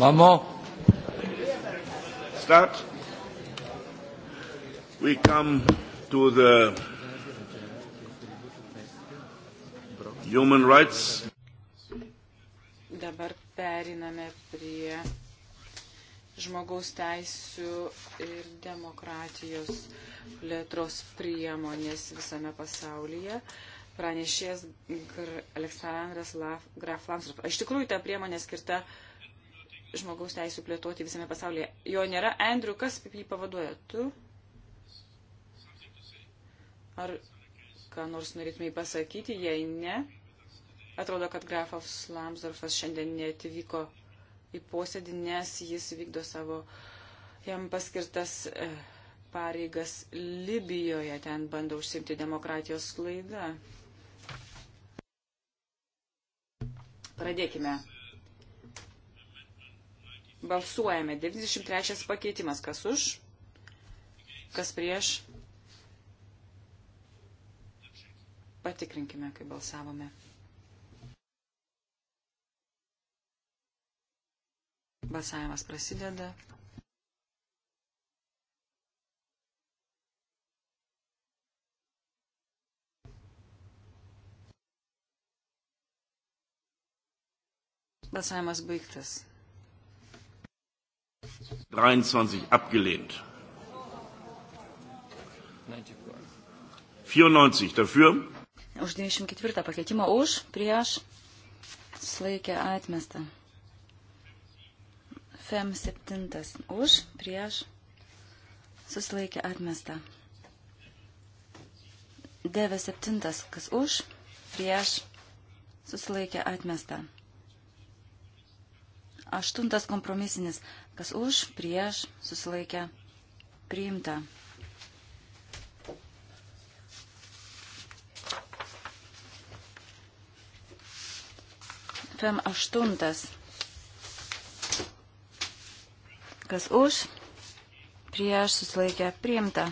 Mamo. Start. We come to the human rights. Dabar periname prie žmogaus teisų ir demokratijos plėtros priemonės visame pasaulyje pranešės Aleksandras Graf Lansrop. Iš tikrųjų, ta priemonė skirta uh, žmogaus teisų plėtoti visame pasaulyje. Jo nėra. Andrew, kas jį pavaduoja? Tu? Ar ką nors norėtumai pasakyti? Jei ne, atrodo, kad grafas Lamsdorfas šiandien neatvyko į posėdį, nes jis vykdo savo jam paskirtas e, pareigas Libijoje, ten bando užsimti demokratijos sklaidą. Pradėkime Balsuojame. 93 pakeitimas. Kas už? Kas prieš? Patikrinkime, kai balsavome. Balsavimas prasideda. Balsavimas baigtas. 23 abgelehnt. 94 dafür. Už 94 pakeitimą už, prieš, slaikė atmestą. FM 7 už, prieš, susilaikė atmestą. DV 7 kas už, prieš, susilaikė atmestą. Aštuntas kompromisinis Kas už, prieš, susilaikė, priimta. FM aštuntas. Kas už, prieš, susilaikė, priimta.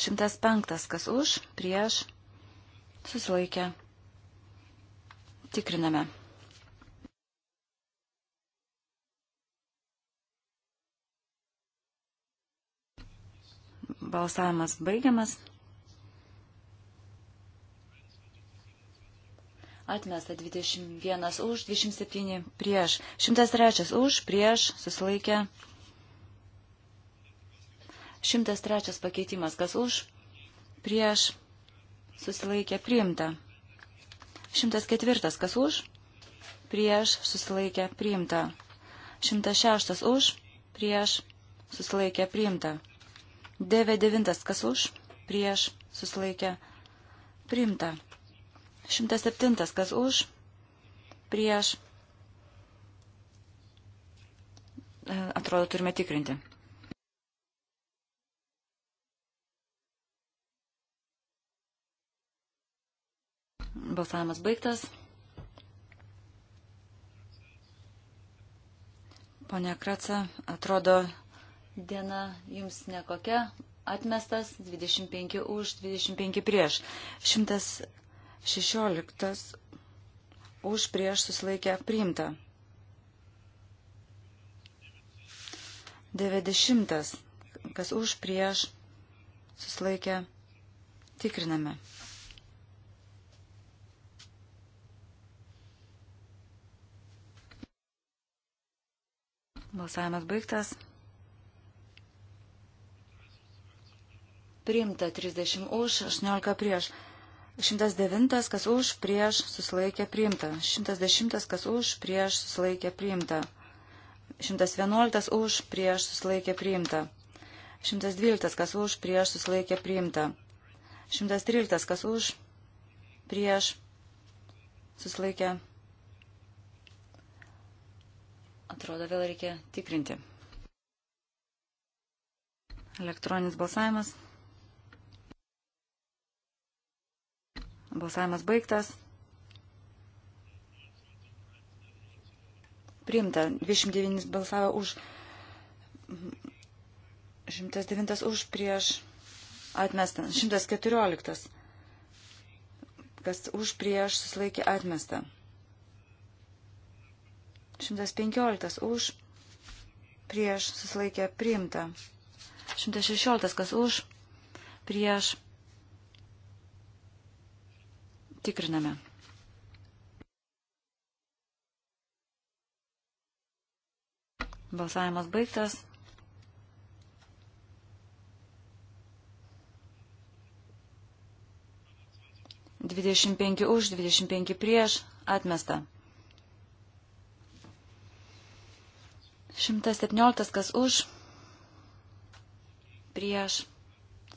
Šimtas penktas, kas už, prieš, susilaikė. Tikriname. Balsavimas baigiamas. Atmesta 21 už, 27 prieš, 103 už, prieš, susilaikė. 103 pakeitimas, kas už, prieš, susilaikė, priimta. 104 kas už, prieš, susilaikė, priimta. 106 už, prieš, susilaikė, priimta. DV9 kas už, prieš, susilaikė, priimta. 107 kas už, prieš, e, atrodo, turime tikrinti. Balsavimas baigtas. Pone Kratsa, atrodo, diena jums nekokia, atmestas 25 už, 25 prieš, 116 už prieš susilaikę priimta. 90, kas už prieš susilaikę tikriname. Balsavimas baigtas. Priimta 30 už, 18 prieš. 109 kas už, prieš susilaikė priimta. 110 kas už, prieš susilaikė priimta. 111 už, prieš susilaikė priimta. 112 kas už, prieš susilaikė priimta. 113 kas už, prieš susilaikė. Atrodo, vėl reikia tikrinti. Elektroninis balsavimas. Balsavimas baigtas. Priimta. 29 balsavo už. 109 už prieš. Atmesta. 114. Kas už prieš susilaikė atmesta. 115 už prieš susilaikė priimta. 116 kas už prieš Tikriname. Balsavimas baigtas. Dvidešimt penki už, dvidešimt penki prieš, atmesta. Šimtas septynioliktas kas už, prieš,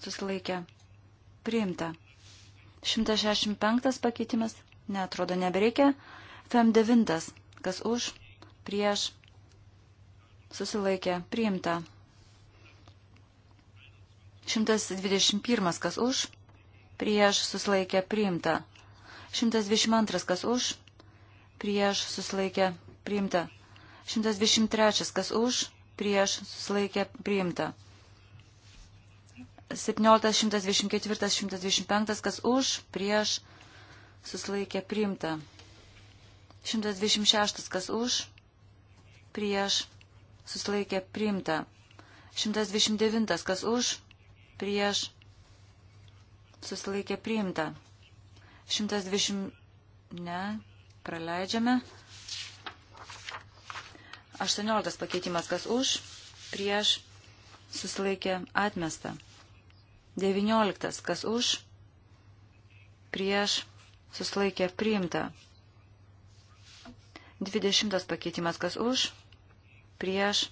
susilaikė, priimta. 165 pakeitimas. Netrodo, nebereikia. FM9. Kas už? Prieš. Susilaikė. Priimta. 121. Kas už? Prieš. Susilaikė. Priimta. 122. Kas už? Prieš. Susilaikė. Priimta. 123. Kas už? Prieš. Susilaikė. Priimta. 17, 124, 125, kas už, prieš, susilaikė priimta. 126, kas už, prieš, susilaikė priimta. 129, kas už, prieš, susilaikė priimta. 120, ne, praleidžiame. 18 pakeitimas, kas už, prieš, susilaikė atmesta. 19. Kas už, prieš, susilaikė priimta. 20. Pakeitimas. Kas už, prieš,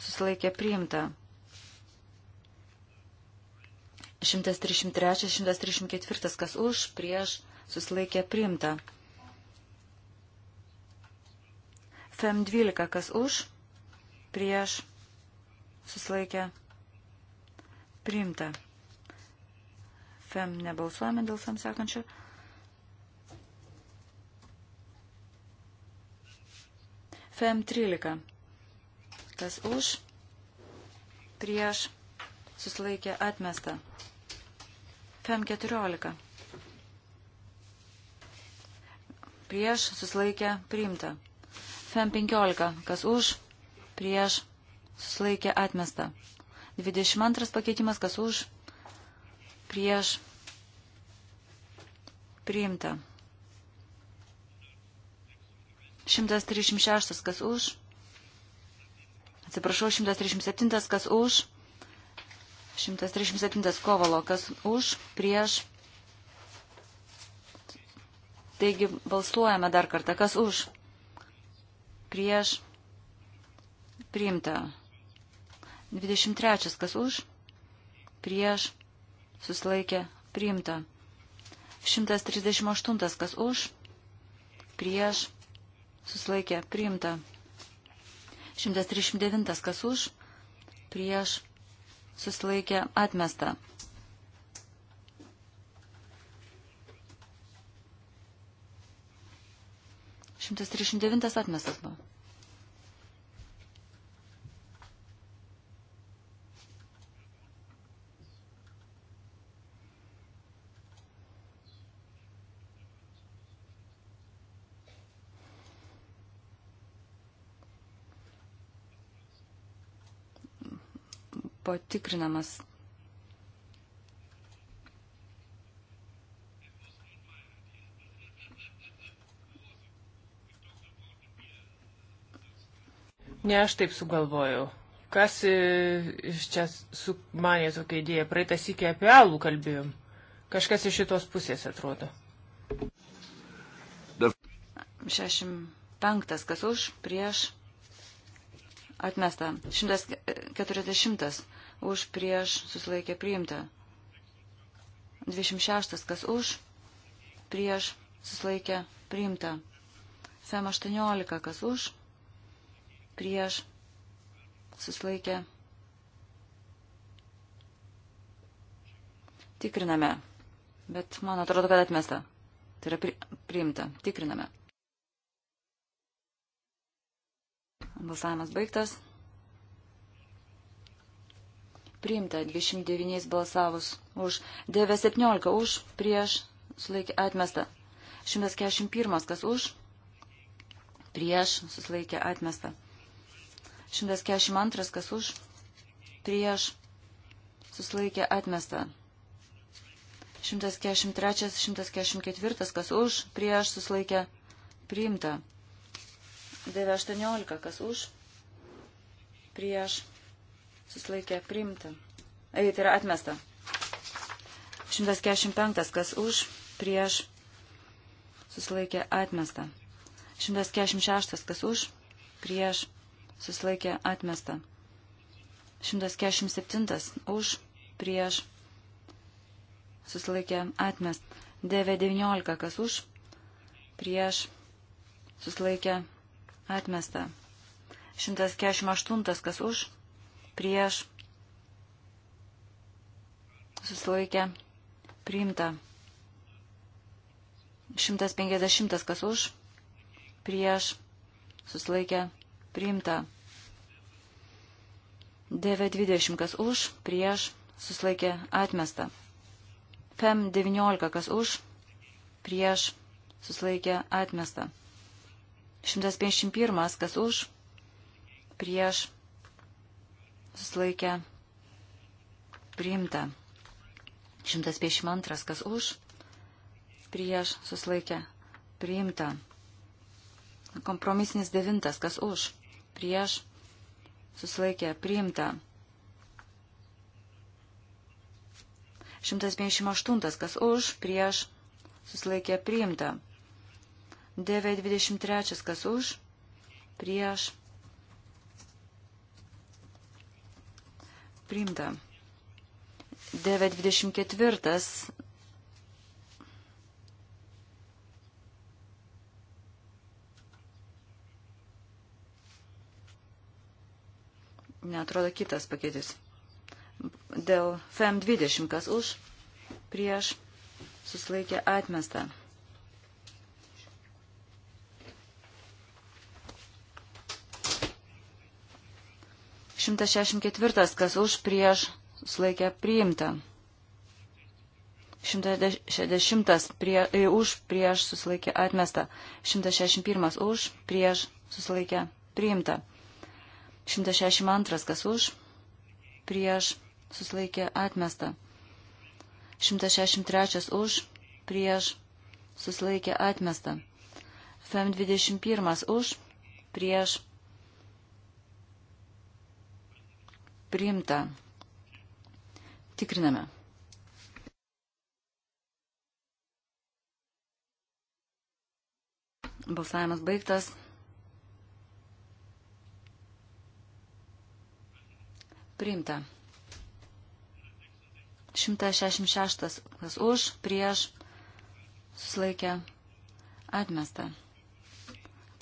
susilaikė priimta. 133, 134, kas už, prieš, susilaikė priimta. FM12, kas už, prieš, susilaikė priimta. Priimta. FEM nebalsuojame dėl FEM sekančio. FEM 13. Kas už, prieš, susilaikė atmesta. FEM 14. Prieš, susilaikė priimta. FEM 15. Kas už, prieš, susilaikė atmesta. 22 pakeitimas, kas už, prieš, priimta. 136, kas už, atsiprašau, 137, kas už, 137 kovalo, kas už, prieš. Taigi balsuojame dar kartą, kas už, prieš, priimta. 23. Kas už? Prieš. Susilaikė. Priimta. 138. Kas už? Prieš. Susilaikė. Priimta. 139. Kas už? Prieš. Susilaikė. Atmesta. Šimtas trisdešimt devintas atmestas buvo. patikrinamas. Ne aš taip sugalvojau. Kas e, iš čia su manė tokia idėja? Praeitas iki apie alų kalbėjom. Kažkas iš šitos pusės atrodo. 65. Kas už? Prieš? Atmesta. 140 už prieš susilaikė priimta. 26. Kas už prieš susilaikė priimta. FEM 18. Kas už prieš susilaikė. Tikriname, bet man atrodo, kad atmesta. Tai yra pri, priimta. Tikriname. Balsavimas baigtas priimta 29 balsavus už, 917 už, prieš, sulaikė atmesta, 141 kas už, prieš, susilaikė atmesta, 142 kas už, prieš, susilaikė atmesta. 143, 144, kas už, prieš susilaikė priimta. 918, kas už, prieš susilaikė priimta. Ei, tai yra atmesta. 145, kas už, prieš, susilaikė atmesta. 146, kas už, prieš, susilaikė atmesta. 147, už, prieš, susilaikė atmesta. 919, kas už, prieš, susilaikė atmesta. 148, kas už, prieš susilaikę priimta. 150 kas už prieš susilaikę priimta. 920 kas už prieš susilaikė atmesta. FEM 19 kas už prieš susilaikė atmesta. 151 kas už prieš susilaikę priimta. 152 kas už, prieš susilaikę priimta. Kompromisinis 9 kas už, prieš susilaikę priimta. 158 kas už, prieš susilaikė priimta. 923 kas už, prieš priimta. 924. Netrodo kitas paketis. Dėl FEM 20, kas už, prieš, susilaikė atmestą. 164, kas už prieš sulaikė priimta. 160 prie, e, už prieš susilaikė atmesta. 161 už prieš susilaikė priimta. 162 kas už prieš susilaikė atmesta. 163 už prieš susilaikė atmesta. FM21 už prieš priimta. Tikriname. Balsavimas baigtas. Priimta. 166 kas už, prieš, susilaikė, atmesta.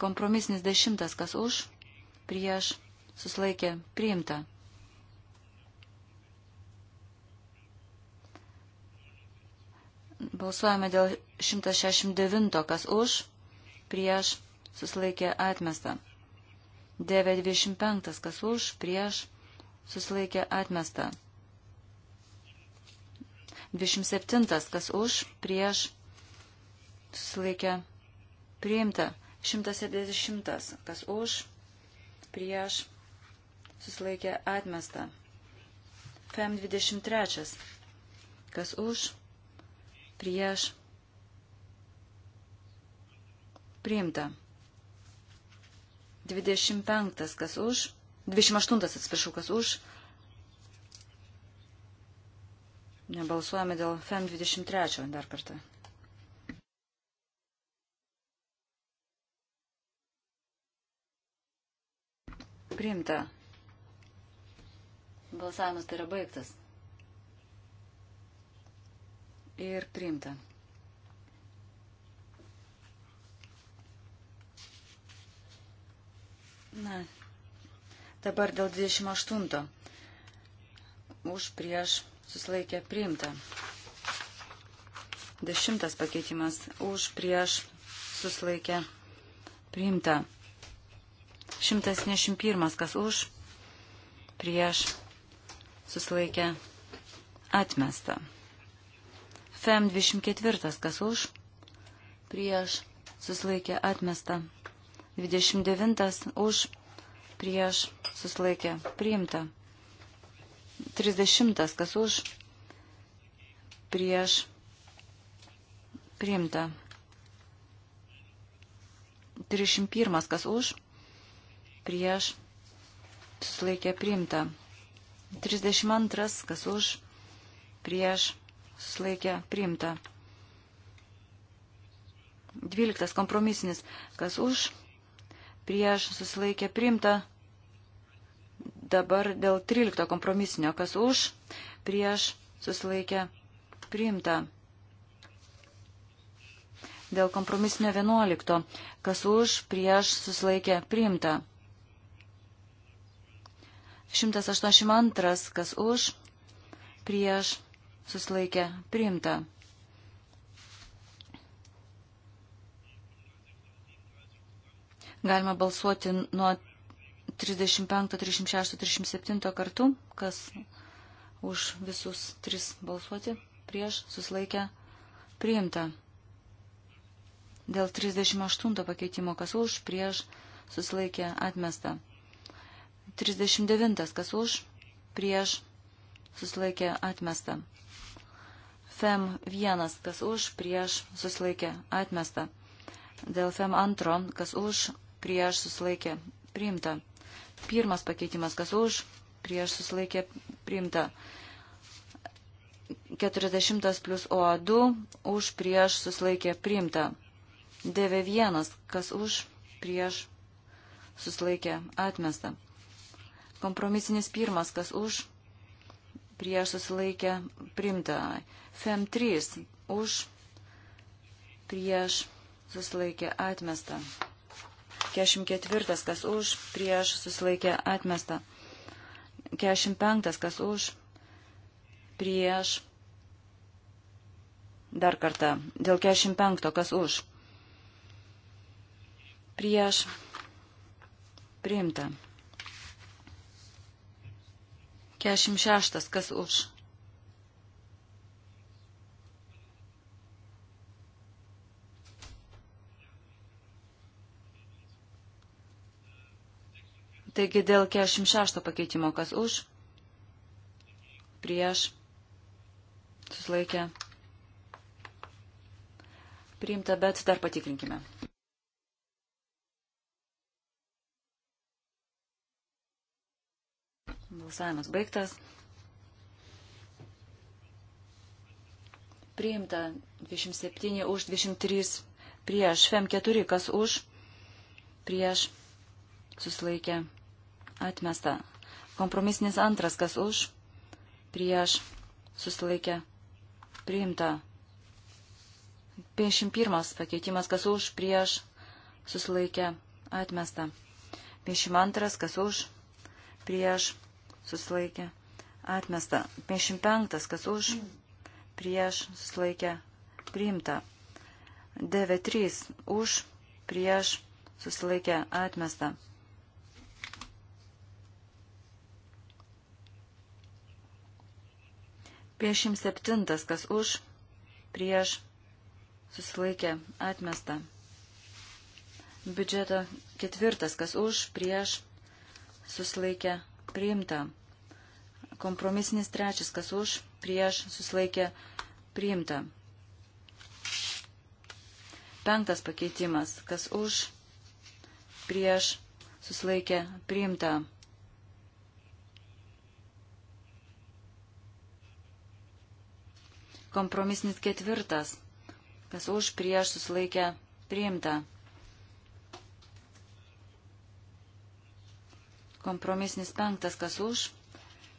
Kompromisnis dešimtas kas už, prieš, susilaikė, priimta. Balsuojame dėl 169, kas už, prieš, susilaikė atmestą. 925, kas už, prieš, susilaikė atmestą. 27, kas už, prieš, susilaikė priimta. 170, kas už, prieš, susilaikė atmestą. FEM 23, kas už, prieš priimta. 25 kas už, 28 atsiprašau kas už. Nebalsuojame dėl FEM 23 dar kartą. Priimta. Balsavimas tai yra baigtas ir priimta. Na, dabar dėl 28. Už prieš susilaikė priimta. Dešimtas pakeitimas. Už prieš susilaikė priimta. 191. Kas už prieš susilaikė atmesta. FEM 24, kas už, prieš, susilaikė atmesta. 29 už, prieš, susilaikė priimta. 30, kas už, prieš, priimta. 31, kas už, prieš, susilaikė priimta. 32, kas už, prieš, priimta slaikė priimta. 12 kompromisinis, kas už, prieš susilaikė priimta. Dabar dėl 13 kompromisinio, kas už, prieš susilaikė priimta. Dėl kompromisinio 11, kas už, prieš susilaikė priimta. 182, kas už, prieš susilaikė priimta. Galima balsuoti nuo 35, 36, 37 kartų, kas už visus tris balsuoti prieš susilaikę priimta. Dėl 38 pakeitimo, kas už prieš susilaikė atmesta. 39, kas už prieš susilaikė atmesta. FEM 1, kas už, prieš, susilaikė, atmesta. Dėl FEM 2, kas už, prieš, susilaikė, priimta. Pirmas pakeitimas, kas už, prieš, susilaikė, priimta. 40 plus O2, už, prieš, susilaikė, priimta. DV1, kas už, prieš, susilaikė, atmesta. Kompromisinis pirmas, kas už, prieš susilaikę primta. FM3 už prieš susilaikė atmestą. 44 kas už prieš susilaikė atmestą. 45 kas už prieš. Dar kartą. Dėl 45 kas už prieš priimta. 46 kas už Taigi dėl 46 pakeitimo kas už, prieš, susilaikė, priimta, bet dar patikrinkime. Balsavimas baigtas. Priimta 27 už 23 prieš, FEM 4 kas už, prieš, susilaikė atmesta. Kompromisinis antras, kas už, prieš, susilaikė, priimta. 51 pakeitimas, kas už, prieš, susilaikė, atmesta. 52, kas už, prieš, susilaikė, atmesta. 55, kas už, prieš, susilaikė, priimta. 93, už, prieš, susilaikė, atmesta. 57. Kas už, prieš, susilaikė, atmesta. Biudžeto ketvirtas. Kas už, prieš, susilaikė, priimta. Kompromisinis trečias. Kas už, prieš, susilaikė, priimta. Penktas pakeitimas. Kas už, prieš, susilaikė, priimta. Kompromisnis ketvirtas. Kas už prieš susilaikė priimta. Kompromisnis penktas. Kas už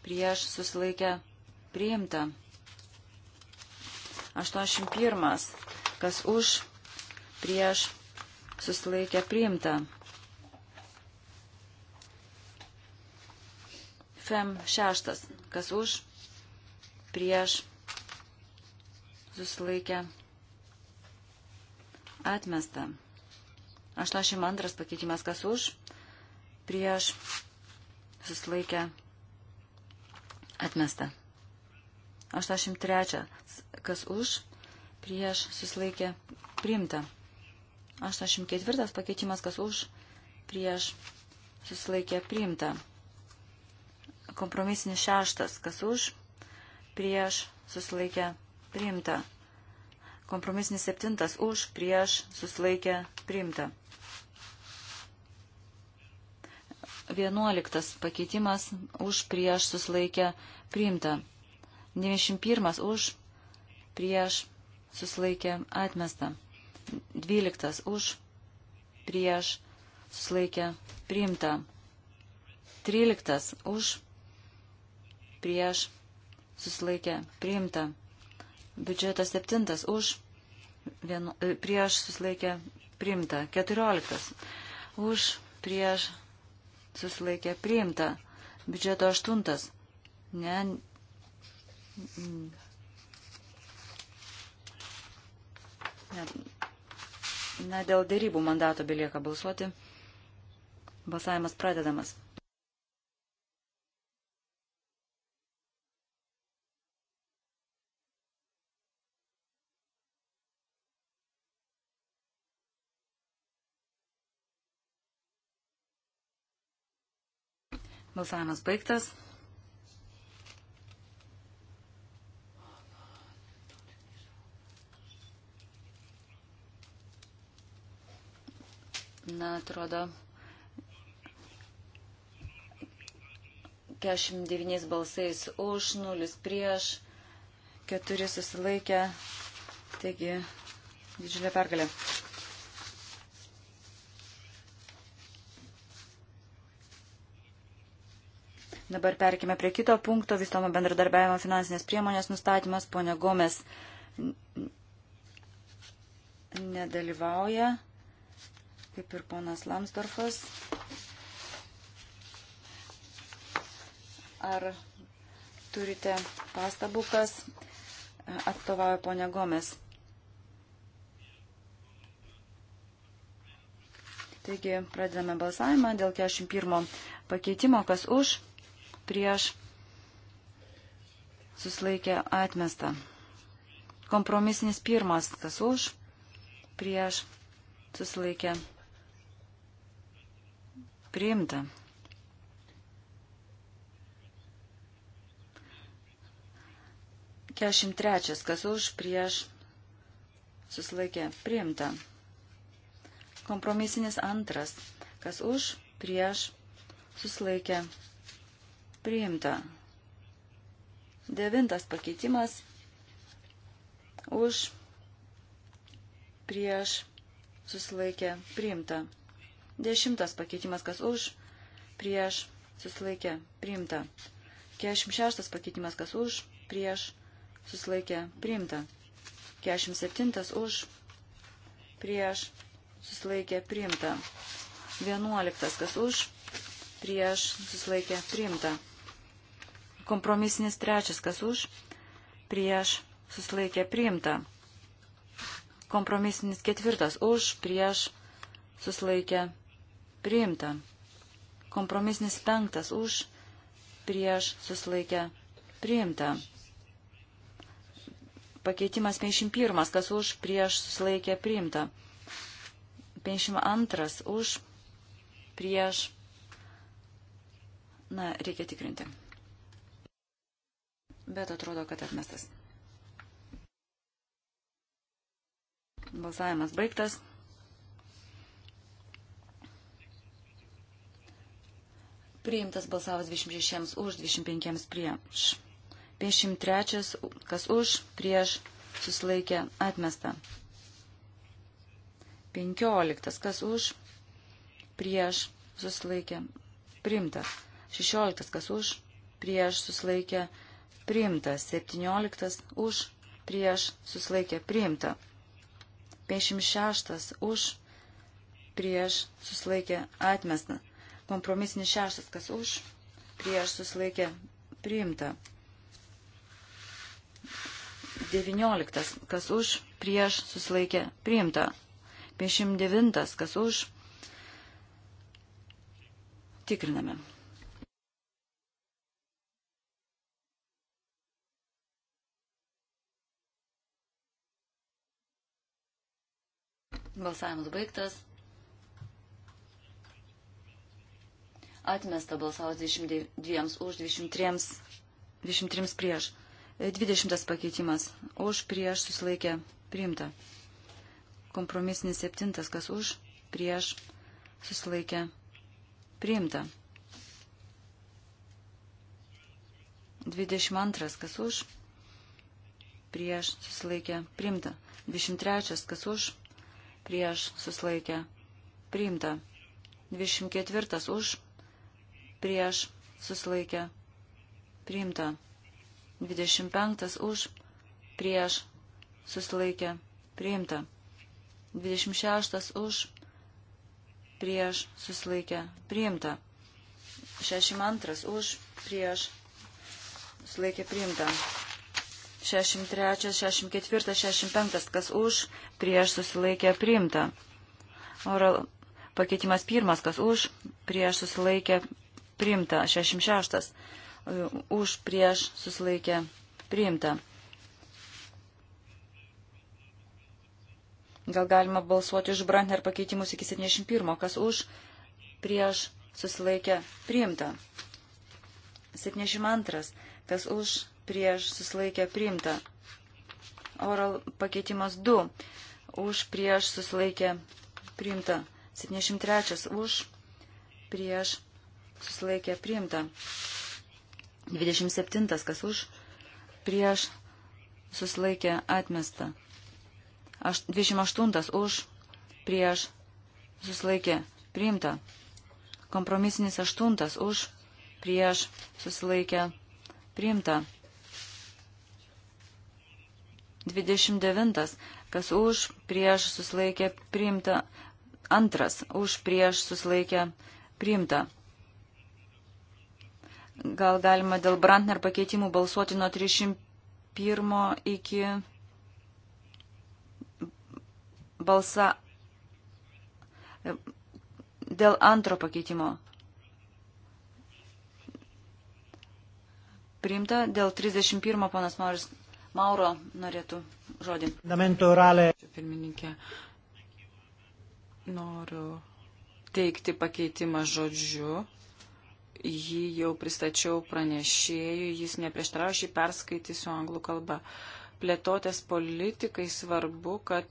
prieš susilaikė priimta. 81. Kas už prieš susilaikė priimta. Fem šeštas. Kas už prieš susilaikė atmesta. 82 pakeitimas kas už, prieš susilaikė atmesta. 83 kas už, prieš susilaikė priimta. 84 pakeitimas kas už, prieš susilaikė priimta. Kompromisinis šeštas kas už, prieš susilaikė priimta priimta. Kompromisinis septintas už, prieš, susilaikė, priimta. Vienuoliktas pakeitimas už, prieš, susilaikė, priimta. 91 už, prieš, susilaikė, atmesta. 12 už, prieš, susilaikė, priimta. 13 už, prieš, susilaikė, priimta. Biudžetas 7 už, vienu, e, prieš susilaikė priimta. 14 už, prieš susilaikė priimta. Biudžeto 8. Ne. ne na, dėl dėrybų mandato belieka balsuoti. Balsavimas pradedamas. Balsavimas baigtas. Na, atrodo, 49 balsais už, 0 prieš, 4 susilaikę, taigi didžiulė pergalė. Dabar perkime prie kito punkto, vystomo bendradarbiavimo finansinės priemonės nustatymas. Pone Gomes nedalyvauja, kaip ir ponas Lamsdorfas. Ar turite pastabų, kas atstovauja ponė Gomes? Taigi pradedame balsavimą dėl 41 pakeitimo, kas už prieš susilaikė atmesta. Kompromisinis pirmas, kas už, prieš susilaikė priimta. Kešim trečias, kas už, prieš susilaikė priimta. Kompromisinis antras, kas už, prieš susilaikė priimta Priimta. Devintas pakeitimas už prieš susilaikė priimta. Dešimtas pakeitimas, kas už prieš susilaikė priimta. 46 pakeitimas, kas už prieš susilaikė priimta. 47 už prieš susilaikė priimta. 11 kas už prieš susilaikė priimta. Kompromisinis trečias, kas už, prieš, susilaikė priimta. Kompromisinis ketvirtas, už, prieš, susilaikė priimta. Kompromisinis penktas, už, prieš, susilaikė priimta. Pakeitimas 51, kas už, prieš, susilaikė priimta. 52, už, prieš, na, reikia tikrinti bet atrodo, kad atmestas. Balsavimas baigtas. Priimtas balsavas 26 už, 25 prieš. 53, kas už, prieš, susilaikė, atmesta. 15, kas už, prieš, susilaikė, priimta. 16, kas už, prieš, susilaikė, atmesta priimtas, 17 už, prieš, susilaikė, priimta, 56 už, prieš, susilaikė, atmesta, kompromisinis šeštas, kas už, prieš, susilaikė, priimta, 19 kas už, prieš, susilaikė, priimta, 59 kas už, tikriname. Balsavimas baigtas. Atmesta balsavos 22 už 23, 23 prieš. 20 pakeitimas. Už prieš susilaikė priimta. Kompromisinis 7, kas už prieš susilaikė priimta. 22, kas už prieš susilaikė priimta. 23, kas už prieš susilaikę priimta. 24 už prieš susilaikę priimta. 25 už prieš susilaikę priimta. 26 už prieš susilaikę priimta. 62 už prieš susilaikę priimta. 63, 64, 65, kas už, prieš susilaikė priimta. Oral pakeitimas pirmas, kas už, prieš susilaikė priimta. 66, už, prieš susilaikė priimta. Gal galima balsuoti už Brantner pakeitimus iki 71, kas už, prieš susilaikė priimta. 72, kas už, prieš susilaikę priimta. Oral pakeitimas 2 už prieš susilaikę priimta. 73 už prieš susilaikę priimta. 27 kas už prieš susilaikė atmesta. 28 už prieš susilaikė priimta. Kompromisinis 8 už prieš susilaikė priimta. 29. Kas už, prieš susilaikė priimta. Antras. Už, prieš susilaikė priimta. Gal galima dėl Brantner pakeitimų balsuoti nuo 301 iki balsa dėl antro pakeitimo. Priimta dėl 31 ponas Mauris Mauro norėtų žodį. Pirmininkė, noriu teikti pakeitimą žodžiu. Jį jau pristačiau pranešėjui, jis neprieštarauja, šį perskaitysiu anglų kalbą. Plėtotės politikai svarbu, kad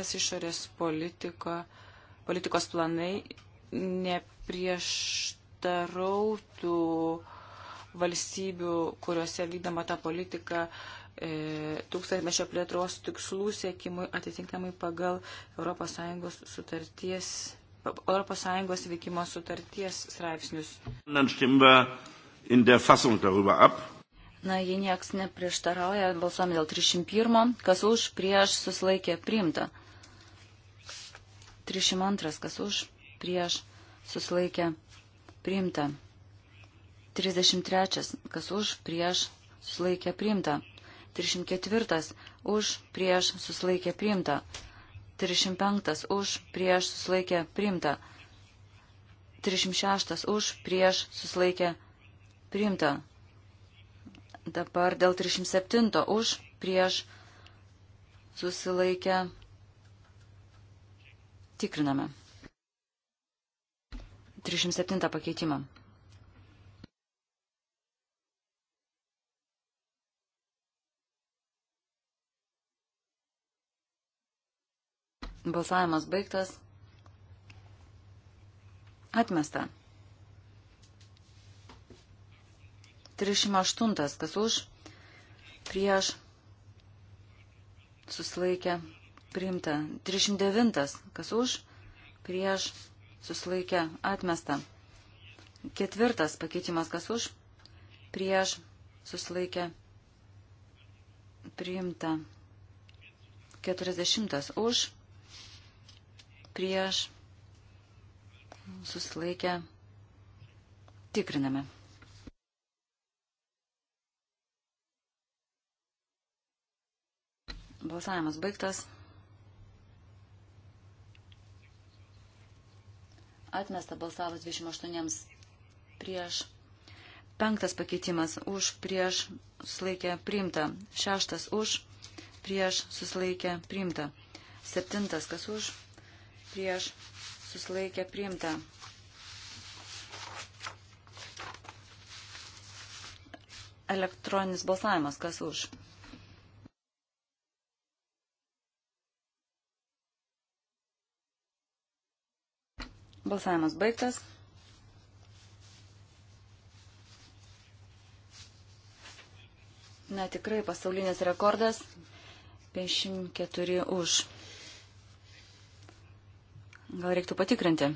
ES išorės politika, politikos planai neprieštarautų valstybių, kuriuose vykdama ta politika E, tūkstantmečio plėtros tikslų siekimui atitinkamai pagal ES sutarties. ES veikimo sutarties straipsnius. Na, jei nieks neprieštarauja, balsuom dėl 301, kas už, prieš, susilaikė, priimta. 302, kas už, prieš, susilaikė, priimta. 33, kas už, prieš, susilaikė, priimta. 34 už prieš susilaikė priimta. 35 už prieš susilaikė priimta. 36 už prieš susilaikė priimta. Dabar dėl 37 už prieš susilaikę tikriname. 307 pakeitimą. Balsavimas baigtas. Atmesta. 308. Kas už? Prieš. Susilaikė. Priimta. 309. Kas už? Prieš. Susilaikė. Atmesta. Ketvirtas pakeitimas. Kas už? Prieš. Susilaikė. Priimta. 40. Už prieš susilaikę tikriname. Balsavimas baigtas. Atmesta balsavas 28 prieš. Penktas pakeitimas už prieš susilaikę priimta. Šeštas už prieš susilaikę priimta. Septintas kas už prieš susilaikę priimta. Elektroninis balsavimas, kas už? Balsavimas baigtas. Na tikrai pasaulinis rekordas 54 už. Gal reiktų patikrinti.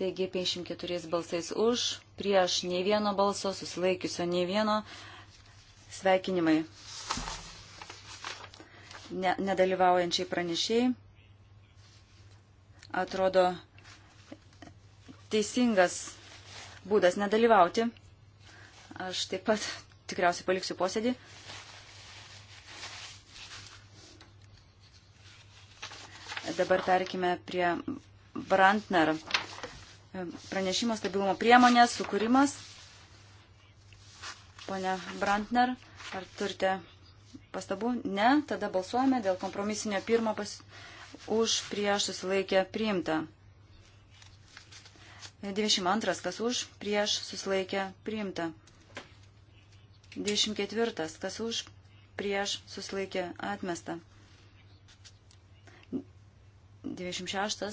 Taigi 54 balsais už, prieš nei vieno balso, susilaikiusio nei vieno. Sveikinimai. Ne, nedalyvaujančiai pranešiai. Atrodo teisingas būdas nedalyvauti. Aš taip pat tikriausiai paliksiu posėdį. Dabar tarkime prie Brantner e, pranešimo stabilumo priemonės sukūrimas. Pone Brantner, ar turite pastabų? Ne, tada balsuojame dėl kompromisinio pirmo pas... už prieš susilaikę priimta. 22. Kas už prieš susilaikę priimta. 24. Kas už prieš susilaikę atmesta. 96,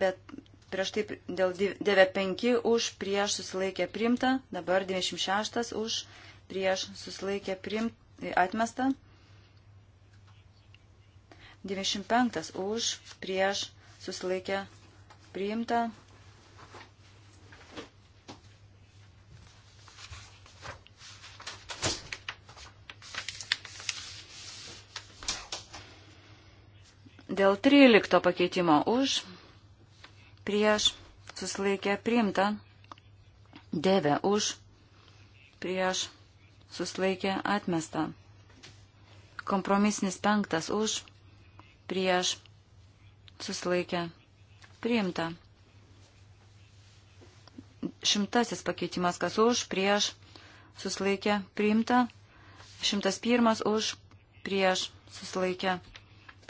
bet prieš tai dėl 95 už prieš susilaikė primta, dabar 96 už prieš susilaikė primt, atmesta, 95 už prieš susilaikė priimta. Dėl 13 pakeitimo už, prieš, susilaikė priimta, devė už, prieš, susilaikė atmesta. Kompromisnis penktas už, prieš, susilaikė priimta. Šimtasis pakeitimas, kas už, prieš, susilaikė priimta. Šimtas pirmas už, prieš, susilaikė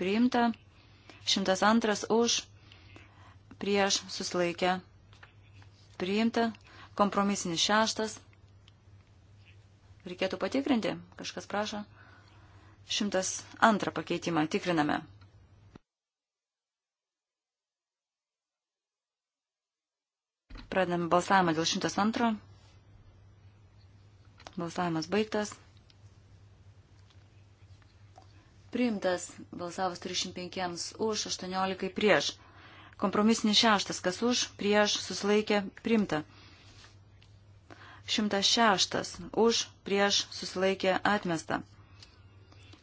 priimta. 102 už, prieš susilaikę priimta, kompromisinis šeštas, reikėtų patikrinti, kažkas prašo, 102 pakeitimą tikriname. Pradedame balsavimą dėl 102. Balsavimas baigtas. Priimtas balsavas 305 už, 18 prieš. Kompromisinis šeštas, kas už, prieš, susilaikė, priimta. 106 už, prieš, susilaikė, atmesta.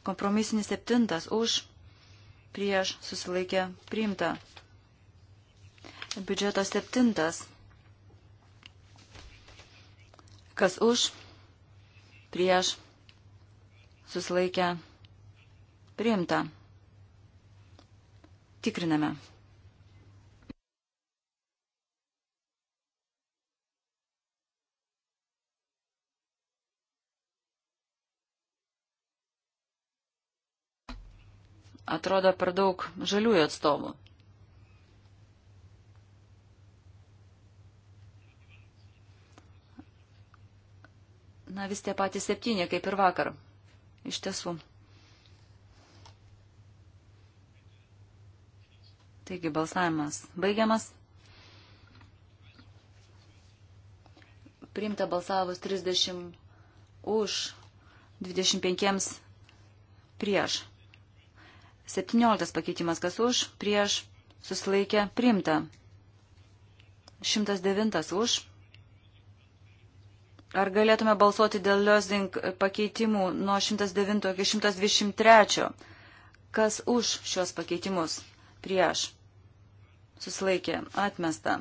Kompromisinis septintas už, prieš, susilaikė, priimta. Biudžetas septintas. Kas už, prieš, susilaikė, priimta Priimta. Tikriname. Atrodo per daug žaliųjų atstovų. Na, vis tie patys septyni, kaip ir vakar. Iš tiesų. Taigi balsavimas baigiamas. Priimta balsavus 30 už, 25 prieš. 17 pakeitimas kas už, prieš, susilaikė, priimta. 109 už. Ar galėtume balsuoti dėl Liozing pakeitimų nuo 109 iki 123? Kas už šios pakeitimus? prieš, susilaikė, atmesta.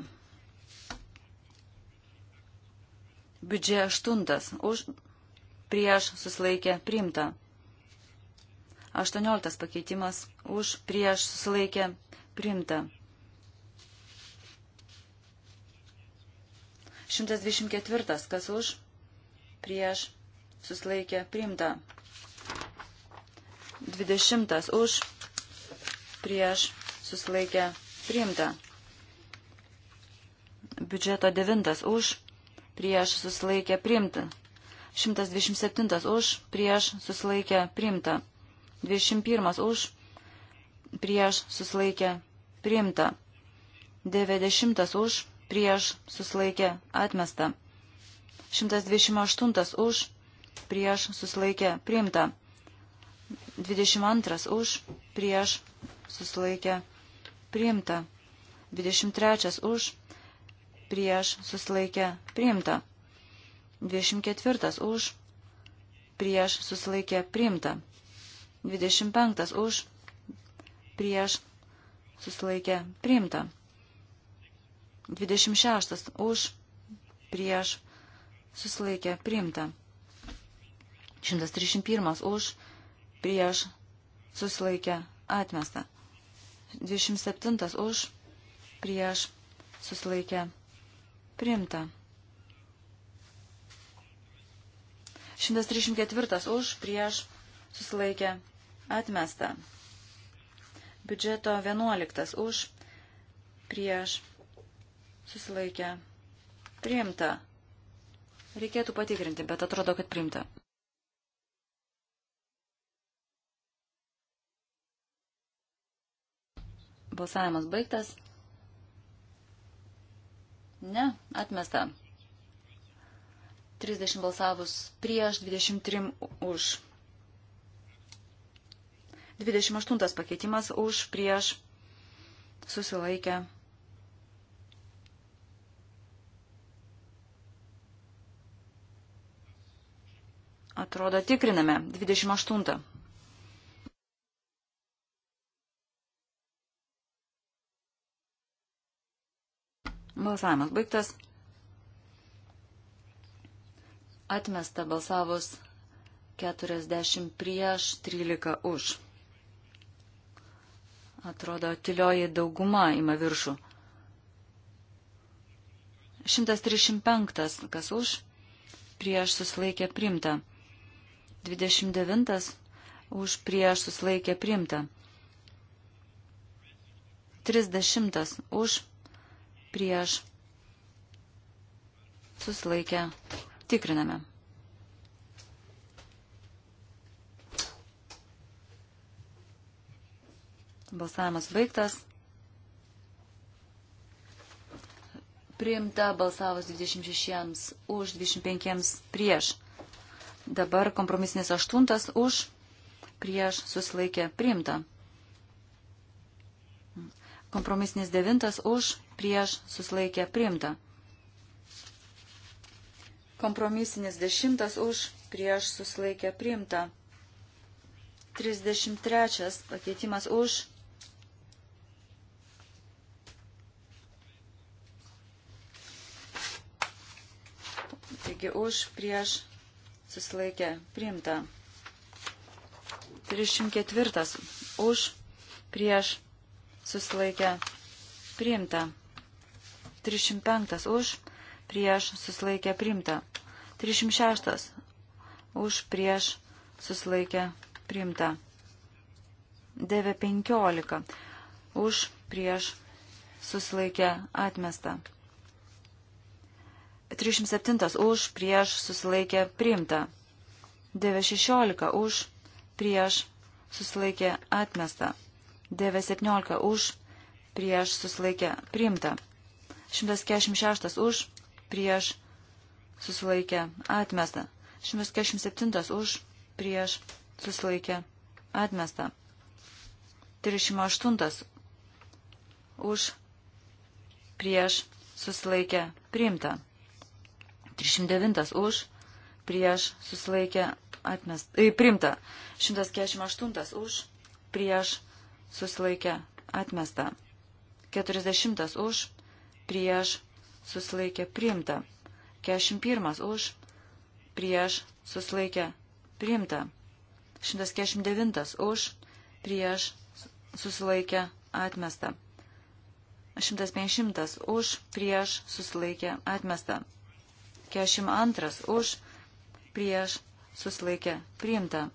Biudžė aštuntas, už, prieš, susilaikė, priimta. Aštuonioliktas pakeitimas, už, prieš, susilaikė, priimta. 124. Kas už? Prieš. Suslaikė. Primta. 20. Už. Prieš susilaikė priimta. Biudžeto 9 už, prieš susilaikė priimta. 127 už, prieš susilaikė priimta. 21 už, prieš susilaikė priimta. 90 už, prieš susilaikė atmesta. 128 už, prieš susilaikė priimta. 22 už, prieš susilaikė priimta priimta. 23 už, prieš, susilaikė, priimta. 24 už, prieš, susilaikė, priimta. 25 už, prieš, susilaikė, priimta. 26 už, prieš, susilaikė, priimta. 131 už, prieš, susilaikė, atmesta. 27 už, prieš, susilaikė, priimta. 134 už, prieš, susilaikė, atmesta. Biudžeto 11 už, prieš, susilaikė, priimta. Reikėtų patikrinti, bet atrodo, kad priimta. Balsavimas baigtas. Ne, atmesta. 30 balsavus prieš, 23 už. 28 pakeitimas už, prieš, susilaikę. Atrodo, tikriname. 28. Balsavimas baigtas. Atmesta balsavus 40 prieš 13 už. Atrodo, tylioji dauguma ima viršų. 135, kas už, prieš susilaikė primta. 29, už prieš susilaikė primta. 30, už prieš susilaikę tikriname. Balsavimas baigtas. Priimta balsavus 26 už, 25 prieš. Dabar kompromisinės aštuntas už, prieš susilaikė priimta. Kompromisinis devintas už, prieš, susilaikė, priimta. Kompromisinis dešimtas už, prieš, susilaikė, priimta. 33 pakeitimas už. Taigi už, prieš, susilaikė, priimta. 34 už, prieš, susilaikė priimta. 305 už, prieš susilaikė priimta. 306 už, prieš susilaikė priimta. 915 už, prieš susilaikė atmesta. 307 už, prieš susilaikė priimta. 916 už, prieš susilaikė atmesta. DV17 už, prieš susilaikę priimta. 146 už, prieš susilaikę atmesta. 147 už, prieš susilaikę atmesta. 38 už, prieš susilaikę priimta. 309 už, prieš susilaikę atmesta. E, priimta. 148 už, prieš susilaikę atmesta susilaikė atmesta. 40 už, prieš susilaikė priimta. 41 už, prieš susilaikė priimta. 149 už, prieš susilaikė atmesta. 150 už, prieš susilaikė atmesta. 42 už, prieš susilaikė priimta.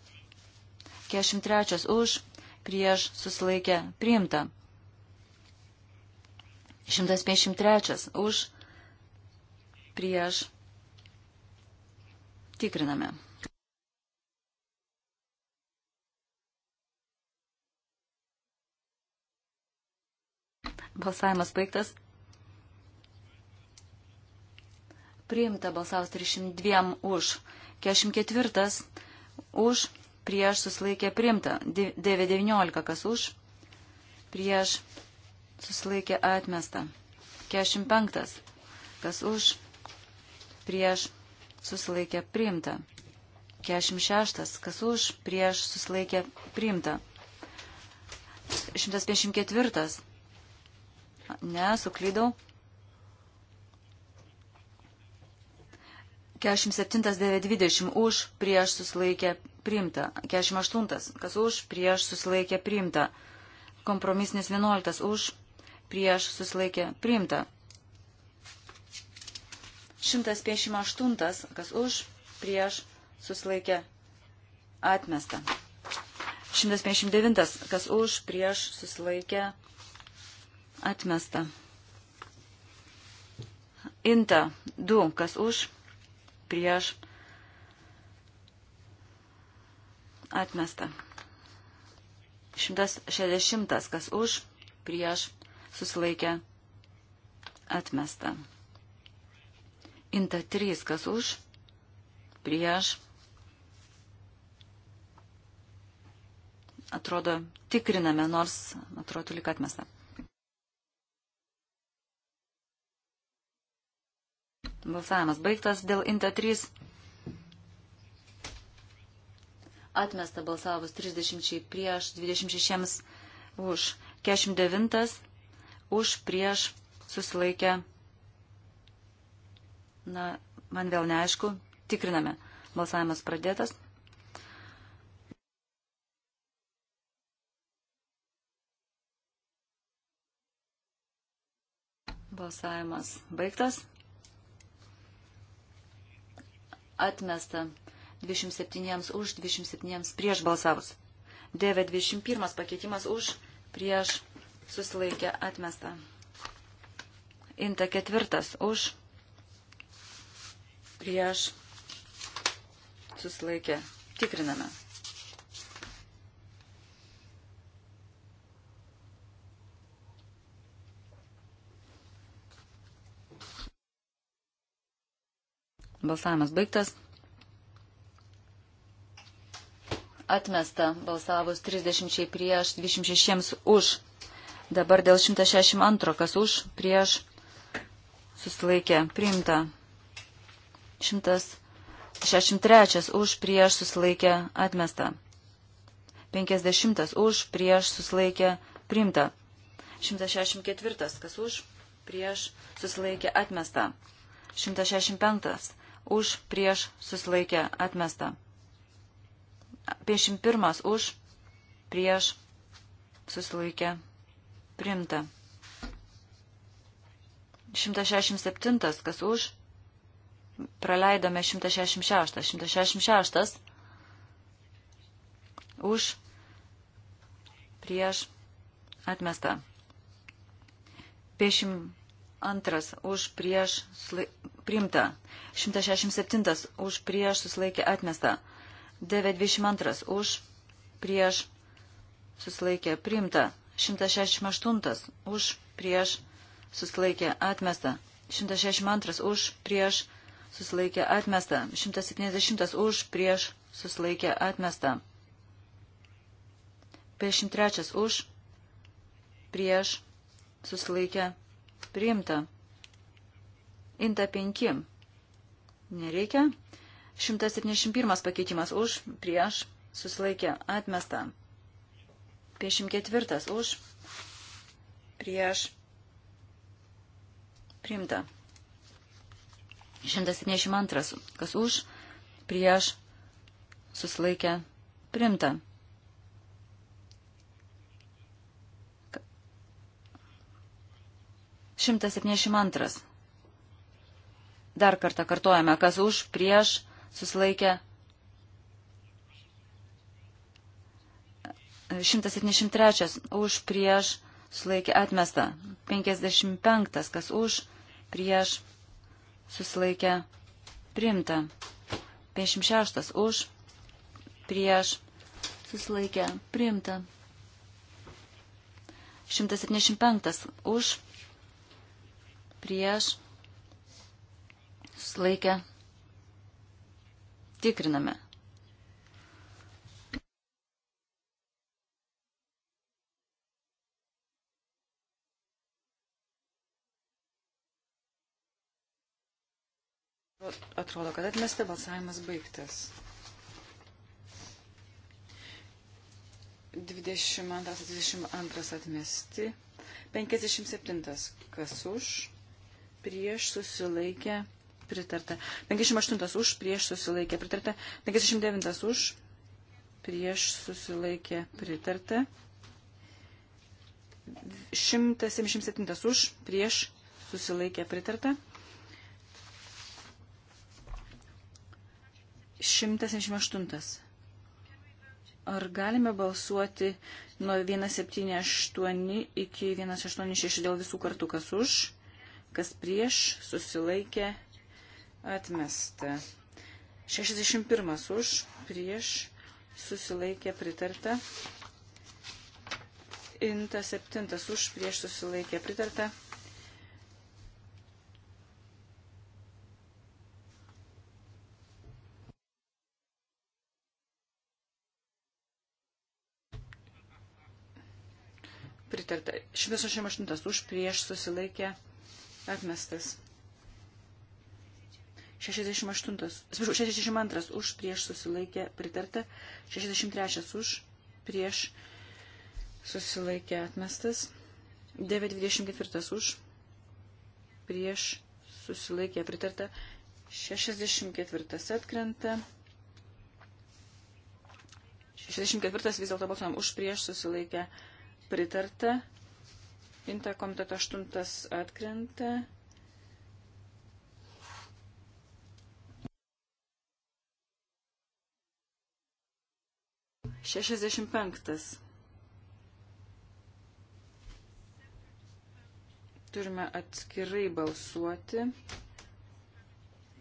43 už, prieš susilaikę priimta. 153 už prieš tikriname. Balsavimas baigtas. Priimta balsavus 302 už. 44 už prieš susilaikė primta. 919 kas už, prieš susilaikė atmesta. 45 kas už, prieš susilaikė primta. 46 kas už, prieš susilaikė primta. 154 ne, suklydau. 47.920 už prieš susilaikė priimta. 48. Kas už prieš susilaikė priimta. Kompromisnis 11. Už prieš susilaikė priimta. 158. Kas už prieš susilaikė atmesta. 159. Kas už prieš susilaikė atmesta. Inta 2. Kas už prieš atmesta. 160 kas už prieš susilaikė atmesta. Inta 3 kas už prieš atrodo tikriname, nors atrodo lik atmesta. Balsavimas baigtas dėl INTA 3. Atmesta balsavus 30 prieš, 26 už, 49 už prieš susilaikę. Na, man vėl neaišku. Tikriname. Balsavimas pradėtas. Balsavimas baigtas atmesta 27 už, 27 prieš balsavus. 921 pakeitimas už, prieš susilaikė atmesta. Inta ketvirtas už, prieš susilaikė. Tikriname. Balsavimas baigtas. Atmesta balsavus 30 prieš 26 už. Dabar dėl 162, kas už, prieš, susilaikė, priimta. 163 už, prieš, susilaikė, atmesta. 50 už, prieš, susilaikė, priimta. 164, kas už, prieš, susilaikė, atmesta. 165 už prieš susilaikę atmesta. 51 už prieš susilaikę primta. 167 kas už. Praleidome 166. 166 už prieš atmesta. 52 už prieš susilaikę priimta. 167 už prieš susilaikė atmesta. 922 už prieš susilaikė priimta. 168 už prieš susilaikė atmesta. 162 už prieš susilaikė atmesta. 170 už prieš susilaikė atmesta. 53 už prieš susilaikė priimta. Inta 5. Nereikia. 171 pakeitimas už, prieš, susilaikė, atmesta. 54 už, prieš, primta. 172, kas už, prieš, susilaikė, primta. Šimtas septyniasdešimt antras. Dar kartą kartojame, kas už, prieš, susilaikė. 173 už, prieš, susilaikė atmesta. 55, kas už, prieš, susilaikė primta. 56 už, prieš, susilaikė primta. 175 už, prieš, susilaikę, tikriname. Atrodo, kad atmesta balsavimas baigtas. 22-22 atmesti. 57. Kas už? Prieš susilaikę pritarta. 58 už, prieš susilaikė pritarta. 59 už, prieš susilaikė pritarta. 177 už, prieš susilaikė pritarta. 178. Ar galime balsuoti nuo 178 iki 186 dėl visų kartų, kas už, kas prieš, susilaikė, Atmesta. 61 už, prieš, susilaikė pritarta. Inta 7 už, prieš, susilaikė pritarta. Pritarta. 168 už, prieš, susilaikė atmestas. 68, 62 už prieš susilaikė pritarta, 63 už prieš susilaikė atmestas, 924 už prieš susilaikė pritarta, 64 atkrenta, 64 vis dėlto balsuojam už prieš susilaikė pritarta, Inta komiteto 8 atkrenta. 65. Turime atskirai balsuoti.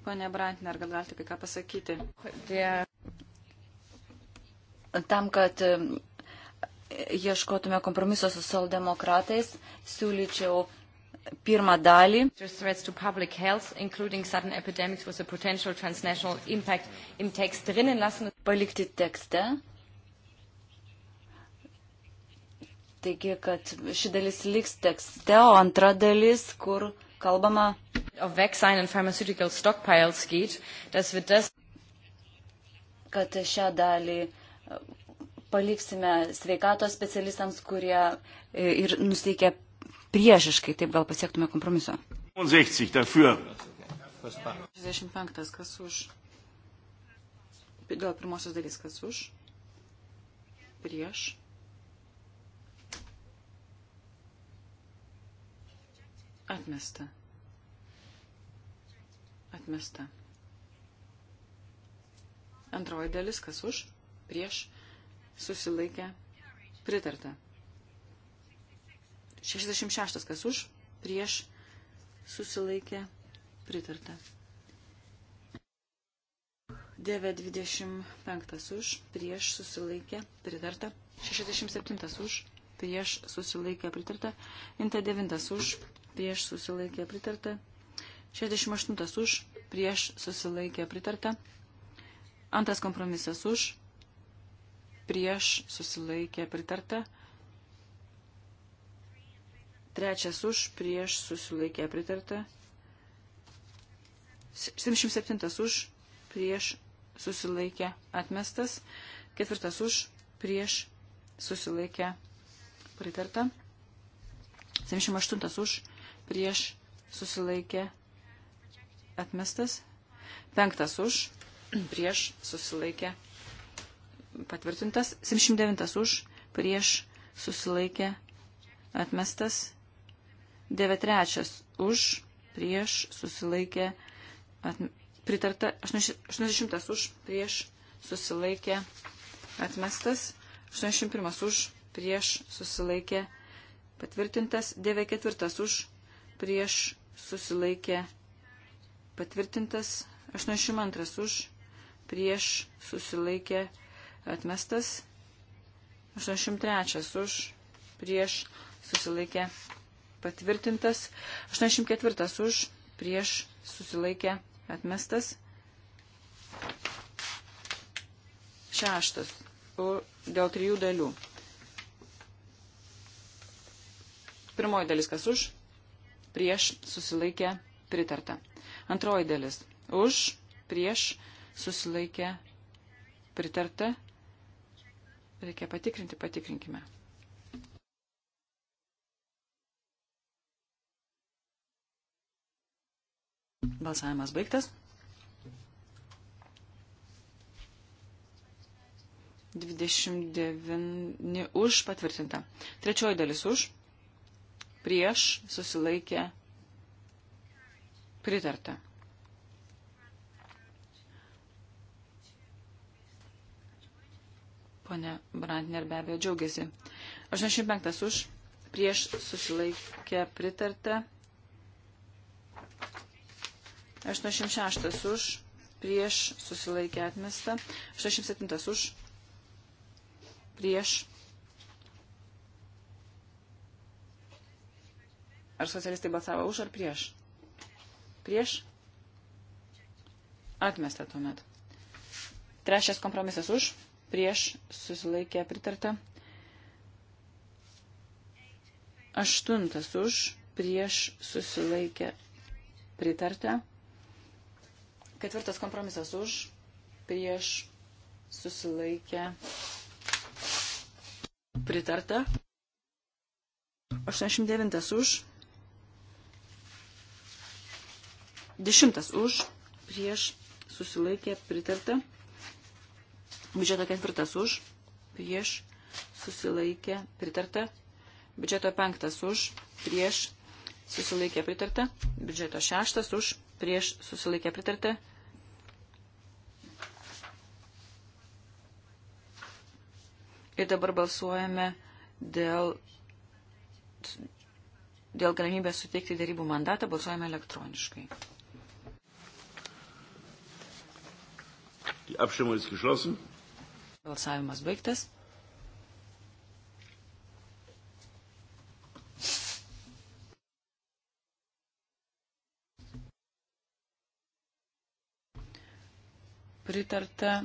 Pone Brantner, gal galite kai ką pasakyti? Tam, kad ieškotume kompromiso su saldemokratais, siūlyčiau pirmą dalį. threats to public health, including sudden epidemics with a potential transnational impact, im tekst drinnen lassen. Palikti tekste Taigi, kad ši dalis liks tekste, o antra dalis, kur kalbama. Geht, das... kad šią dalį e, paliksime sveikatos specialistams, kurie e, ir nusteikia priešiškai, taip gal pasiektume kompromiso. 65 dafür. 65 kas už. Dėl pirmosios dalys kas už. Prieš Atmesta. Atmesta. Antroji dalis, kas už, prieš, susilaikė, pritarta. 66, kas už, prieš, susilaikė, pritarta. 925 už, prieš, susilaikė, pritarta. 67 už, prieš, susilaikė, pritarta. Inta 9 už, prieš susilaikė pritarta. 68 už, prieš susilaikė pritarta. Antras kompromisas už, prieš susilaikė pritarta. Trečias už, prieš susilaikė pritarta. 77 už, prieš susilaikė atmestas. Ketvirtas už, prieš susilaikė pritarta. 78 už, prieš susilaikė atmestas. Penktas už, prieš susilaikė patvirtintas. 709 už, prieš susilaikė atmestas. 93 už, prieš susilaikė atmestas. Pritarta 80 už, prieš susilaikė atmestas. 81 už, prieš susilaikė patvirtintas. 94 už, prieš susilaikė patvirtintas, 82 už, prieš susilaikė atmestas, 83 už, prieš susilaikė patvirtintas, 84 už, prieš susilaikė atmestas, 6 dėl trijų dalių. Pirmoji dalis kas už, prieš susilaikė pritarta. Antroji dalis. Už, prieš susilaikė pritarta. Reikia patikrinti, patikrinkime. Balsavimas baigtas. 29 už patvirtinta. Trečioji dalis už, prieš susilaikė pritarta. Pone Brantner be abejo džiaugiasi. 85 už, prieš susilaikė pritarta. 86 už, prieš susilaikė atmesta. 87 už, prieš Ar socialistai balsavo už ar prieš? Prieš? Atmesta tuomet. Trečias kompromisas už, prieš susilaikė pritarta. Aštuntas už, prieš susilaikė pritarta. Ketvirtas kompromisas už, prieš susilaikė pritarta. 89 už, Dešimtas už, prieš, susilaikė, pritarta. Biudžeto ketvirtas už, prieš, susilaikė, pritarta. Biudžeto penktas už, prieš, susilaikė, pritarta. Biudžeto šeštas už, prieš, susilaikė, pritarta. Ir dabar balsuojame dėl, dėl galimybės suteikti darybų mandatą, balsuojame elektroniškai. Die Abstimmung ist geschlossen. Balsavimas baigtas. Pritarta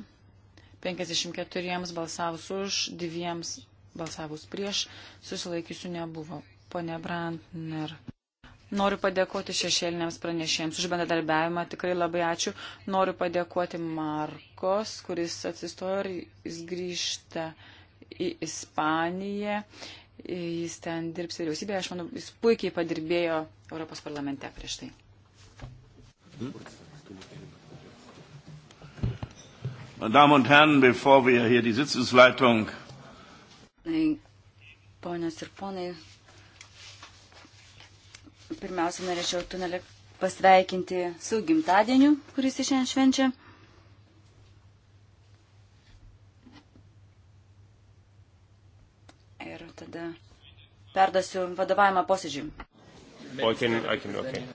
54 balsavus už, 2 balsavus prieš, susilaikysiu nebuvo. Pone Brandner. Noriu padėkoti šešėliniams pranešėjams už bendradarbiavimą. Tikrai labai ačiū. Noriu padėkoti Markos, kuris atsistojo ir jis grįžta į Ispaniją. Jis ten dirbs vyriausybėje. Aš manau, jis puikiai padirbėjo Europos parlamente prieš tai. Damen und Herren, bevor wir hier die Sitzungsleitung. Ponios ir ponai, Pirmiausia, norėčiau tunelį pasveikinti su gimtadieniu, kuris šiandien švenčia. Ir tada perdosiu vadovavimą posėdžiui. Oh, I can, I can, okay.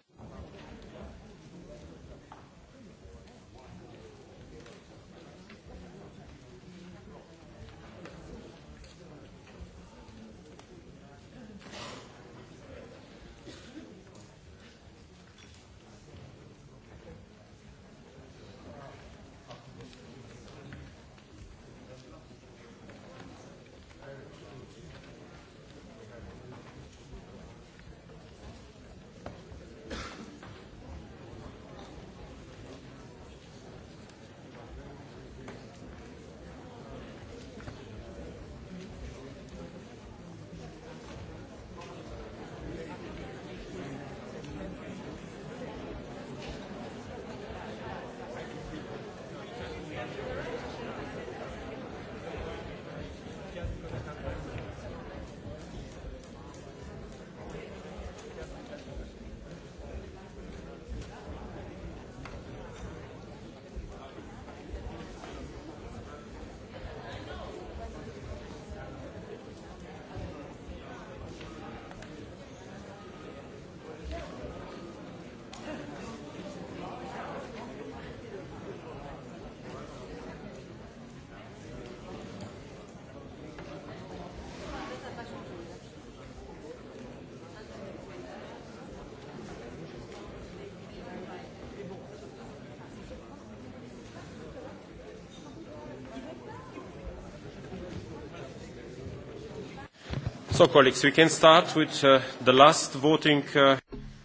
So, colleagues, we can start with uh, the last voting. Uh...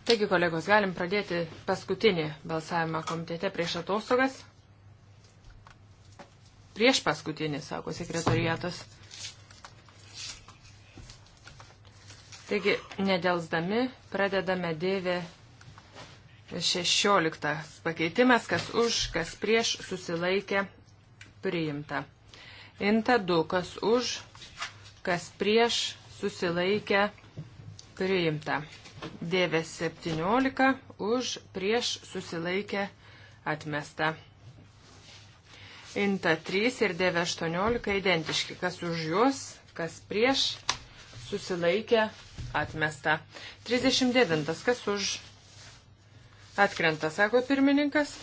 Taigi, kolegos, galim pradėti paskutinį balsavimą komitete prieš atostogas. Prieš paskutinį, sako sekretoriatas. Taigi, nedelsdami pradedame dėvę 16 pakeitimas, kas už, kas prieš susilaikė priimta. Inta 2, kas už, kas prieš susilaikę priimta. Dėvė 17 už prieš susilaikę atmesta. Inta 3 ir dėvė 18 identiški. Kas už juos, kas prieš susilaikę atmesta. 39. Kas už atkrenta, sako pirmininkas.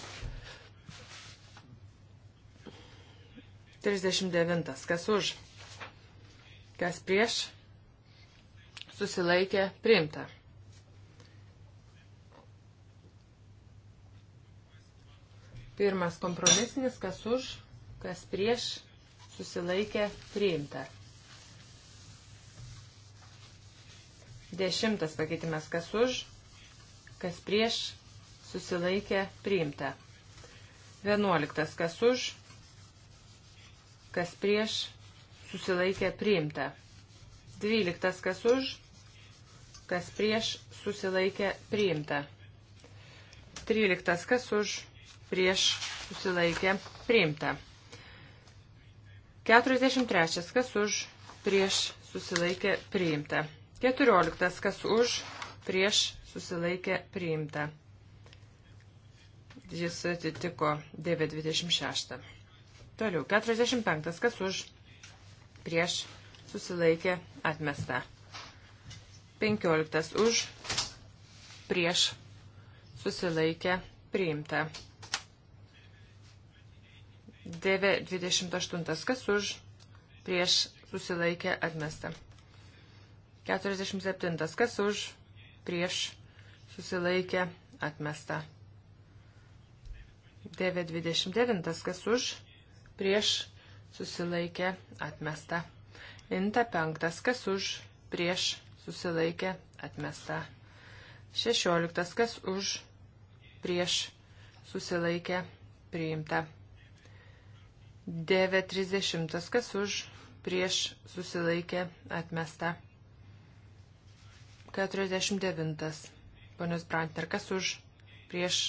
39. Kas už? Kas prieš? susilaikė priimta. Pirmas kompromisinis, kas už, kas prieš, susilaikė priimta. Dešimtas pakeitimas, kas už, kas prieš, susilaikė priimta. Vienuoliktas, kas už, kas prieš, susilaikė priimta. Dvyliktas, kas už, kas prieš, susilaikė, priimta. 13. Kas už, prieš, susilaikė, priimta. 43. Kas už, prieš, susilaikė, priimta. 14. Kas už, prieš, susilaikė, priimta. Jis atitiko 926. Toliau. 45. Kas už, prieš, susilaikė, atmesta. 15 už, prieš, susilaikę, priimta. 9.28 kas už, prieš, susilaikę, atmesta. 47 kas už, prieš, susilaikę, atmesta. 9.29 kas už, prieš, susilaikę, atmesta. Inta 5 kas už, prieš, susilaikę, atmesta susilaikė, atmesta. 16. Kas už, prieš, susilaikė, priimta. 9.30. Kas už, prieš, susilaikė, atmesta. 49. Ponios Brantner, kas už, prieš,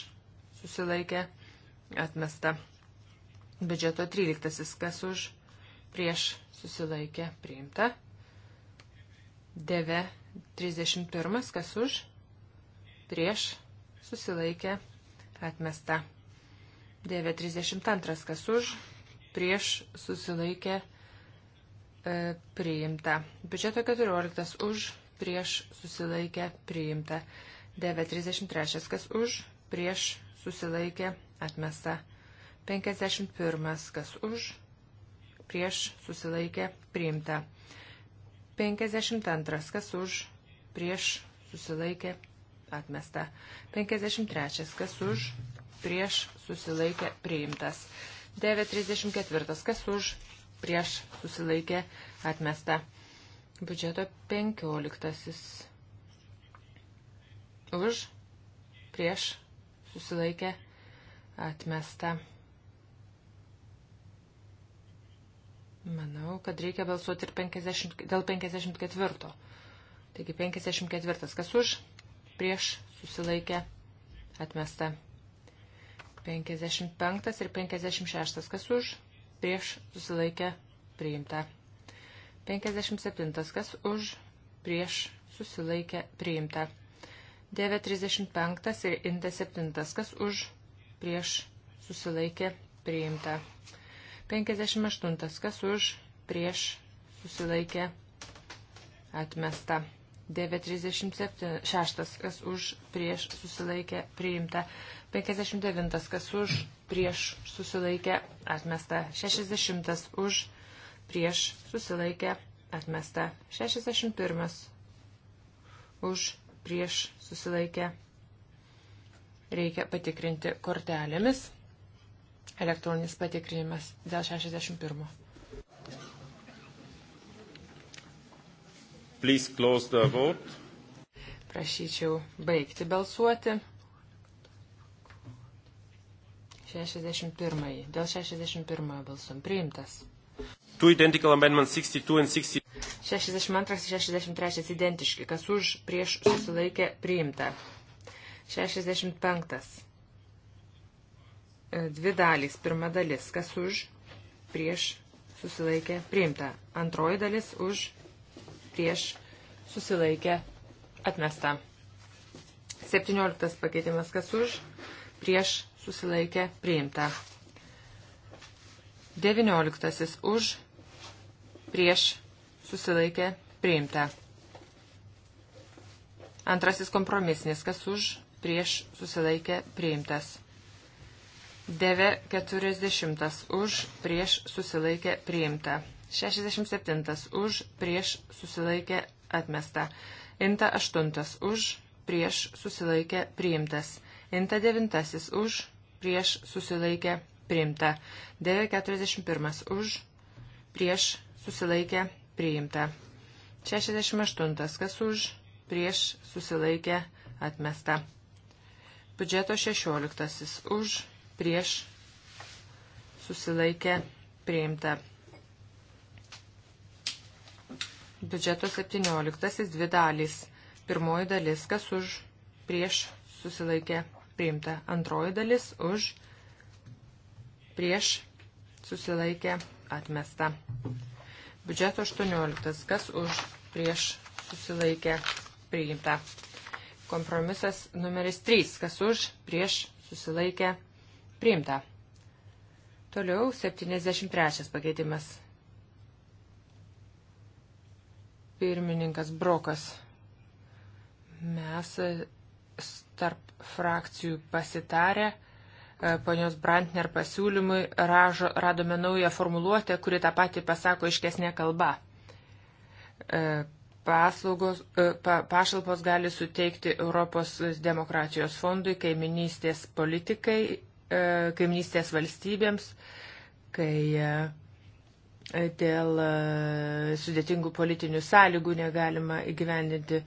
susilaikė, atmesta. Biudžeto 13. Kas už, prieš, susilaikė, priimta. Deve 31, kas už, prieš, susilaikė, atmesta. Deve 32, kas už, prieš, susilaikė, e, priimta. Biudžeto 14, už, prieš, susilaikė, priimta. Deve 33, kas už, prieš, susilaikė, atmesta. 51, kas už, prieš, susilaikė, priimta. 52. Kas už, prieš, susilaikė, atmesta. 53. Kas už, prieš, susilaikė, priimtas. 934. Kas už, prieš, susilaikė, atmesta. Biudžeto 15. Už, prieš, susilaikė, atmesta. Manau, kad reikia balsuoti ir 50, dėl 54. Taigi 54. Kas už? Prieš susilaikė atmesta. 55 ir 56. Kas už? Prieš susilaikė priimta. 57. Kas už? Prieš susilaikė priimta. 9.35 ir inda 7. Kas už? Prieš susilaikė priimta. 58. Kas už prieš susilaikė atmesta. 936. Kas už prieš susilaikė priimta. 59. Kas už prieš susilaikė atmesta. 60. Už prieš susilaikė atmesta. 61. Už prieš susilaikė. Reikia patikrinti kortelėmis. Elektroninis patikrinimas dėl 61. Please close the vote. Prašyčiau baigti balsuoti. 61. Dėl 61 balsuom priimtas. 2 identical amendments 62 and 60. 62 ir 63 identiški. Kas už prieš susilaikė priimta. 65. Dvi dalys. Pirma dalis. Kas už? Prieš susilaikė priimta. Antroji dalis už prieš susilaikė atmesta. 17 pakeitimas kas už prieš susilaikė priimta. 19 už prieš susilaikė priimta. Antrasis kompromisnis kas už prieš susilaikė priimtas. Deve 40 už prieš susilaikę priimta. 67 už prieš susilaikę atmesta. Inta 8 už prieš susilaikę priimtas. Inta 9 už prieš susilaikę priimta. Deve 41 už prieš susilaikę priimta. 68 kas už prieš susilaikę atmesta. Budžeto 16 už prieš susilaikė priimta. Biudžeto 17. Dvi dalys. Pirmoji dalis, kas už prieš susilaikė priimta. Antroji dalis už prieš susilaikė atmesta. Biudžeto 18. Kas už prieš susilaikė priimta. Kompromisas numeris 3. Kas už prieš susilaikė priimta Priimta. Toliau 73 pakeitimas. Pirmininkas Brokas. Mes e, tarp frakcijų pasitarę e, ponios Brantner pasiūlymui ražo, radome naują formuluotę, kuri tą patį pasako iškesnė kalba. E, paslaugos, pa, pašalpos gali suteikti Europos demokratijos fondui, kaiminystės politikai E, kaiminystės valstybėms, kai e, dėl e, sudėtingų politinių sąlygų negalima įgyvendinti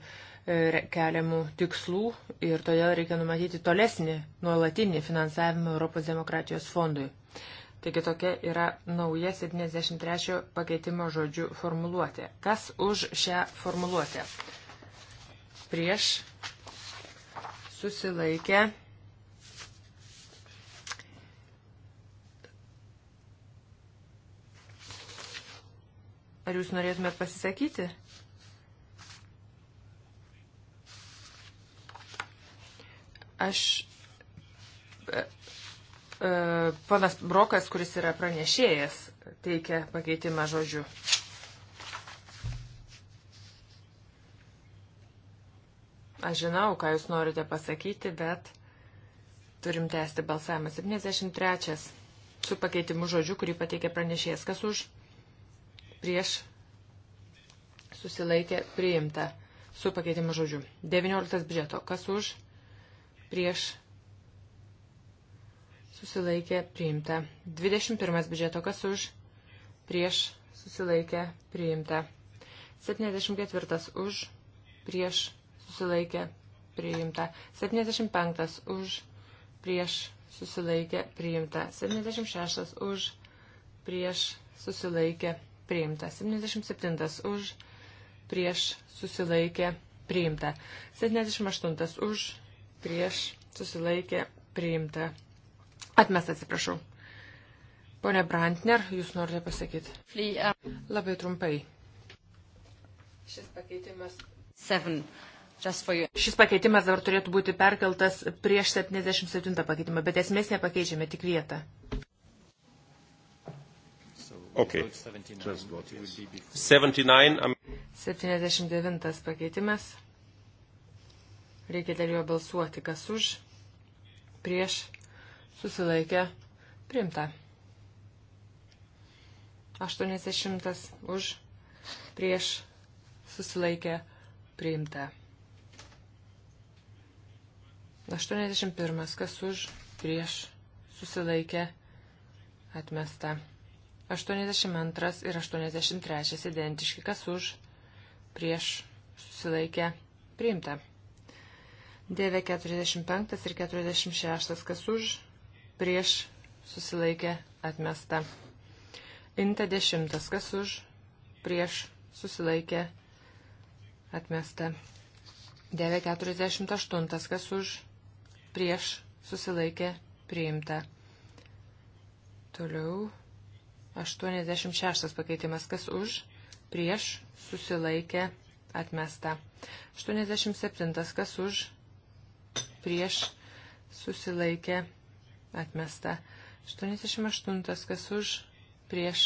keliamų tikslų ir todėl reikia numatyti tolesnį nuolatinį finansavimą Europos demokratijos fondui. Taigi tokia yra nauja 73 pakeitimo žodžių formuluotė. Kas už šią formuluotę? Prieš susilaikę Ar jūs norėtumėt pasisakyti? Aš. E, e, Panas Brokas, kuris yra pranešėjas, teikia pakeitimą žodžiu. Aš žinau, ką jūs norite pasakyti, bet turim tęsti balsavimą. 73 su pakeitimu žodžiu, kurį pateikė pranešėjas. Kas už? prieš susilaikė priimta su pakeitimu žodžiu. 19 biudžeto. Kas už prieš susilaikė priimta. 21 biudžeto. Kas už prieš susilaikė priimta. 74 už prieš susilaikė priimta. 75 už prieš susilaikė priimta. 76 už prieš susilaikė priimta priimta. 77 už, prieš susilaikė priimta. 78 už, prieš susilaikė priimta. Atmest atsiprašau. Pone Brantner, jūs norite pasakyti? Flyja. Uh, Labai trumpai. Šis pakeitimas. Seven. Šis pakeitimas dabar turėtų būti perkeltas prieš 77 pakeitimą, bet esmės nepakeičiame tik vietą. Okay. 79. 79 um, pakeitimas. Reikia dėl jo balsuoti, kas už, prieš, susilaikę, primta. 80 už, prieš, susilaikę, priimta. 81 kas už, prieš, susilaikę, atmesta. 82 ir 83 identiški, kas už, prieš, susilaikė, priimta. 945 ir 46, kas už, prieš, susilaikė, atmesta. Inta 10, kas už, prieš, susilaikė, atmesta. 948, kas už, prieš, susilaikė, priimta. Toliau 86 pakeitimas. Kas už? Prieš susilaikė atmesta. 87. Kas už? Prieš susilaikė atmesta. 88. Kas už? Prieš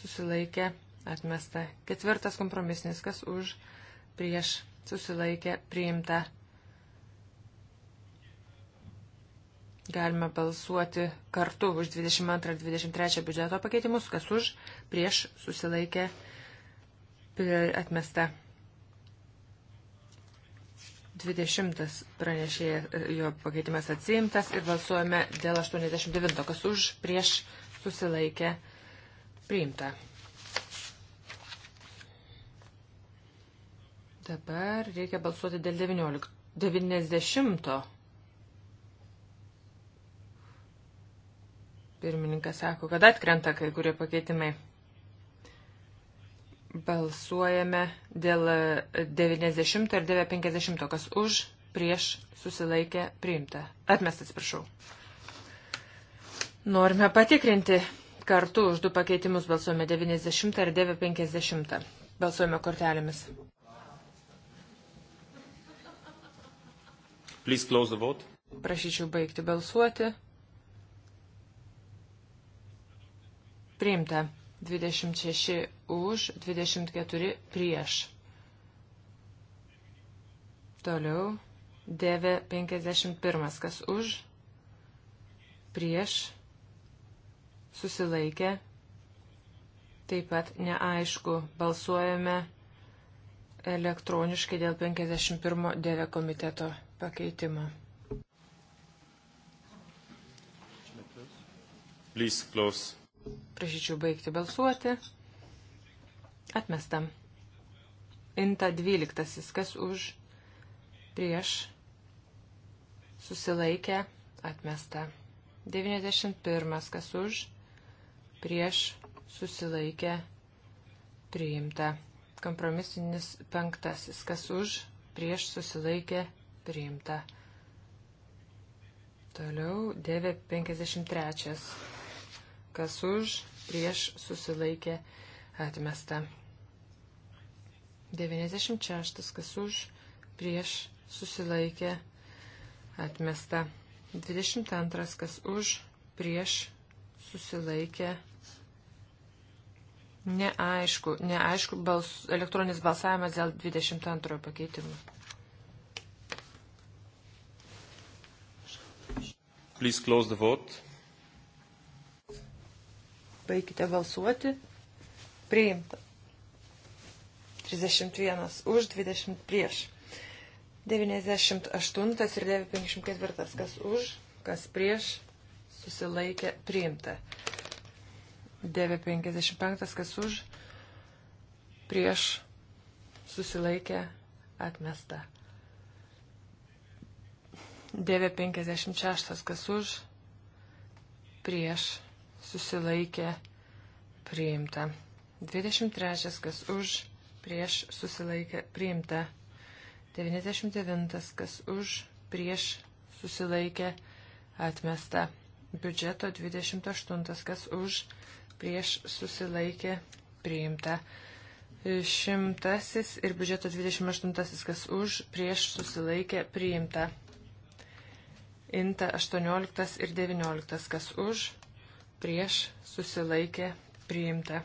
susilaikė atmesta. Ketvirtas kompromisinis. Kas už? Prieš susilaikė priimta. Galime balsuoti kartu už 22 ir 23 biudžeto pakeitimus, kas už, prieš susilaikė atmesta. 20 pranešėja e, jo pakeitimas atsiimtas ir balsuojame dėl 89, kas už, prieš susilaikė priimta. Dabar reikia balsuoti dėl 19, 90. Pirmininkas sako, kad atkrenta kai kurie pakeitimai. Balsuojame dėl 90 ir 950, kas už, prieš, susilaikė, priimta. Atmestas, prašau. Norime patikrinti kartu už du pakeitimus balsuojame 90 ir 950. Balsuojame kortelėmis. Prašyčiau baigti balsuoti. Priimta. 26 už, 24 prieš. Toliau. 9.51. Kas už? Prieš. Susilaikė. Taip pat neaišku. Balsuojame elektroniškai dėl 51 dėvė komiteto pakeitimo. Please close. Prašyčiau baigti balsuoti. Atmestam. Inta 12. Kas už prieš susilaikę atmesta. 91. Kas už prieš susilaikę priimta. Kompromisinis penktasis. Kas už prieš susilaikę priimta. Toliau 953 kas už, prieš susilaikė atmesta. 96, kas už, prieš susilaikė atmesta. 22, kas už, prieš susilaikė atmesta. Neaišku, neaišku bals, elektroninis balsavimas dėl 22 pakeitimų. Please close the vote. Baikite balsuoti. Priimta. 31 už, 20 prieš. 98 ir 954. Kas už, kas prieš, susilaikė, priimta. 955. Kas už, prieš, susilaikė, atmesta. 956. Kas už, prieš, susilaikė priimta. 23. Kas už prieš susilaikė priimta. 99. Kas už prieš susilaikė atmesta. Biudžeto 28. Kas už prieš susilaikė priimta. Šimtasis ir biudžeto 28. Kas už prieš susilaikė priimta. Inta 18 ir 19. Kas už prieš susilaikė priimta.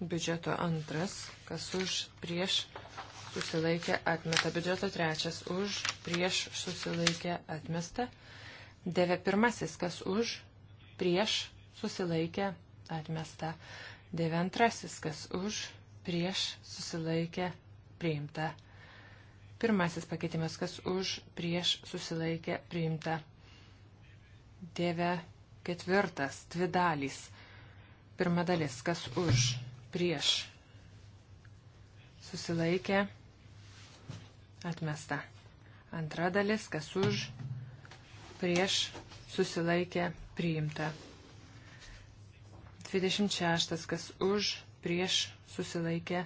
Biudžeto antras, kas už prieš susilaikė atmesta. Biudžeto trečias už prieš susilaikė atmesta. Deve pirmasis, kas už prieš susilaikė atmesta. Deve antrasis, kas už prieš susilaikė priimta. Pirmasis pakeitimas, kas už prieš susilaikė priimta. Dėve ketvirtas, dvi dalys. Pirma dalis, kas už, prieš. Susilaikė, atmesta. Antra dalis, kas už, prieš, susilaikė, priimta. 26, kas už, prieš, susilaikė,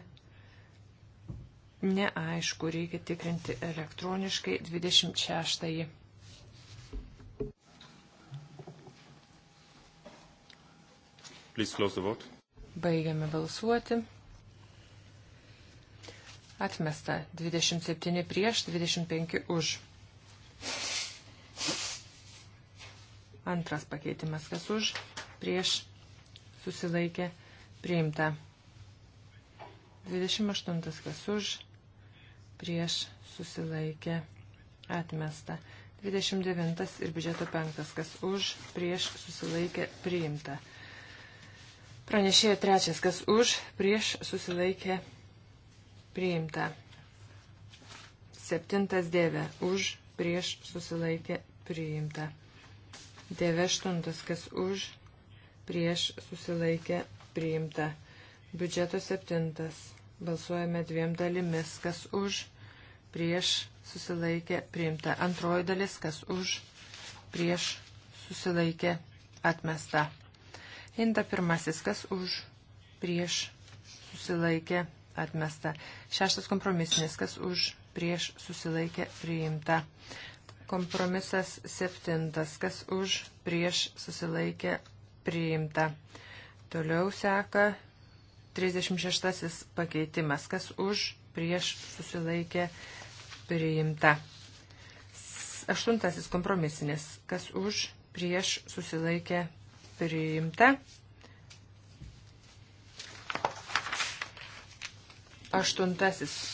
neaišku, reikia tikrinti elektroniškai 26. Please close the vote. Baigiame balsuoti. Atmesta 27 prieš, 25 už. Antras pakeitimas, kas už, prieš, susilaikė, priimta. 28 kas už, prieš, susilaikė, atmesta. 29 ir biudžeto 5 kas už, prieš, susilaikė, priimta. Pranešėjo trečias, kas už, prieš susilaikė priimta. Septintas dėvė, už, prieš susilaikė priimta. Dėvė aštuntas, kas už, prieš susilaikė priimta. Biudžeto septintas. Balsuojame dviem dalimis, kas už, prieš susilaikė priimta. Antroji dalis, kas už, prieš susilaikė atmesta. Inta pirmasis, kas už, prieš, susilaikė, atmesta. Šeštas kompromisinis, kas už, prieš, susilaikė, priimta. Kompromisas septintas, kas už, prieš, susilaikė, priimta. Toliau seka 36 pakeitimas, kas už, prieš, susilaikė, priimta. Aštuntasis kompromisinis, kas už, prieš, susilaikė, priimta priimta. 8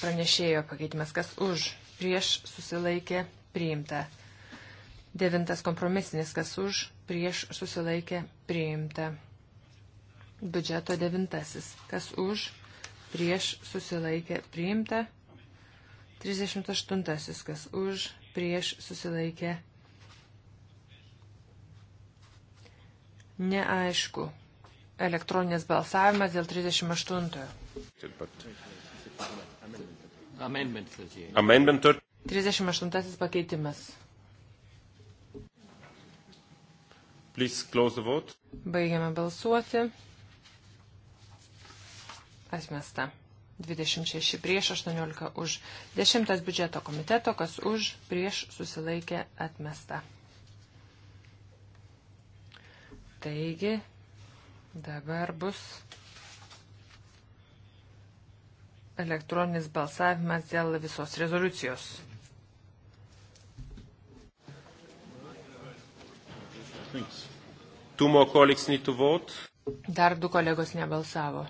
pranešėjo pakeitimas, kas už, prieš susilaikė priimta. 9 kompromisinis, kas už, prieš susilaikė priimta. Biudžeto 9, kas už, prieš susilaikė priimta. 38, kas už, prieš susilaikė priimta. Neaišku. Elektroninis balsavimas dėl 38. Amendment 38. 38 pakeitimas. Please close the vote. Baigiame balsuoti. Atmesta. 26 prieš 18 už. 10 biudžeto komiteto, kas už, prieš susilaikė atmesta. Taigi, dabar bus elektroninis balsavimas dėl visos rezoliucijos. Dar du kolegos nebalsavo.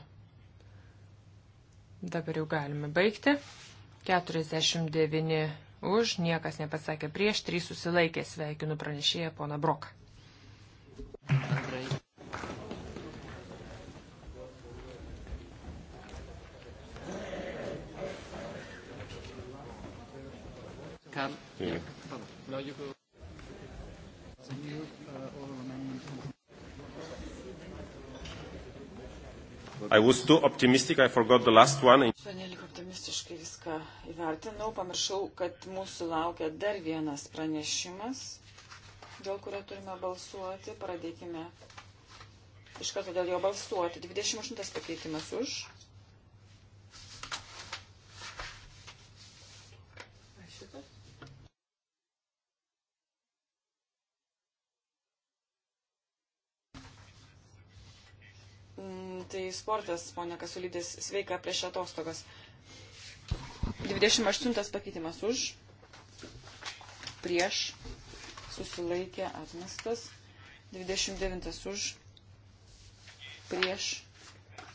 Dabar jau galime baigti. 49 už, niekas nepasakė prieš, 3 susilaikė, sveikinu pranešėją poną Broką. Andrei Carl? Yeah. Pardon. No, you go. The new uh, oral amendment. I was too optimistic, I forgot the last one. Panelik optimistiškai viską įvertinau, pamiršau, kad mūsų laukia dar vienas pranešimas dėl kurio turime balsuoti, pradėkime iš karto dėl jo balsuoti. 28 pakeitimas už. Mm, tai sportas, ponia Kasulydis, sveika prieš atostogas. 28 pakeitimas už, prieš, susilaikė atmestas, 29 už, prieš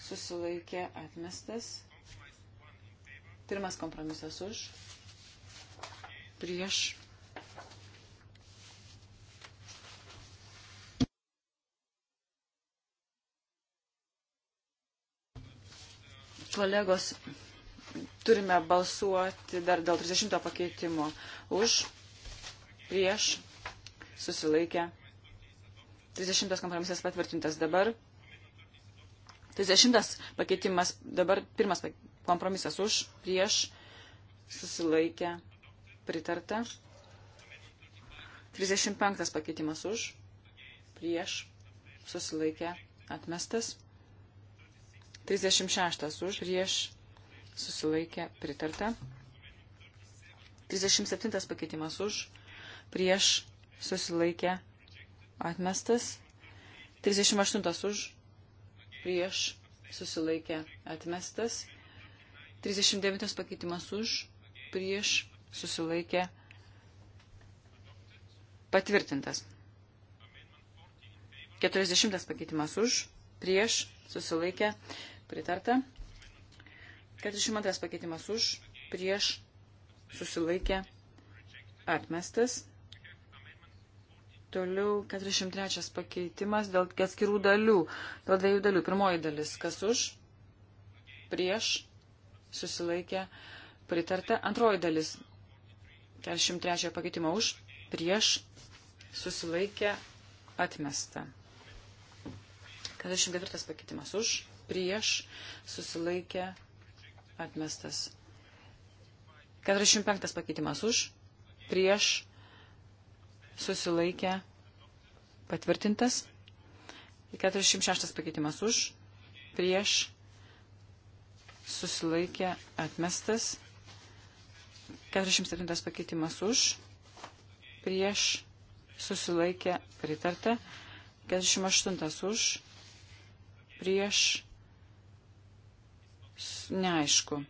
susilaikė atmestas, pirmas kompromisas už, prieš. Kolegos, turime balsuoti dar dėl 30 pakeitimo už, prieš, susilaikė. 30 kompromisas patvirtintas dabar. 30 pakeitimas dabar pirmas kompromisas už, prieš, susilaikė, pritarta. 35 pakeitimas už, prieš, susilaikė, atmestas. 36 už, prieš, susilaikė, pritarta. 37 pakeitimas už, prieš, susilaikė, atmestas. 38 už, prieš, susilaikė, atmestas. 39 pakeitimas už, prieš, susilaikė, patvirtintas. 40 pakeitimas už, prieš, susilaikė, pritarta. 42 pakeitimas už, prieš, susilaikė, atmestas. Toliau 43 pakeitimas dėl atskirų dalių. Dėl dviejų dalių. Pirmoji dalis. Kas už? Prieš? Susilaikė. Pritarta. Antroji dalis. 43 pakeitimo už? Prieš? Susilaikė. Atmesta. 44 pakeitimas už? Prieš? Susilaikė. Atmestas. 45 pakeitimas už? Prieš? susilaikė patvirtintas. 46 pakeitimas už, prieš susilaikė atmestas. 47 pakeitimas už, prieš susilaikė pritarta. 48 už, prieš neaišku.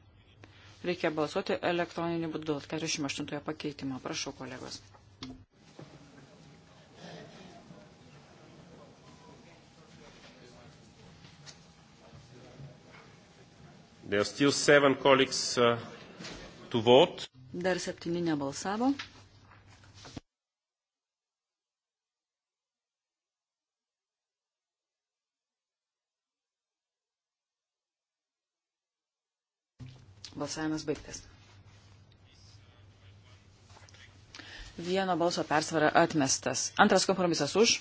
Reikia balsuoti elektroniniu būdu. 48 pakeitimą. Prašau, kolegos. There are still seven colleagues uh, to vote. Dar septyni nebalsavo. Balsavimas baigtas. Vieno balso persvara atmestas. Antras kompromisas už.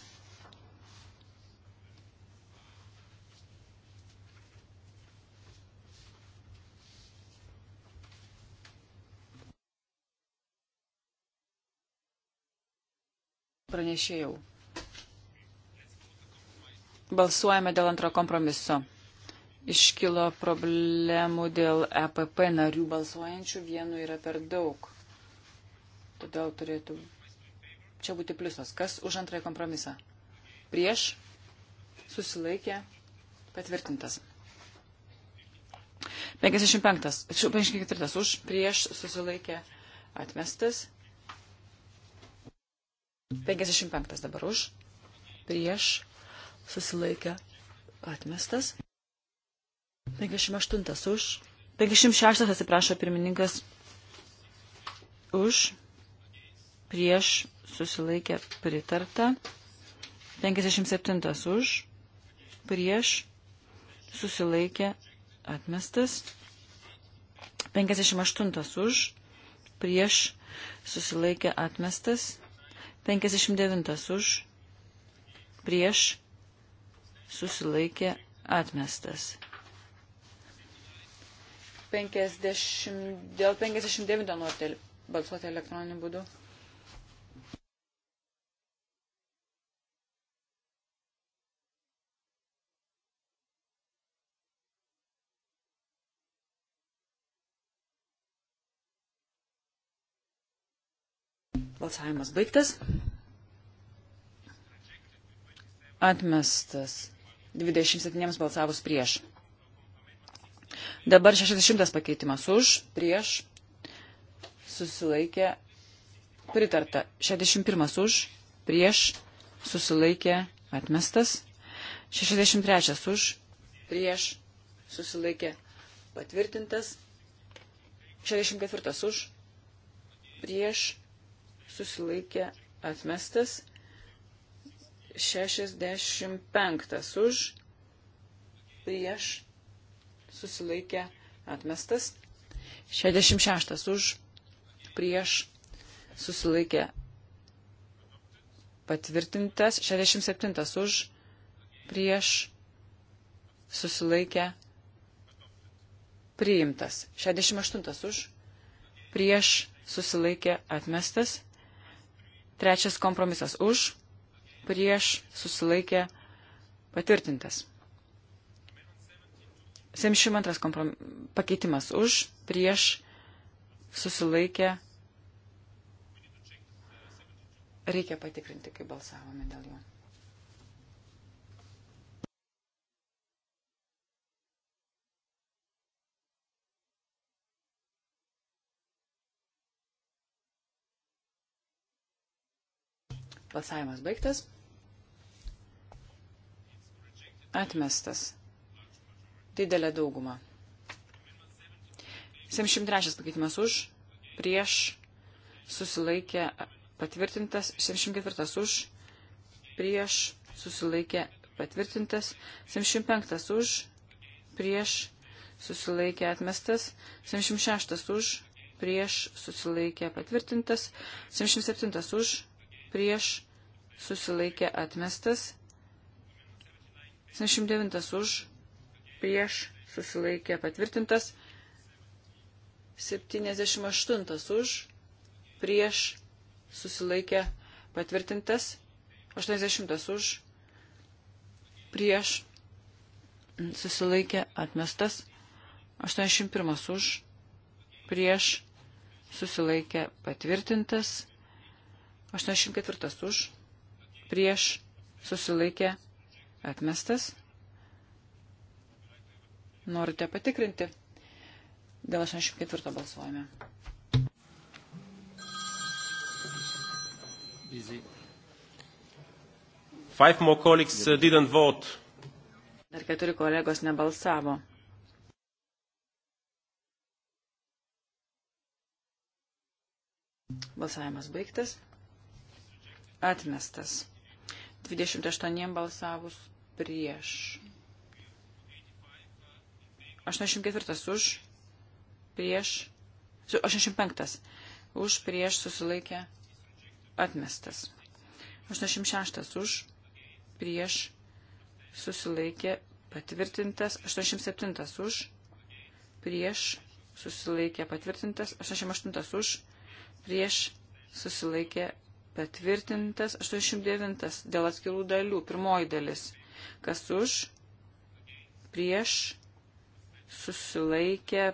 pranešėjau. Balsuojame dėl antro kompromiso. Iškilo problemų dėl EPP narių balsuojančių, vienu yra per daug. Todėl turėtų čia būti pliusas. Kas už antrąjį kompromisą? Prieš susilaikė patvirtintas. 55. 54. Už prieš susilaikė atmestas. 55 dabar už, prieš, susilaikę, atmestas. 58 už, 56 atsiprašo pirmininkas už, prieš, susilaikę, pritarta. 57 už, prieš, susilaikė, atmestas. 58 už, prieš, susilaikė, atmestas. 59 už, prieš, susilaikė, atmestas. 50, dėl 59 norite balsuoti elektroniniu būdu. Balsavimas baigtas. Atmestas. 27 balsavus prieš. Dabar 60 pakeitimas už, prieš, susilaikė, pritarta. 61 už, prieš, susilaikė, atmestas. 63 už, prieš, susilaikė, patvirtintas. 64 už, prieš, susilaikė atmestas. 65 už, prieš susilaikė atmestas. 66 už, prieš susilaikė patvirtintas. 67 už, prieš susilaikė priimtas. 68 už, prieš susilaikė atmestas. Trečias kompromisas už, prieš, susilaikė, patvirtintas. 72 komprom... pakeitimas už, prieš, susilaikė. Reikia patikrinti, kaip balsavome dėl jo. Balsavimas baigtas. Atmestas. Didelė dauguma. 703 pakeitimas už, prieš, susilaikė patvirtintas, 704 už, prieš, susilaikė patvirtintas, 705 už, prieš, susilaikė atmestas, 706 už, prieš, susilaikė patvirtintas, 707 už, prieš susilaikė atmestas. 79 už prieš susilaikė patvirtintas. 78 už prieš susilaikė patvirtintas. 80 už prieš susilaikė atmestas. 81 už prieš susilaikė patvirtintas. 84 už, prieš, susilaikė, atmestas. Norite patikrinti? Dėl 84 balsuojame. Easy. Five more colleagues uh, didn't vote. Dar keturi kolegos nebalsavo. Balsavimas baigtas. Atmestas. 28 balsavus prieš. 84 už, prieš, 85 už, prieš susilaikė atmestas. 86 už, prieš susilaikė patvirtintas, 87 už, prieš susilaikė patvirtintas, 88 už, prieš susilaikė patvirtintas 89 dėl atskirų dalių. Pirmoji dalis. Kas už, prieš, susilaikė,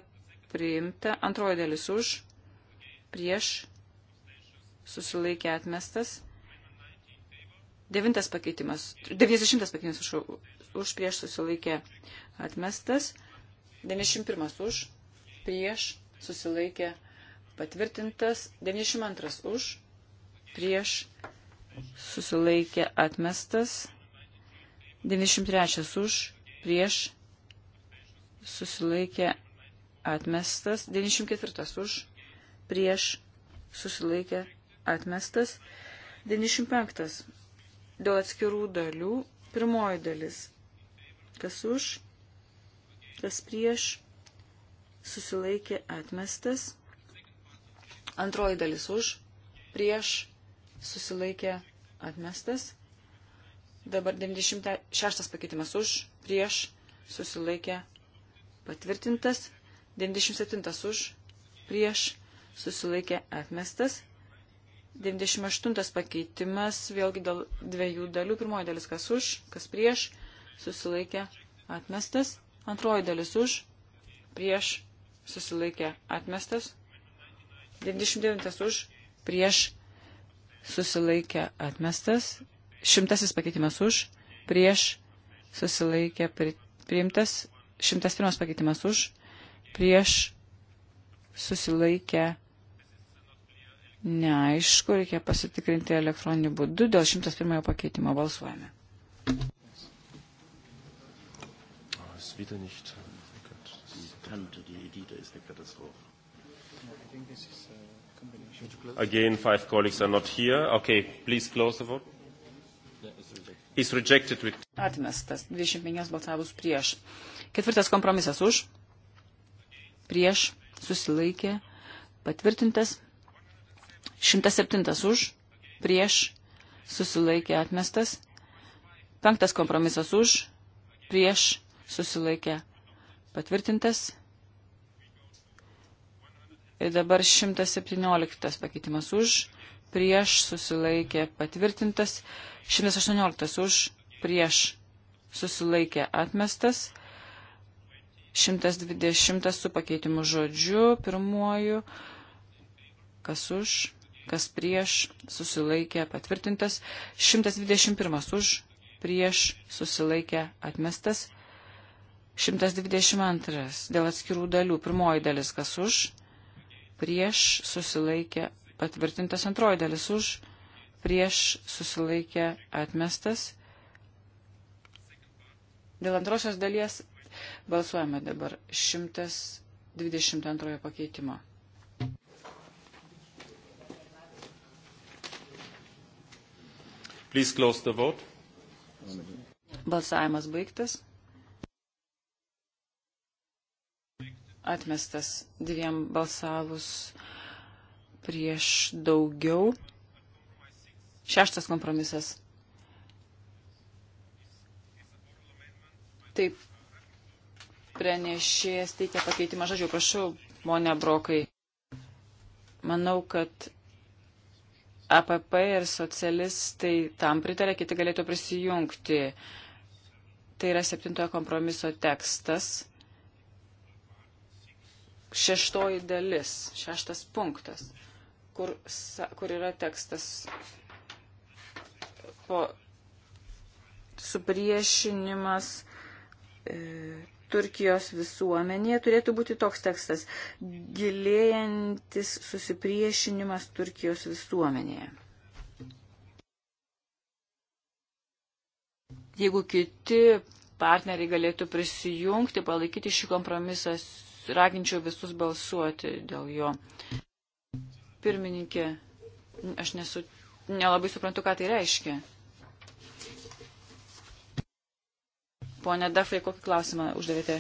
priimta. Antroji dalis už, prieš, susilaikė, atmestas. Devintas pakeitimas. 90 pakeitimas už, už prieš susilaikė, atmestas. 91 už, prieš, susilaikė, patvirtintas. 92 už, prieš susilaikė atmestas, 93 už, prieš susilaikė atmestas, 94 už, prieš susilaikė atmestas, 95 dėl atskirų dalių, pirmoji dalis, kas už, kas prieš susilaikė atmestas, antroji dalis už, prieš susilaikė atmestas. Dabar 96 pakeitimas už, prieš, susilaikė patvirtintas. 97 už, prieš, susilaikė atmestas. 98 pakeitimas, vėlgi dėl dviejų dalių. Pirmoji dalis kas už, kas prieš, susilaikė atmestas. Antroji dalis už, prieš, susilaikė atmestas. 99 už, prieš, susilaikė atmestas, šimtasis pakeitimas už, prieš susilaikė priimtas, šimtas pirmas pakeitimas už, prieš susilaikė neaišku, reikia pasitikrinti elektroniniu būdu, dėl šimtas pirmojo pakeitimo balsuojame. Ah, wieder nicht. Kannte die Idee, da ist eine Katastrophe. Ja, ich denke, es ist, äh uh, Again, five colleagues are not here. Okay, please close the vote. Is rejected with... Atmestas. 25 balsavus prieš. Ketvirtas kompromisas už. Prieš. Susilaikė. Patvirtintas. 107 už. Prieš. Susilaikė. Atmestas. Penktas kompromisas už. Prieš. Susilaikė. Patvirtintas. Ir dabar 117 pakeitimas už, prieš susilaikė patvirtintas, 118 už, prieš susilaikė atmestas, 120 su pakeitimu žodžiu, pirmuoju, kas už, kas prieš susilaikė patvirtintas, 121 už, prieš susilaikė atmestas, 122 dėl atskirų dalių, pirmoji dalis kas už, prieš susilaikė patvirtintas antroji dalis už, prieš susilaikė atmestas. Dėl antrosios dalies balsuojame dabar 122 pakeitimo. Please close the vote. Balsavimas baigtas. atmestas dviem balsavus prieš daugiau. Šeštas kompromisas. Taip, pranešėjas teikia pakeitimą žodžiu, prašau, ponia Brokai. Manau, kad APP ir socialistai tam pritarė, kiti galėtų prisijungti. Tai yra septintojo kompromiso tekstas šeštoji dalis, šeštas punktas, kur, kur yra tekstas po supriešinimas e, Turkijos visuomenėje turėtų būti toks tekstas - gilėjantis susipriešinimas Turkijos visuomenėje. Jeigu kiti partneriai galėtų prisijungti, palaikyti šį kompromisą raginčiau visus balsuoti dėl jo. Pirmininkė, aš nesu, nelabai suprantu, ką tai reiškia. Pone Dafai, kokį klausimą uždavėte?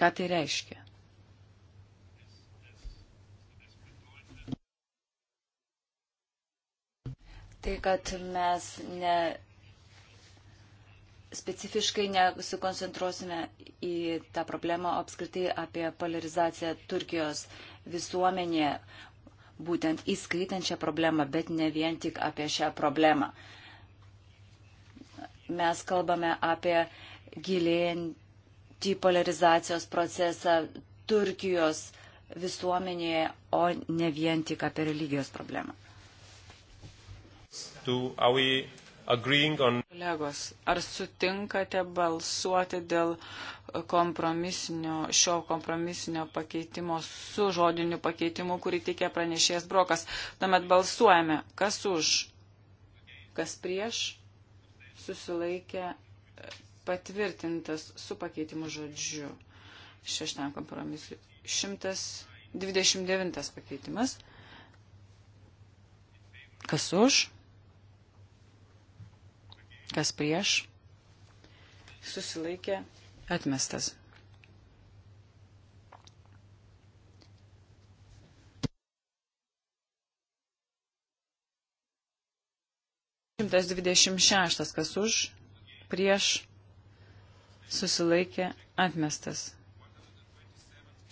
Ką tai reiškia? Tai, kad mes ne specifiškai nesukoncentruosime į tą problemą apskritai apie polarizaciją Turkijos visuomenėje, būtent įskaitant šią problemą, bet ne vien tik apie šią problemą. Mes kalbame apie gilėjantį polarizacijos procesą Turkijos visuomenėje, o ne vien tik apie religijos problemą. Tu, are we on... Kolegos, ar sutinkate balsuoti dėl kompromisinio, šio kompromisinio pakeitimo su žodiniu pakeitimu, kurį tikė pranešėjas Brokas? Tuomet balsuojame, kas už, kas prieš, susilaikė e, patvirtintas su pakeitimu žodžiu. Šeštam kompromisui. 129 pakeitimas. Kas už? Kas prieš? Susilaikė atmestas. Šimtas dvidešimt šeštas, kas už, prieš, susilaikė atmestas.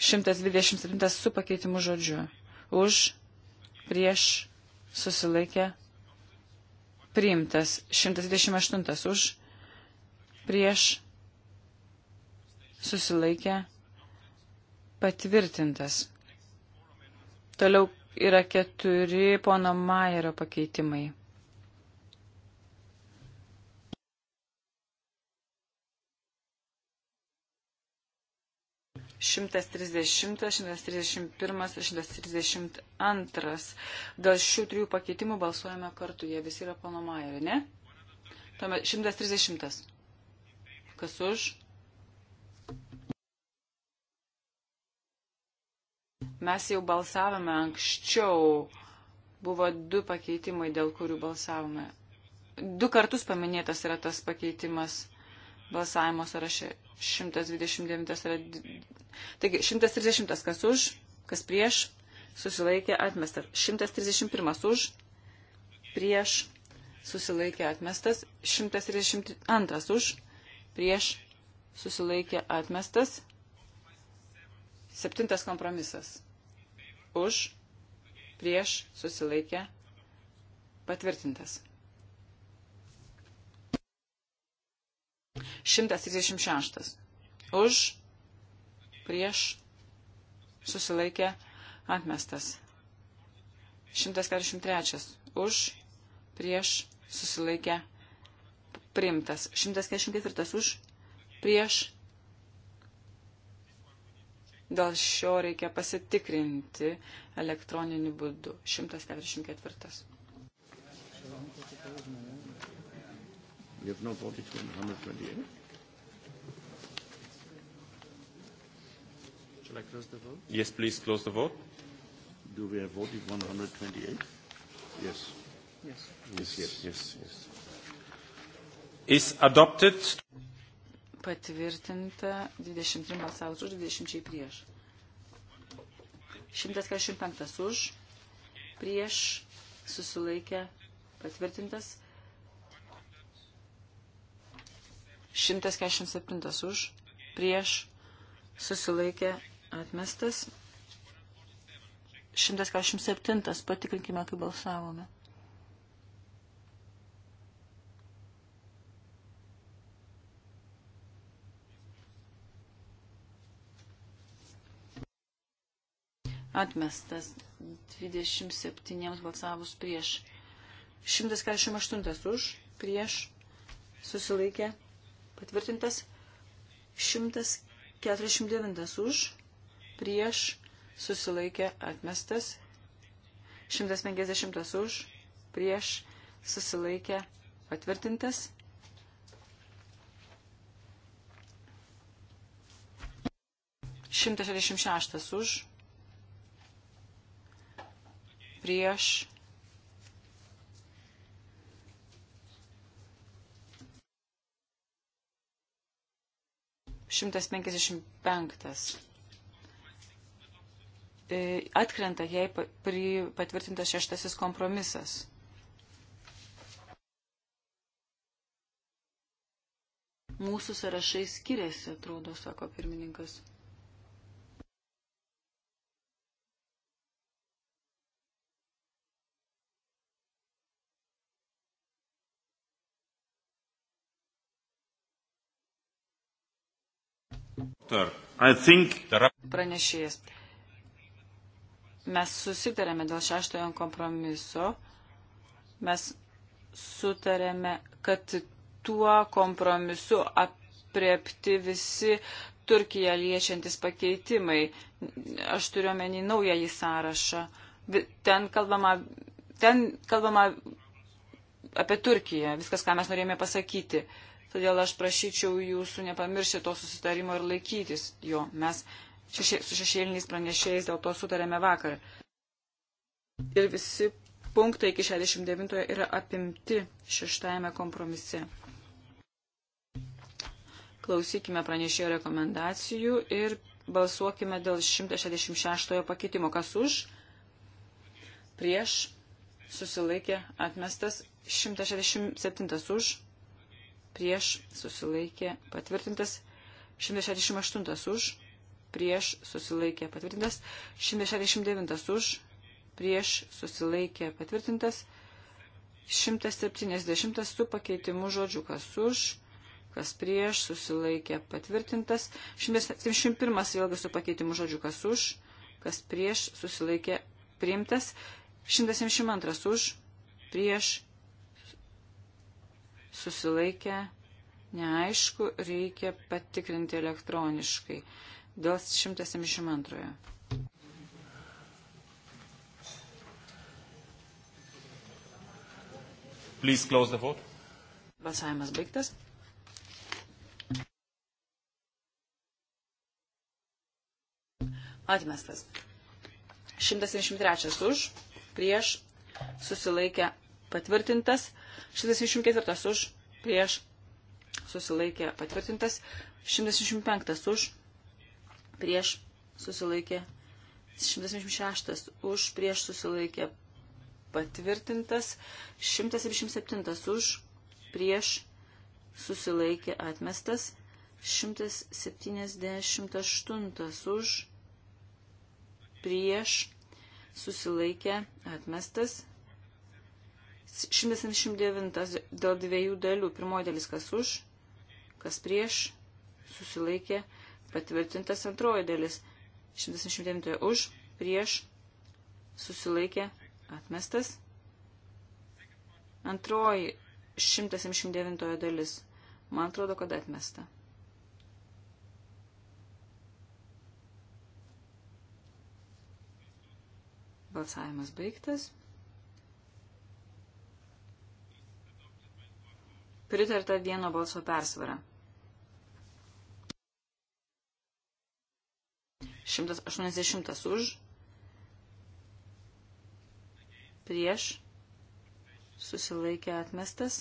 127 su pakeitimu žodžiu. Už, prieš, susilaikė, priimtas 128 už, prieš susilaikę patvirtintas. Toliau yra keturi pono Majerio pakeitimai. 130, 131 ir 132. Dėl šių trijų pakeitimų balsuojame kartu, jie visi yra panomairi, ne? Tuomet 130. Kas už? Mes jau balsavome anksčiau. Buvo du pakeitimai, dėl kurių balsavome. Du kartus paminėtas yra tas pakeitimas balsavimo sąraše 129 yra Taigi 130 kas už, kas prieš, susilaikė atmestas. 131 už, prieš, susilaikė atmestas. 132 už, prieš, susilaikė atmestas. Septintas kompromisas. Už, prieš, susilaikė patvirtintas. 136. Už, prieš susilaikė atmestas. 143 už prieš susilaikė priimtas. 144 už prieš. Dėl šio reikia pasitikrinti elektroniniu būdu. 144. You have no 42 and 128. Shall I close the vote? Yes, please close the vote. Do we have voted 128? Yes. Yes. Yes, yes, yes. yes. Is adopted. Patvirtinta 23 balsavus už, 20 prieš. 145 už, prieš susilaikė patvirtintas. 147 už, prieš susilaikė Atmestas. 147. Patikrinkime, kaip balsavome. Atmestas 27 balsavus prieš. 148 už, prieš, susilaikė, patvirtintas 149 už, prieš susilaikė atmestas, 150 už, prieš susilaikė patvirtintas. Šimtas šešiasdešimt šeštas už, prieš šimtas penkiasdešimt penktas. E, atkrenta, jei patvirtintas šeštasis kompromisas. Mūsų sąrašai skiriasi, atrodo, sako pirmininkas. Pranešėjas. Mes susitarėme dėl šeštojo kompromiso. Mes sutarėme, kad tuo kompromisu apriepti visi Turkiją liešiantis pakeitimai. Aš turiu menį naująjį sąrašą. Ten kalbama, ten kalbama apie Turkiją, viskas, ką mes norėjome pasakyti. Todėl aš prašyčiau jūsų nepamiršti to susitarimo ir laikytis jo. Mes šešė, su šešėliniais pranešėjais, dėl to sutarėme vakar. Ir visi punktai iki 69 yra apimti šeštajame kompromise. Klausykime pranešėjo rekomendacijų ir balsuokime dėl 166 pakeitimo. Kas už? Prieš? Susilaikė atmestas 167 už, prieš susilaikė patvirtintas 168 už, prieš susilaikė patvirtintas, 169 už, prieš susilaikė patvirtintas, 170 su pakeitimu žodžiu, kas už, kas prieš susilaikė patvirtintas, 171 vėlgi su pakeitimu žodžiu, kas už, kas prieš susilaikė priimtas, 172 už, prieš susilaikė neaišku, reikia patikrinti elektroniškai dėl 172. Please close the vote. Balsavimas baigtas. Atmestas. 173 už, prieš, susilaikė patvirtintas. 174 už, prieš, susilaikė patvirtintas. 175 už, prieš susilaikė 176 už, prieš susilaikė patvirtintas, 177 už, prieš susilaikė atmestas, 178 už, prieš susilaikė atmestas, 179 dėl dviejų dalių, pirmoji dalis kas už, kas prieš susilaikė atmestas Patvirtintas antroji dalis. 179 už, prieš, susilaikė, atmestas. Antroji 179 dalis. Man atrodo, kad atmesta. Balsavimas baigtas. Pritarta vieno balso persvara. 180 už, prieš, susilaikė atmestas,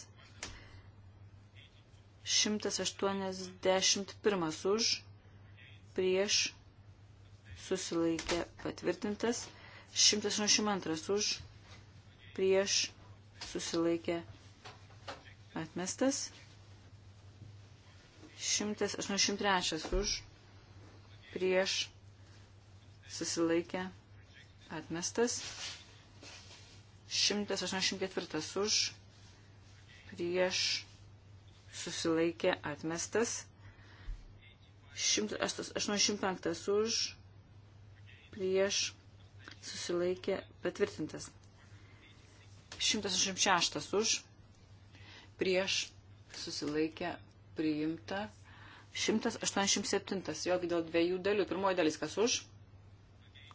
181 už, prieš, susilaikė patvirtintas, 182 už, prieš, susilaikė atmestas, 183 už, prieš, susilaikė atmestas. 184 už, prieš susilaikė atmestas. 185 už, prieš susilaikė patvirtintas. 186 už, prieš susilaikė priimta. 187, jog dėl dviejų dalių. Pirmoji dalis kas už,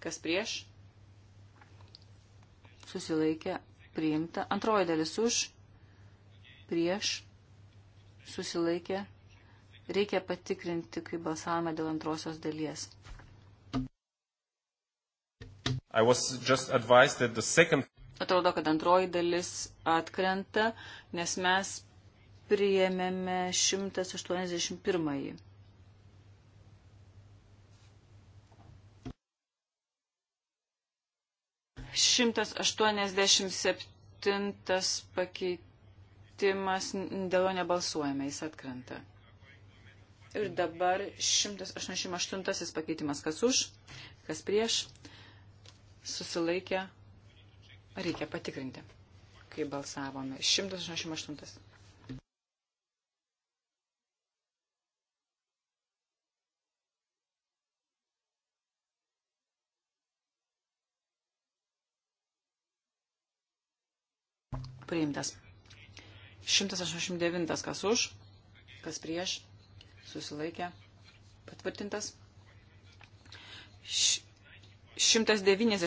Kas prieš? Susilaikė priimta. Antroji dalis už. Prieš. Susilaikė. Reikia patikrinti, kai balsavome dėl antrosios dalies. Second... Atrodo, kad antroji dalis atkrenta, nes mes priėmėme 181. 187 pakeitimas, dėl jo nebalsuojame, jis atkrenta. Ir dabar 188 pakeitimas, kas už, kas prieš, susilaikė, reikia patikrinti, kai balsavome. 188. Priimtas. 189 kas už, kas prieš, susilaikė, patvirtintas. 191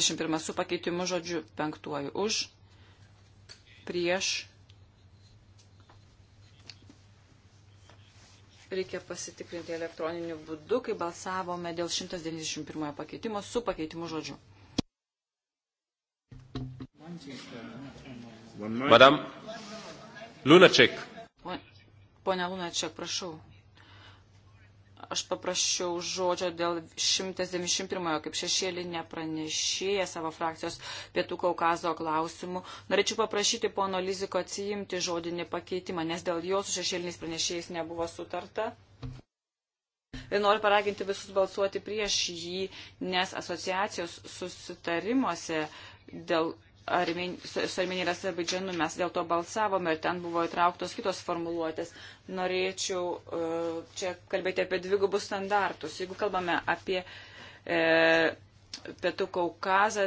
su pakeitimu žodžiu penktuoju už, prieš. Reikia pasitikrinti elektroniniu būdu, kai balsavome dėl 191 pakeitimo su pakeitimu žodžiu. 19. Madam Lunaček. Pone Lunaček, prašau. Aš paprašiau žodžio dėl 191-ojo kaip šešėlinė pranešėja savo frakcijos Pietų Kaukazo klausimų. Norėčiau paprašyti pono Liziko atsijimti žodinį pakeitimą, nes dėl jo su šešėliniais pranešėjais nebuvo sutarta. Ir noriu paraginti visus balsuoti prieš jį, nes asociacijos susitarimuose dėl Armen, su Armenija ir Azerbaidžianu mes dėl to balsavome ir ten buvo įtrauktos kitos formuluotės. Norėčiau e, čia kalbėti apie dvigubus standartus. Jeigu kalbame apie e, Pietų Kaukazą,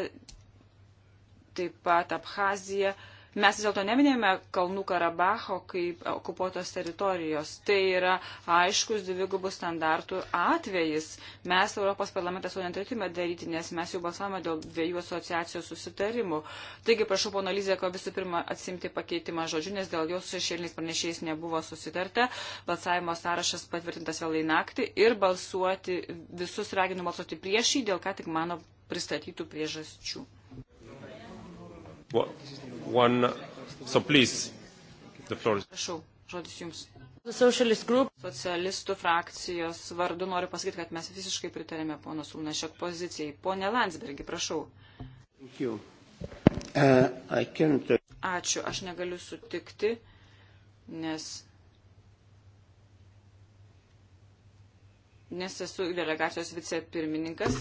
taip pat Abhaziją, e, Mes vis dėlto neminėjome Kalnų Karabacho kaip okupuotos teritorijos. Tai yra aiškus dvigubų standartų atvejis. Mes Europos parlamentas to neturėtume daryti, nes mes jau balsavome dėl dviejų asociacijos susitarimų. Taigi prašau, pono Lyzėko, visų pirma atsimti pakeitimą žodžių, nes dėl jos su šešėliniais pranešėjais nebuvo susitarta. Balsavimo sąrašas patvirtintas vėlai naktį ir balsuoti visus raginu balsuoti prieš jį dėl ką tik mano pristatytų priežasčių. One, so please, the floor is. Prašau, žodis jums. Socialistų frakcijos vardu noriu pasakyti, kad mes visiškai pritarėme pono Sulnašek pozicijai. Pone Landsbergi, prašau. Uh, uh, Ačiū, aš negaliu sutikti, nes nes esu delegacijos vicepirmininkas.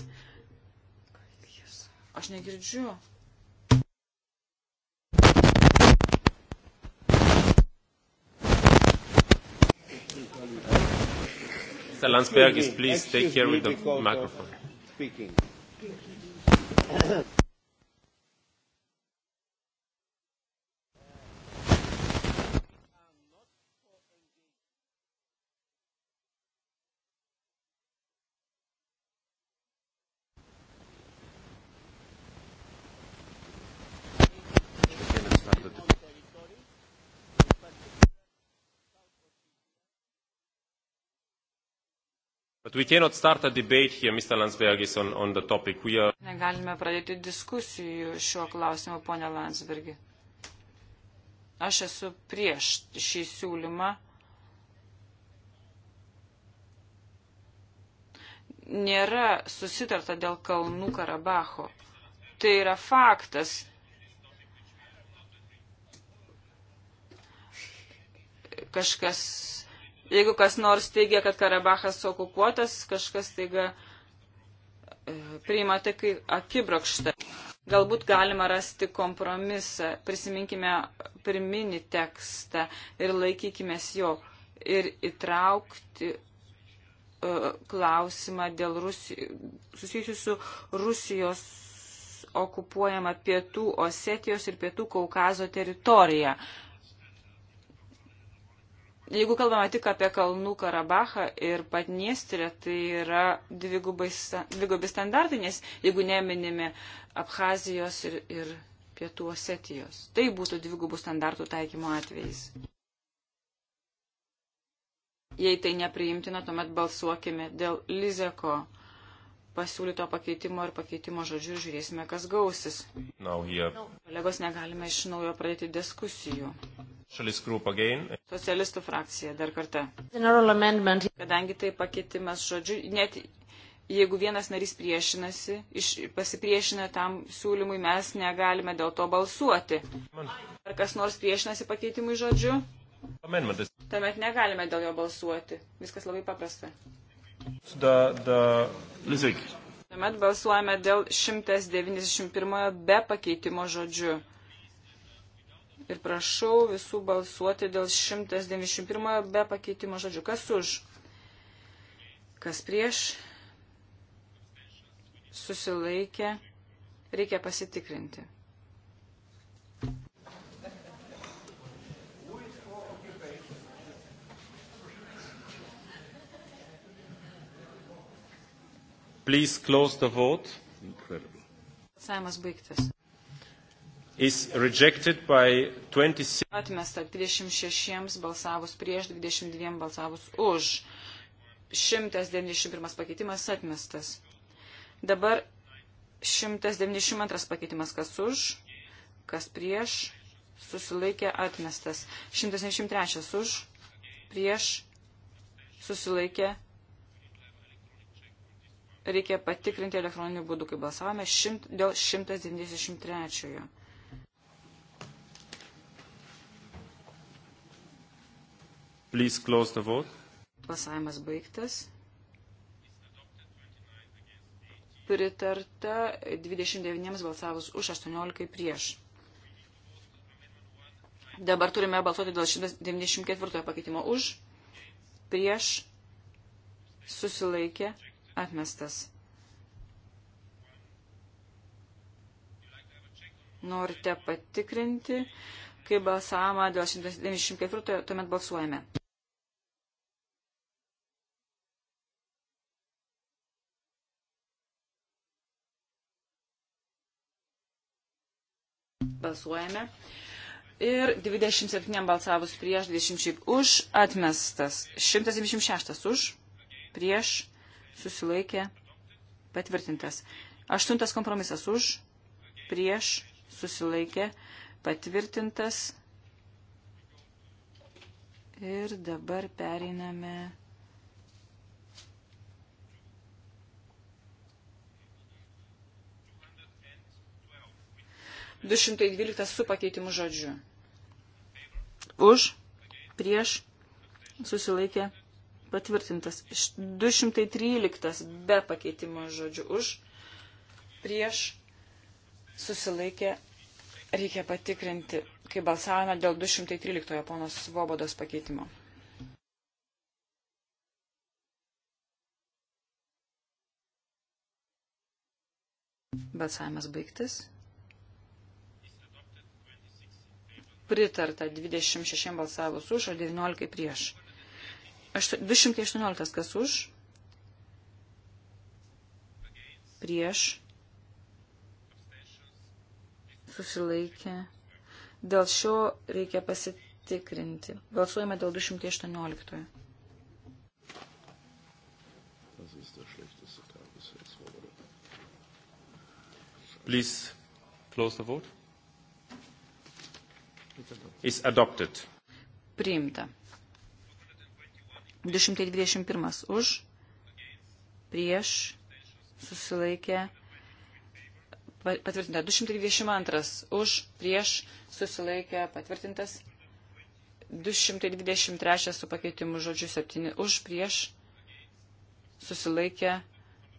Aš negirdžiu. Mr. Landsbergis, please Excuse take care with the microphone. Speaking. Here, on, on are... Negalime pradėti diskusijų šiuo klausimu, ponė Landsbergi. Aš esu prieš šį siūlymą. Nėra susitarta dėl Kalnų Karabacho. Tai yra faktas. Kažkas Jeigu kas nors teigia, kad Karabachas okupuotas, kažkas teigia e, priimate tai kaip akibrokštą. Galbūt galima rasti kompromisą, prisiminkime pirminį tekstą ir laikykime jo ir įtraukti uh, klausimą dėl Rusijos, susijusiu su Rusijos okupuojama pietų Osetijos ir pietų Kaukazo teritorija. Uh, Jeigu kalbame tik apie Kalnų Karabachą ir Padniestrę, tai yra dvigubai, dvigubai standartai, nes jeigu neminime Abhazijos ir, ir Pietų Osetijos, tai būtų dvigubų standartų taikymo atvejais. Jei tai nepriimtina, tuomet balsuokime dėl Lizeko pasiūlyto pakeitimo ir pakeitimo žodžių ir žiūrėsime, kas gausis. No, yeah. Kolegos, negalime iš naujo pradėti diskusijų. Socialistų frakcija, dar kartą. Kadangi tai pakeitimas žodžių, net jeigu vienas narys priešinasi, iš, pasipriešina tam siūlymui, mes negalime dėl to balsuoti. Ar kas nors priešinasi pakeitimui žodžiu? Tuomet negalime dėl jo balsuoti. Viskas labai paprasta. The, the... Lizik. Tuomet balsuojame dėl 191 be pakeitimo žodžių. Ir prašau visų balsuoti dėl 191 be pakeitimo žodžių. Kas už? Kas prieš? Susilaikė. Reikia pasitikrinti. Please close the vote. Incredible. Balsavimas baigtas. Is rejected by 26. Atmesta 26 balsavus prieš, 22 balsavus už. 191 pakeitimas atmestas. Dabar 192 pakeitimas kas už, kas prieš, susilaikė atmestas. 193 už, prieš, susilaikė atmestas reikia patikrinti elektroniniu būdu, kai balsavome šimt, dėl 193. Please close the vote. Balsavimas baigtas. Pritarta 29 balsavus už 18 prieš. Dabar turime balsuoti dėl 194 pakeitimo už, prieš, susilaikė, Atmestas. Norite patikrinti, kaip balsavimą dėl 194, tuomet balsuojame. balsuojame. Ir 27 balsavus prieš, 20 už, atmestas. 176 už, prieš, susilaikė patvirtintas. Aštuntas kompromisas už, prieš, susilaikė patvirtintas. Ir dabar pereiname du šimtai dvyliktas su pakeitimu žodžiu. Už, prieš, susilaikė, Patvirtintas. 213 be pakeitimo žodžių už. Prieš susilaikė. Reikia patikrinti, kai balsavome dėl 213 ponos Svobodos pakeitimo. Balsavimas baigtas. Pritarta 26 balsavus už, o 19 prieš. 218 kas už, prieš, susilaikė. Dėl šio reikia pasitikrinti. Balsuojame dėl 218. Please close the vote. Is adopted. Priimta. 221 už, prieš, susilaikė, patvirtinta. 222 už, prieš, susilaikė, patvirtintas. 223 su pakeitimu žodžiu 7 už, prieš, susilaikė,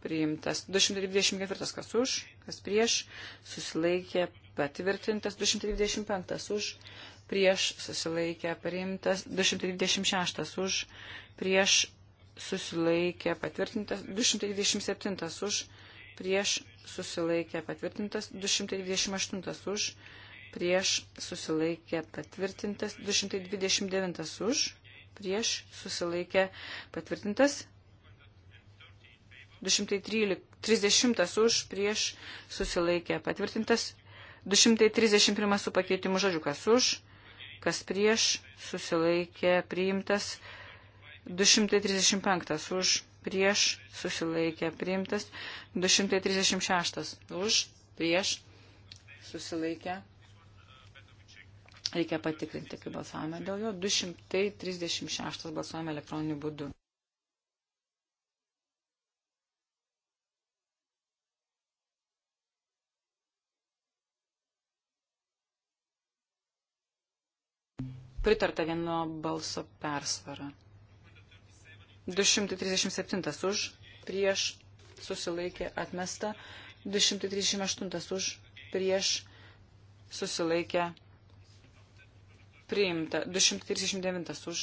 priimtas. 224 kas už, kas prieš, susilaikė, patvirtintas. 225 už, prieš susilaikę priimtas, 226 už, prieš susilaikę patvirtintas, 227 už, prieš susilaikę patvirtintas, 228 už, prieš susilaikę patvirtintas, 229 už, prieš susilaikę patvirtintas, 230 už, prieš susilaikę patvirtintas, 231 su pakeitimu žodžiu, kas už, kas prieš, susilaikė priimtas 235 už, prieš, susilaikė priimtas 236 už, prieš, susilaikė. Reikia patikrinti, kaip balsavome dėl jo. 236 balsavome elektroniniu būdu. pritarta vieno balso persvara. 237 už, prieš, susilaikė, atmesta. 238 už, prieš, susilaikė, priimta. 239 už,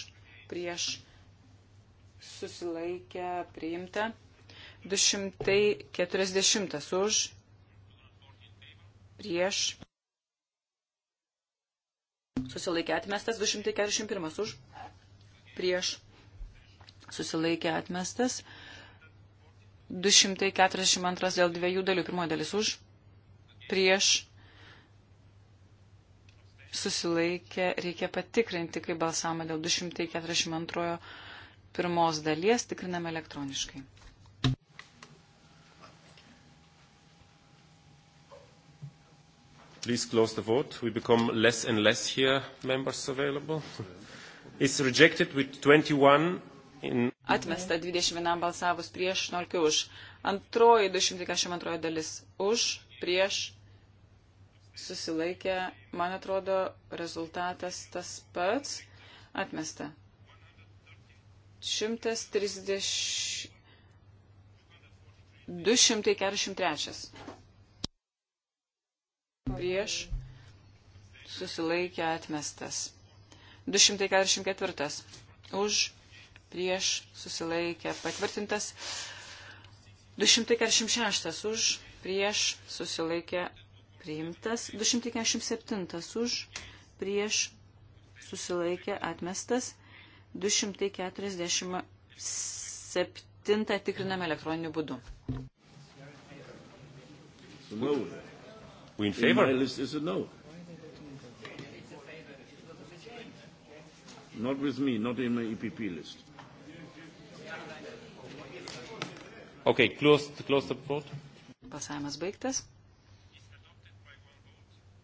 prieš, susilaikė, priimta. 240 už, prieš, susilaikė atmestas, 241 už, prieš susilaikė atmestas, 242 dėl dviejų dalių, pirmoji dalis už, prieš susilaikė, reikia patikrinti, kaip balsavome dėl 242 pirmos dalies, tikriname elektroniškai. Please close the vote. We become less and less here members available. It's rejected with 21 in... Atmesta 21 balsavus prieš, 11 už. Antroji 242 dalis už, prieš, susilaikė, man atrodo, rezultatas tas pats. Atmesta. 130. 243 prieš susilaikė atmestas. 244 už prieš susilaikė patvirtintas. 246 už prieš susilaikė priimtas. 247 už prieš susilaikė atmestas. 247 tikriname elektroniniu būdu. Sumauna. We in favour? In my list is a no. Not with me, not in my EPP list. Okay, close, close the vote. Pasavimas baigtas.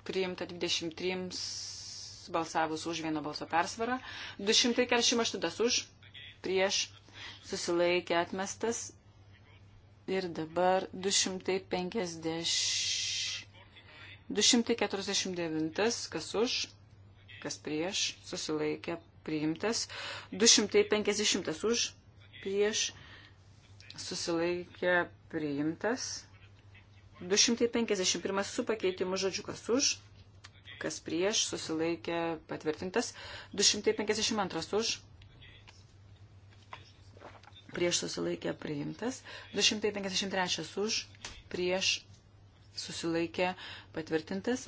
Priimta 23 balsavus už vieno balso persvarą. 248 už, prieš, susilaikė atmestas. Ir dabar 250. 249, kas už, kas prieš, susilaikė priimtas. 250 už, prieš, susilaikė priimtas. 251 su pakeitimu žodžiu, kas už, kas prieš, susilaikė patvirtintas. 252 už, prieš susilaikė priimtas. 253 už, prieš susilaikė patvirtintas.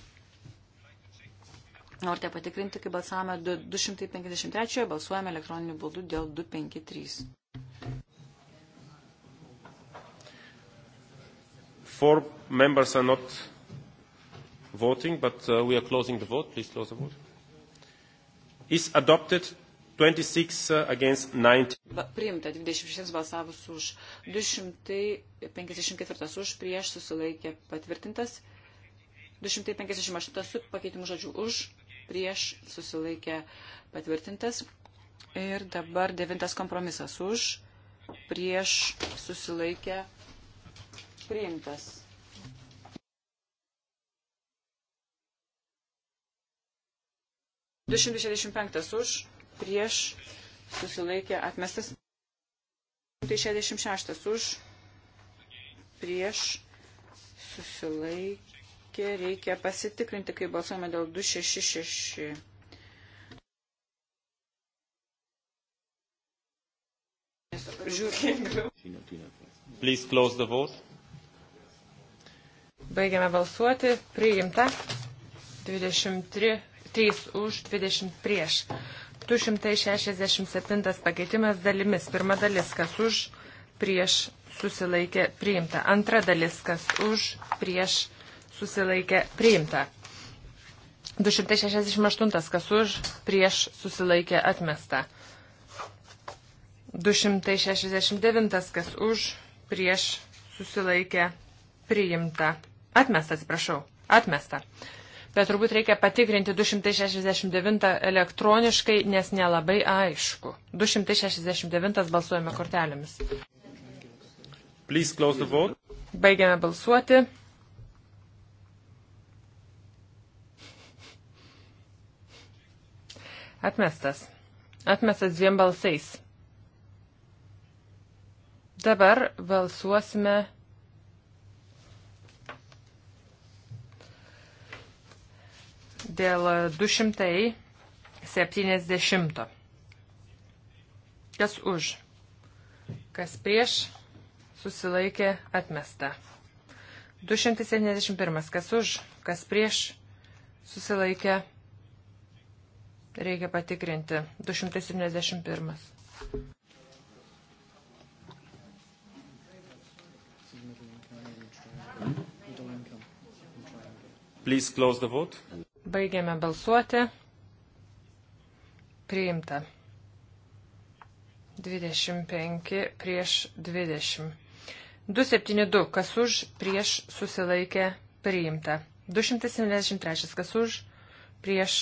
Norite patikrinti, kaip balsavome 253, balsuojame elektroniniu būdu dėl 253. Four members are not voting, but uh, we are closing the vote. Please close the vote. Is adopted 26 uh, against 90. Priimta 26 balsavus už, 254 už, prieš susilaikė patvirtintas, 258 su pakeitimu žodžiu už, prieš susilaikė patvirtintas. Ir dabar devintas kompromisas už, prieš susilaikė priimtas. Du šimtai šešiasdešimt penktas už, prieš susilaikė atmestas. 166 tai už prieš susilaikė. Reikia pasitikrinti, kai balsuojame dėl 266. Please close the vote. Baigiame balsuoti. Priimta. 23 3 už, 20 prieš. 267 pakeitimas dalimis. Pirma dalis, kas už, prieš susilaikė priimta. Antra dalis, kas už, prieš susilaikė priimta. 268, kas už, prieš susilaikė atmesta. 269, kas už, prieš susilaikė priimta. Atmesta, atsiprašau. Atmesta bet turbūt reikia patikrinti 269 elektroniškai, nes nelabai aišku. 269 balsuojame kortelėmis. Baigiame balsuoti. Atmestas. Atmestas dviem balsais. Dabar balsuosime dėl 270. Kas už? Kas prieš? Susilaikė atmesta. 271. Kas už? Kas prieš? Susilaikė. Reikia patikrinti. 271. Please close the vote. Baigiame balsuoti. Priimta. 25 prieš 20. 272, kas už, prieš susilaikė, priimta. 273, kas už, prieš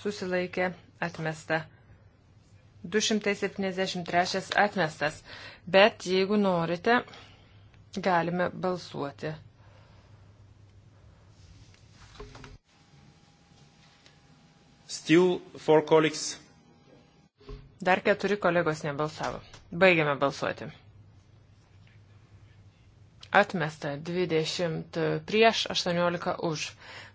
susilaikė, atmesta. 273 atmestas, bet jeigu norite, galime balsuoti. Still four colleagues. Dar keturi kolegos nebalsavo. Baigiame balsuoti. Atmesta 20 prieš, 18 už.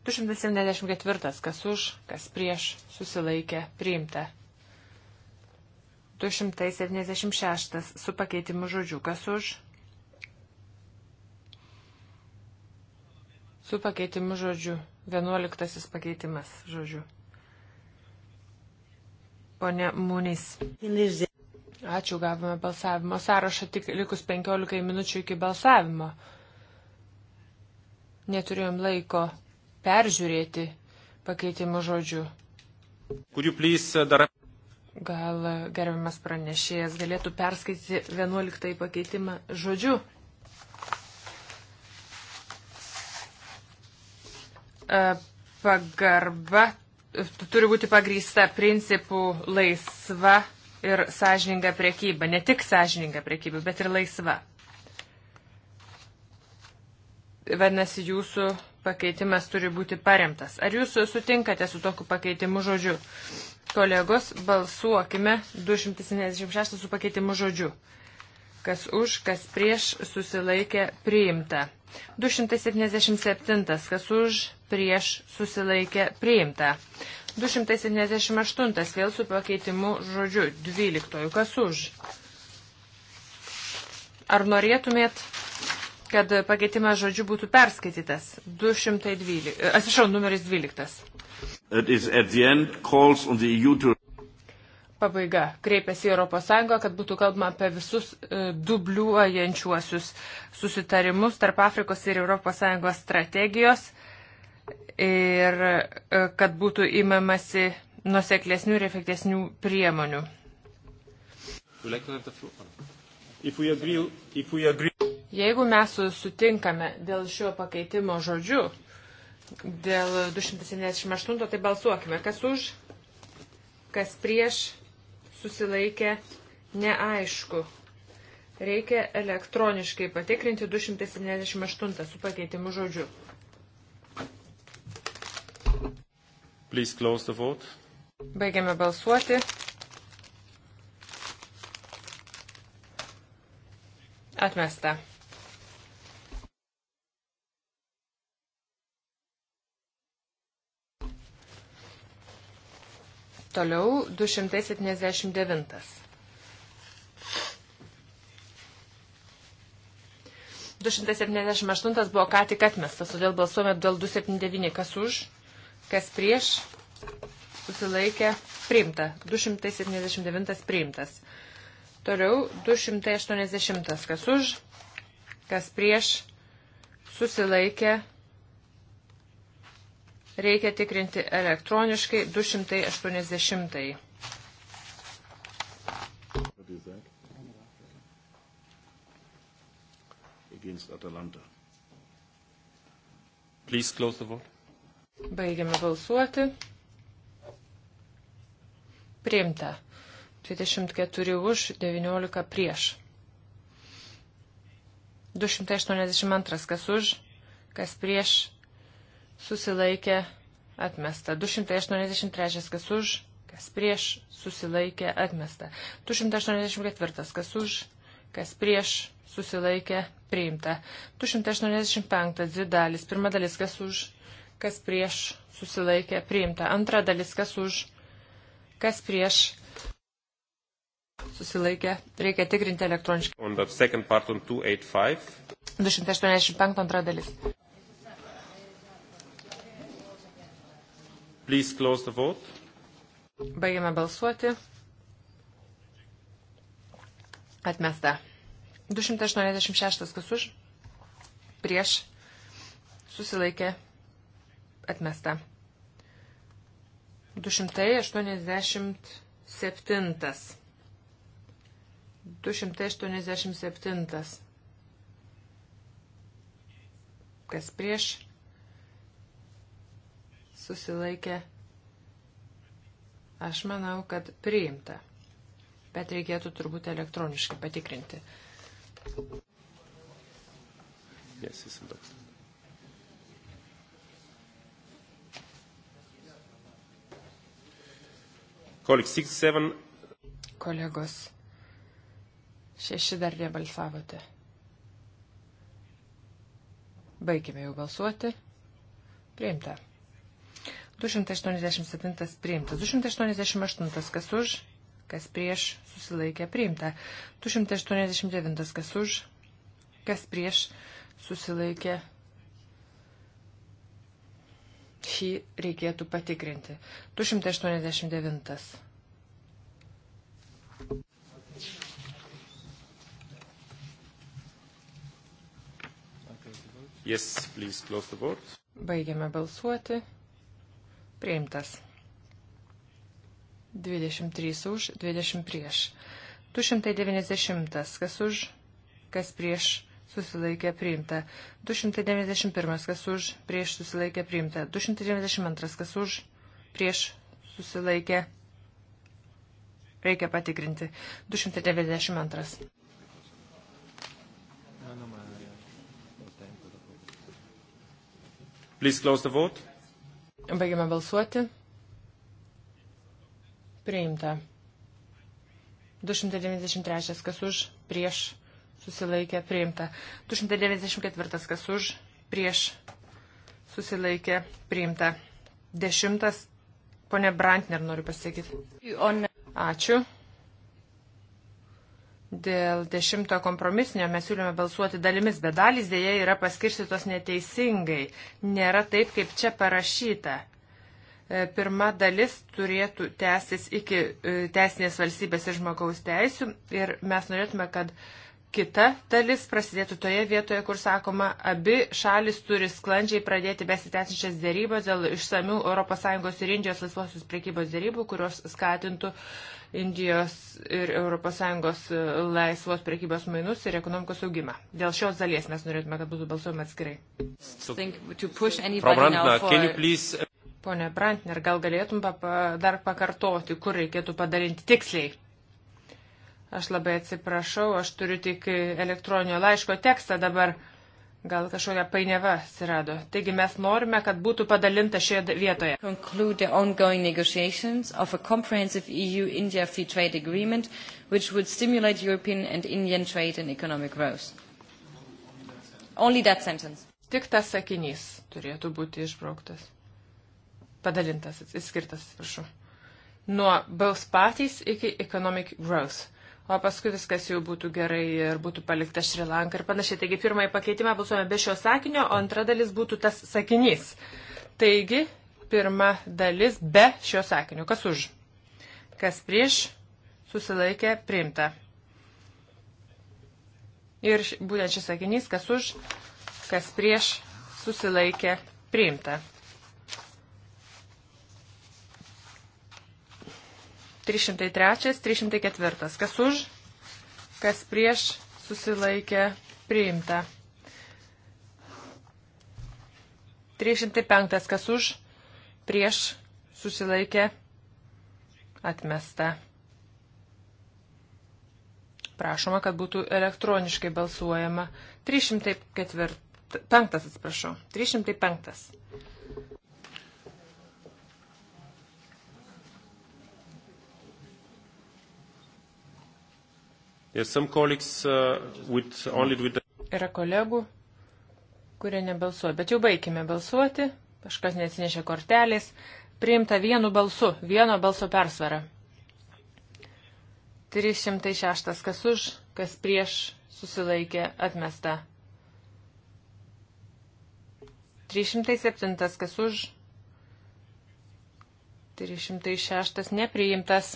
274 kas už, kas prieš, susilaikė, priimta. 276 su pakeitimu žodžiu kas už. Su pakeitimu žodžiu. 11 pakeitimas žodžiu. Pone Mūnys. Ačiū, gavome balsavimo sąrašą tik likus 15 minučių iki balsavimo. Neturėjom laiko peržiūrėti pakeitimo žodžių. Uh, Gal uh, gerbiamas pranešėjas galėtų perskaityti 11 pakeitimą žodžiu? Uh, pagarba turi būti pagrįsta principų laisva ir sąžininga priekyba. Ne tik sąžininga priekyba, bet ir laisva. Vadinasi, jūsų pakeitimas turi būti paremtas. Ar jūs sutinkate su tokiu pakeitimu žodžiu? Kolegos, balsuokime 276 su pakeitimu žodžiu. Kas už, kas prieš susilaikė priimta. 277. Kas už, prieš susilaikė priimta. 278 vėl su pakeitimu žodžiu 12. Kas už? Ar norėtumėt, kad pakeitimas žodžiu būtų perskaitytas? 212. E, atsiprašau, numeris 12. E Pabaiga. Kreipiasi Europos Sąjungą, kad būtų kalbama apie visus e, dubliuojančiuosius susitarimus tarp Afrikos ir Europos Sąjungos strategijos ir e, kad būtų įmamasi nuseklesnių ir efektesnių priemonių. Jeigu mes sutinkame dėl šio pakeitimo žodžių, dėl 278, tai balsuokime, kas už, kas prieš, susilaikė, neaišku. Reikia elektroniškai patikrinti 278 su pakeitimu žodžiu. Please close the vote. Baigiame balsuoti. Atmesta. Toliau 279. 278 buvo ką tik atmestas, todėl balsuojame dėl 279. Kas už? kas prieš, susilaikė, priimta. 279 priimtas. Toliau 280, kas už, kas prieš, susilaikė, reikia tikrinti elektroniškai 280. Against Atalanta. Please close the vote. Baigiame balsuoti. Priimta. 24 už, 19 prieš. 282 kas už, kas prieš, susilaikė, atmesta. 283 kas už, kas prieš, susilaikė, atmesta. 284 kas už, kas prieš, susilaikė, priimta. 285 dvi dalis, pirma dalis kas už, kas prieš susilaikė priimta. Antra dalis, kas už, kas prieš susilaikė, reikia tikrinti elektroniškai. On the second part on 285. 285 antra dalis. Please close the vote. Baigiame balsuoti. Atmesta. 286 kas už, prieš susilaikė atmesta. 287. 287. Kas prieš susilaikė, aš manau, kad priimta. Bet reikėtų turbūt elektroniškai patikrinti. Yes, it's adopted. Six, seven... Kolegos, šeši dar nebalsavote. Baigime jau balsuoti. Priimta. 287 priimta. 288 kas už, kas prieš, susilaikė priimta. 289 kas už, kas prieš, susilaikė priimta Šį reikėtų patikrinti. 289. Yes, please close the vote. Baigiame balsuoti. Priimtas. 23 už, 20 prieš. 290. Kas už, kas prieš susilaikė priimta. 291 kas už, prieš susilaikė priimta. 292 kas už, prieš susilaikė. Reikia patikrinti. 292. Please close the vote. Baigiame balsuoti. Priimta. 293 kas už, prieš susilaikė priimta. 294 kas už, prieš susilaikė priimta. Dešimtas, ponė Brantner noriu pasakyti. Ačiū. Dėl dešimto kompromisinio mes siūlėme balsuoti dalimis, bet dalys dėja yra paskirstytos neteisingai. Nėra taip, kaip čia parašyta e, pirma dalis turėtų tęstis iki e, teisinės valstybės ir žmogaus teisų ir mes norėtume, kad uh, kita dalis prasidėtų toje vietoje, kur sakoma, abi šalis turi sklandžiai pradėti besitęsinčias dėrybas dėl išsamių ES ir Indijos laisvosios priekybos dėrybų, kurios skatintų Indijos ir ES e, laisvos priekybos mainus ir ekonomikos augimą. Dėl šios dalies mes norėtume, kad būtų balsuojama atskirai. So, for... Uh, Pone Brantner, gal galėtum papa, dar pakartoti, kur reikėtų padarinti tiksliai? Aš labai atsiprašau, aš turiu tik elektroninio laiško tekstą dabar. Gal kažkokia painiava atsirado. Taigi mes norime, kad būtų padalinta šioje vietoje. Conclude the ongoing negotiations of a comprehensive EU-India free trade agreement, which would stimulate European and Indian trade and economic growth. Only that sentence. Tik tas sakinys turėtų būti išbrauktas. Padalintas, atskirtas, atsiprašau. Nuo both parties iki economic growth o paskui viskas jau būtų gerai ir būtų palikta Šrilanka ir panašiai. Taigi pirmąjį pakeitimą balsuojame be šio sakinio, o antra dalis būtų tas sakinys. Taigi, pirma dalis be šio sakinio. Kas už? Kas prieš? Susilaikė priimta. Ir būtent šis sakinys, kas už, kas prieš, susilaikė priimta. 303, 304. Kas už, kas prieš susilaikė priimta. 305. Kas už, prieš susilaikė atmesta. Prašoma, kad būtų elektroniškai balsuojama. 304. 5, atsiprašau. 305. Uh, Yra kolegų, kurie nebalsuoja. Bet jau baigime balsuoti. Kažkas neatsinešė kortelės. Priimta vienu balsu, vieno balso persvara. 306. Kas už, kas prieš susilaikė atmesta. 307. Kas už. 306. Nepriimtas.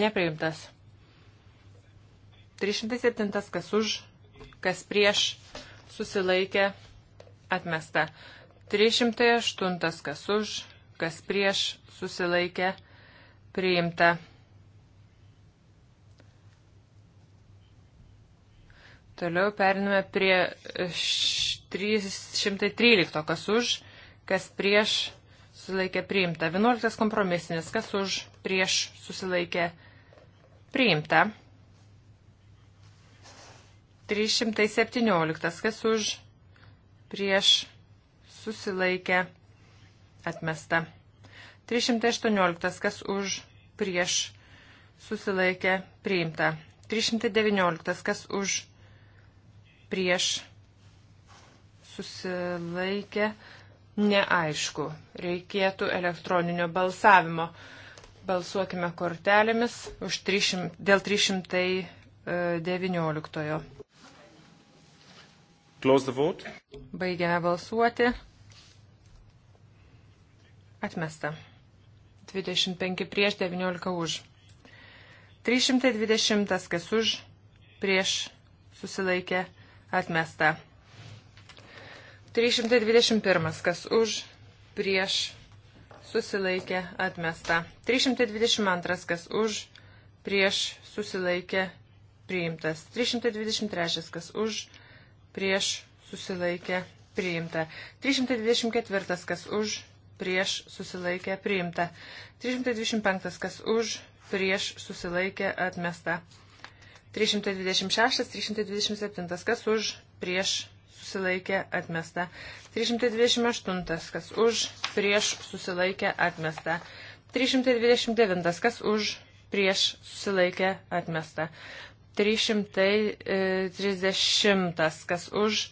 Nepriimtas. 307 kas už, kas prieš, susilaikė, atmesta. 308 kas už, kas prieš, susilaikė, priimta. 309. Toliau periname prie 313, e, kas už, kas prieš susilaikė priimta. 11 kompromisinis, kas už, prieš susilaikė priimta. 317. Kas už prieš susilaikę atmesta. 318. Kas už prieš susilaikę priimta. 319. Kas už prieš susilaikę neaišku. Reikėtų elektroninio balsavimo. Balsuokime kortelėmis už 300, dėl 319. Close the vote. Baigiame balsuoti. Atmesta. 25 prieš 19 už. 320 kas už, prieš susilaikė, atmesta. 321 kas už, prieš susilaikė, atmesta. 322 kas už, prieš susilaikė, priimtas. 323 kas už, prieš susilaikė priimta. 324 kas už, prieš susilaikė priimta. 325 kas už, prieš susilaikė atmesta. 326, 327 kas už, prieš susilaikė atmesta. 328 kas už, prieš susilaikė atmesta. 329 kas už, prieš susilaikė atmesta. 330, kas už,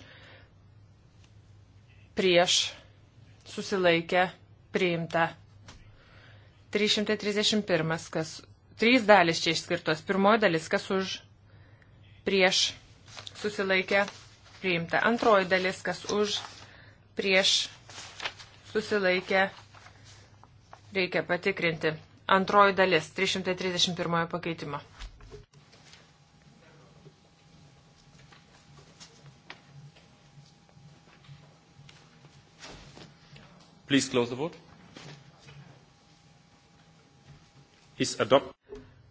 prieš, susilaikė, priimta. 331, kas trys dalis čia išskirtos. Pirmoji dalis, kas už, prieš, susilaikė, priimta. Antroji dalis, kas už, prieš, susilaikė, reikia patikrinti. Antroji dalis, 331 pakeitimo. Please close the vote. Is adopt.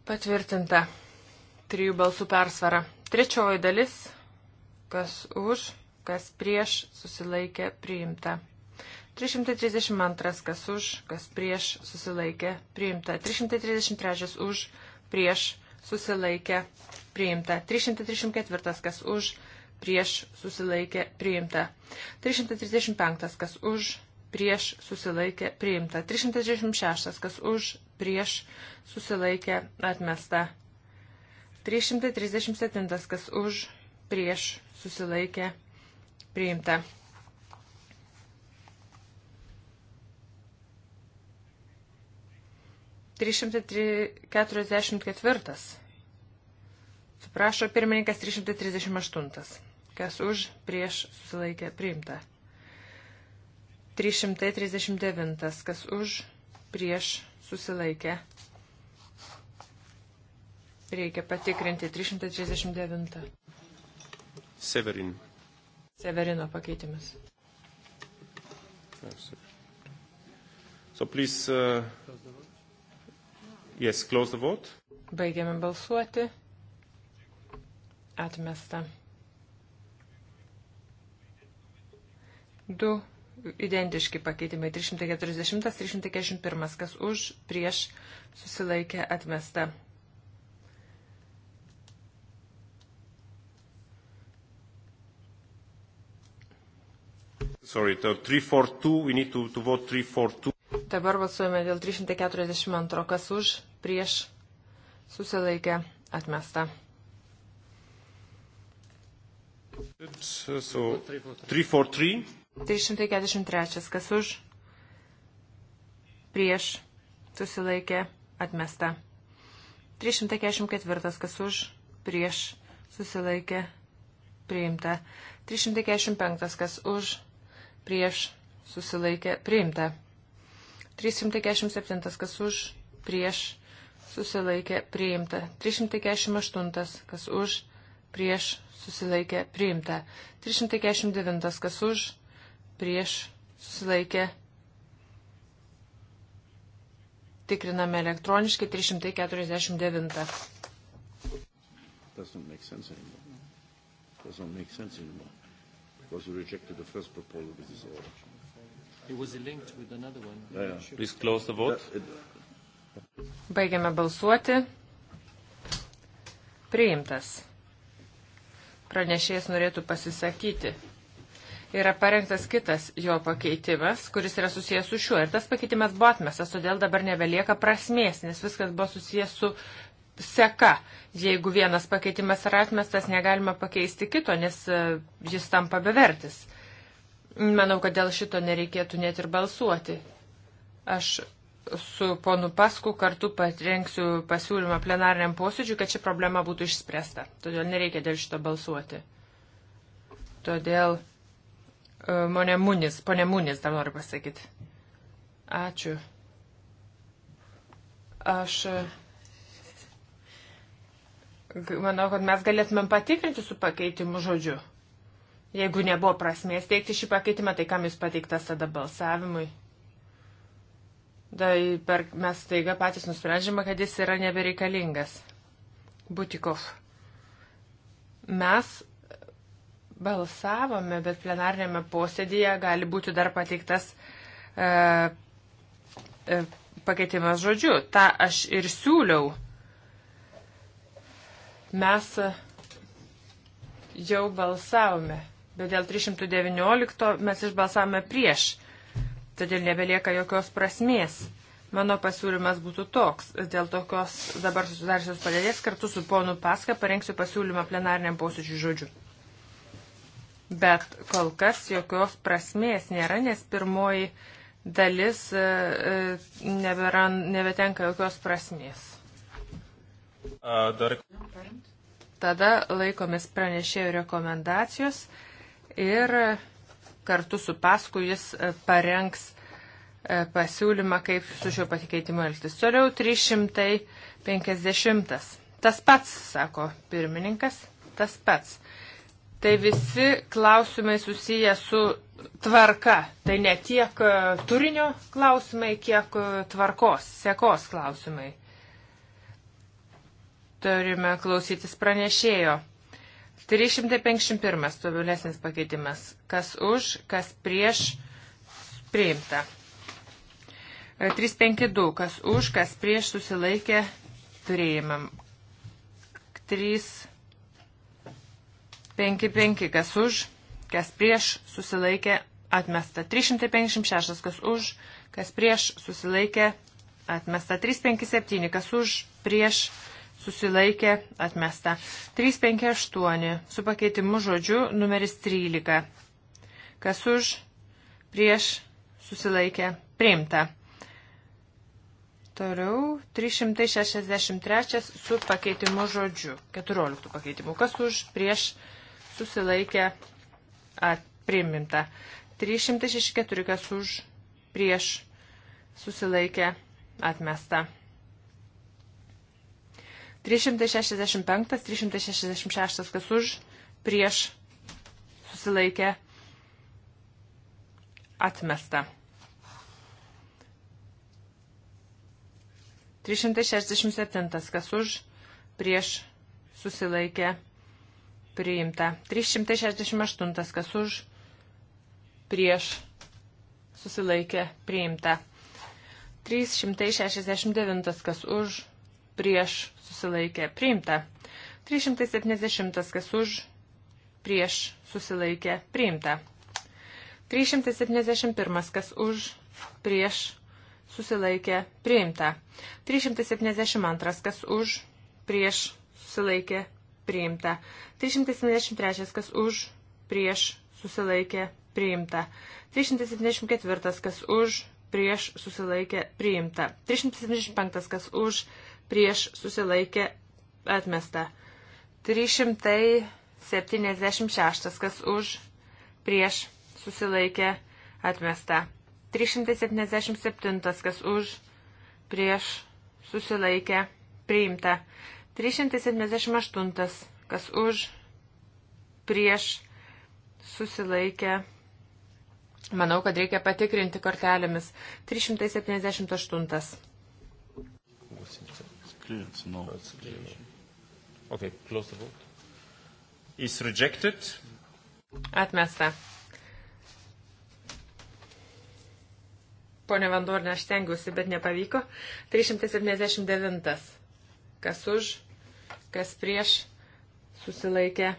Patvirtinta. Trijų balsų persvara. Trečioji dalis. Kas už, kas prieš, susilaikė, priimta. 332. Kas už, kas prieš, susilaikė, priimta. 333. Už, prieš, susilaikė, priimta. 334. Kas už, prieš, susilaikė, priimta. 335. Kas už, prieš susilaikė priimta. 336, kas už prieš susilaikė atmesta. 337, kas už prieš susilaikė priimta. Trys šimtai keturiasdešimt ketvirtas. Suprašo pirmininkas 338. Kas už prieš susilaikė priimta. 339. Kas už, prieš, susilaikė. Reikia patikrinti 339. Severin. Severino pakeitimas. So please, uh, yes, close the vote. Baigiame balsuoti. Atmesta. Du identiški pakeitimai 340, 341, kas už, prieš, susilaikė, atmesta. Sorry, to 342, we need to, to vote 342. Dabar balsuojame dėl 342, kas už, prieš, susilaikė, atmesta. Uh, so, 343. 343. Kas už? Prieš. Susilaikė. Atmesta. 344. Kas už? Prieš. Susilaikė. Priimta. 345. Kas už? Prieš. Susilaikė. Priimta. 347. Kas už? Prieš. Susilaikė. Priimta. 348. Kas už? Prieš. Susilaikė. Priimta. 349. Kas už? prieš susilaikė. Tikriname elektroniškai 349. Doesn't make sense anymore. Doesn't make sense anymore. Because you rejected the first proposal with this order. It was linked with another one. Yeah, yeah. Please close the vote. Baigiame balsuoti. Priimtas. Pranešėjas norėtų pasisakyti yra parengtas kitas jo pakeitimas, kuris yra susijęs su šiuo. Ir tas pakeitimas buvo atmestas, todėl dabar nebelieka prasmės, nes viskas buvo susijęs su seka. Jeigu vienas pakeitimas yra atmestas, negalima pakeisti kito, nes e, jis tampa bevertis. Manau, kad dėl šito nereikėtų net ir balsuoti. Aš su ponu Pasku kartu patrenksiu pasiūlymą plenariniam posėdžiui, kad ši problema būtų išspręsta. Todėl nereikia dėl šito balsuoti. Todėl E, Mone Munis, pone Munis, dar noriu pasakyti. Ačiū. Aš e, manau, kad mes galėtumėm patikrinti su pakeitimu žodžiu. Jeigu nebuvo prasmės teikti šį pakeitimą, tai kam jis pateiktas tada balsavimui? Tai per, mes taiga patys nusprendžiame, kad jis yra nebereikalingas. Butikov. Mes balsavome, bet plenarnėme posėdėje gali būti dar pateiktas e, e, pakeitimas žodžiu. Ta aš ir siūliau. Mes jau balsavome, bet dėl 319 mes išbalsavome prieš. Todėl nebelieka jokios prasmės. Mano pasiūlymas būtų toks. Dėl tokios dabar susidariusios padėties kartu su ponu Paska parengsiu pasiūlymą plenariniam posėdžiui žodžiu. Bet kol kas jokios prasmės nėra, nes pirmoji dalis e, e, nebėra, nebetenka jokios prasmės. A, dar... Tada laikomis pranešėjų rekomendacijos ir kartu su pasku jis e, parengs pasiūlymą, kaip su šiuo pasikeitimu elgtis. Toliau 350. Tas pats, sako pirmininkas, tas pats. Tai visi klausimai susiję su tvarka. Tai ne tiek e, turinio klausimai, kiek e, tvarkos, sekos klausimai. Turime klausytis pranešėjo. 351 tobulesnis pakeitimas. Kas už, kas prieš priimta. 352, e, kas už, kas prieš susilaikė, turėjimam. 3. 5-5, kas už, kas prieš, susilaikė, atmesta 356, kas už, kas prieš, susilaikė, atmesta 357, kas už, prieš, susilaikė, atmesta 358, su pakeitimu žodžiu numeris 13, kas už, prieš, susilaikė, priimta. Toliau 363 su pakeitimu žodžiu. 14 pakeitimų. Kas už prieš susilaikė priimta. 364 kas už, prieš, susilaikė atmesta. 365, 366 kas už, prieš, susilaikė atmesta. 367 kas už, prieš, susilaikė atmesta priimta. 368 kas už, prieš, susilaikė, priimta. 369 kas už, prieš, susilaikė, priimta. 370 kas už, prieš, susilaikė, priimta. 371 kas už, prieš, susilaikė, priimta. 372 kas už, prieš, susilaikė, priimta. 373 kas už, prieš, susilaikė, priimta. 374 kas už, prieš, susilaikė, priimta. 375 kas už, prieš, susilaikė, atmesta. 376 kas už, prieš, susilaikė, atmesta. 377 kas už, prieš, susilaikė, priimta. 378 kas už, prieš, susilaikę. Manau, kad reikia patikrinti kortelėmis. 378. Okay, close the vote. Is rejected. Atmesta. Pone Vandorne, aš stengiuosi, bet nepavyko. 379. Kas už? kas prieš, susilaikė,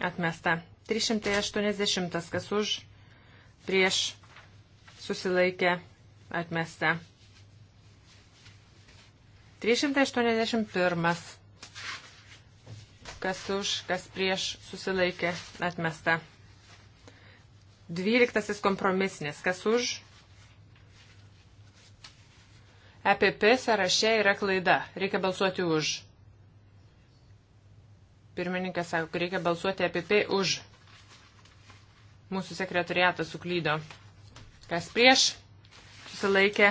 atmesta. 380, kas už, prieš, susilaikė, atmesta. 381, kas už, kas prieš, susilaikė, atmesta. 12 kompromisinis, kas už, EPP sąraše yra klaida. Reikia balsuoti už. Pirmininkas sako, kad reikia balsuoti APP už. Mūsų sekretariatas suklydo. Kas prieš? Susilaikė.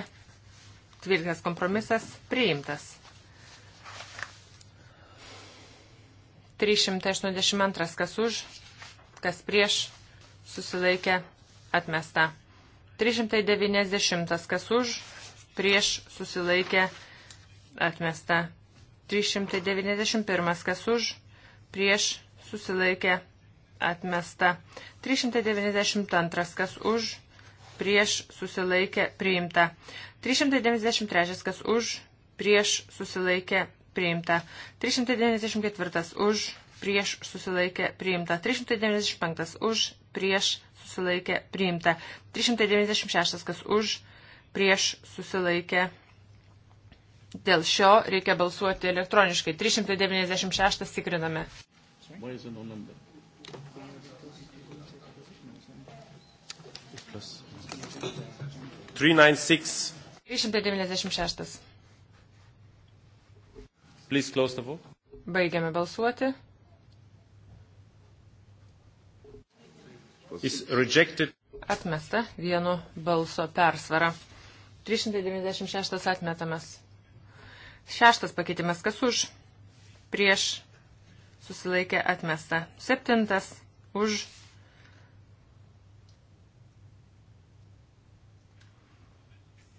Tvirtinas kompromisas priimtas. 382 kas už, kas prieš, susilaikė, atmesta. 390 kas už, prieš, susilaikė, atmesta. 391 kas už, prieš susilaikė atmesta. 392 kas už, prieš susilaikė priimta. 393 kas už, prieš susilaikė priimta. 394 už, prieš susilaikė priimta. 395 už, prieš susilaikė priimta. 396 kas už, prieš susilaikė priimta. Dėl šio reikia balsuoti elektroniškai. 396 tikriname. Three nine six. 396. Please close the vote. Baigiame balsuoti. Atmesta vienu balso persvara. 396 atmetamas. Šeštas pakeitimas, kas už, prieš, susilaikė atmesta. Septintas, už.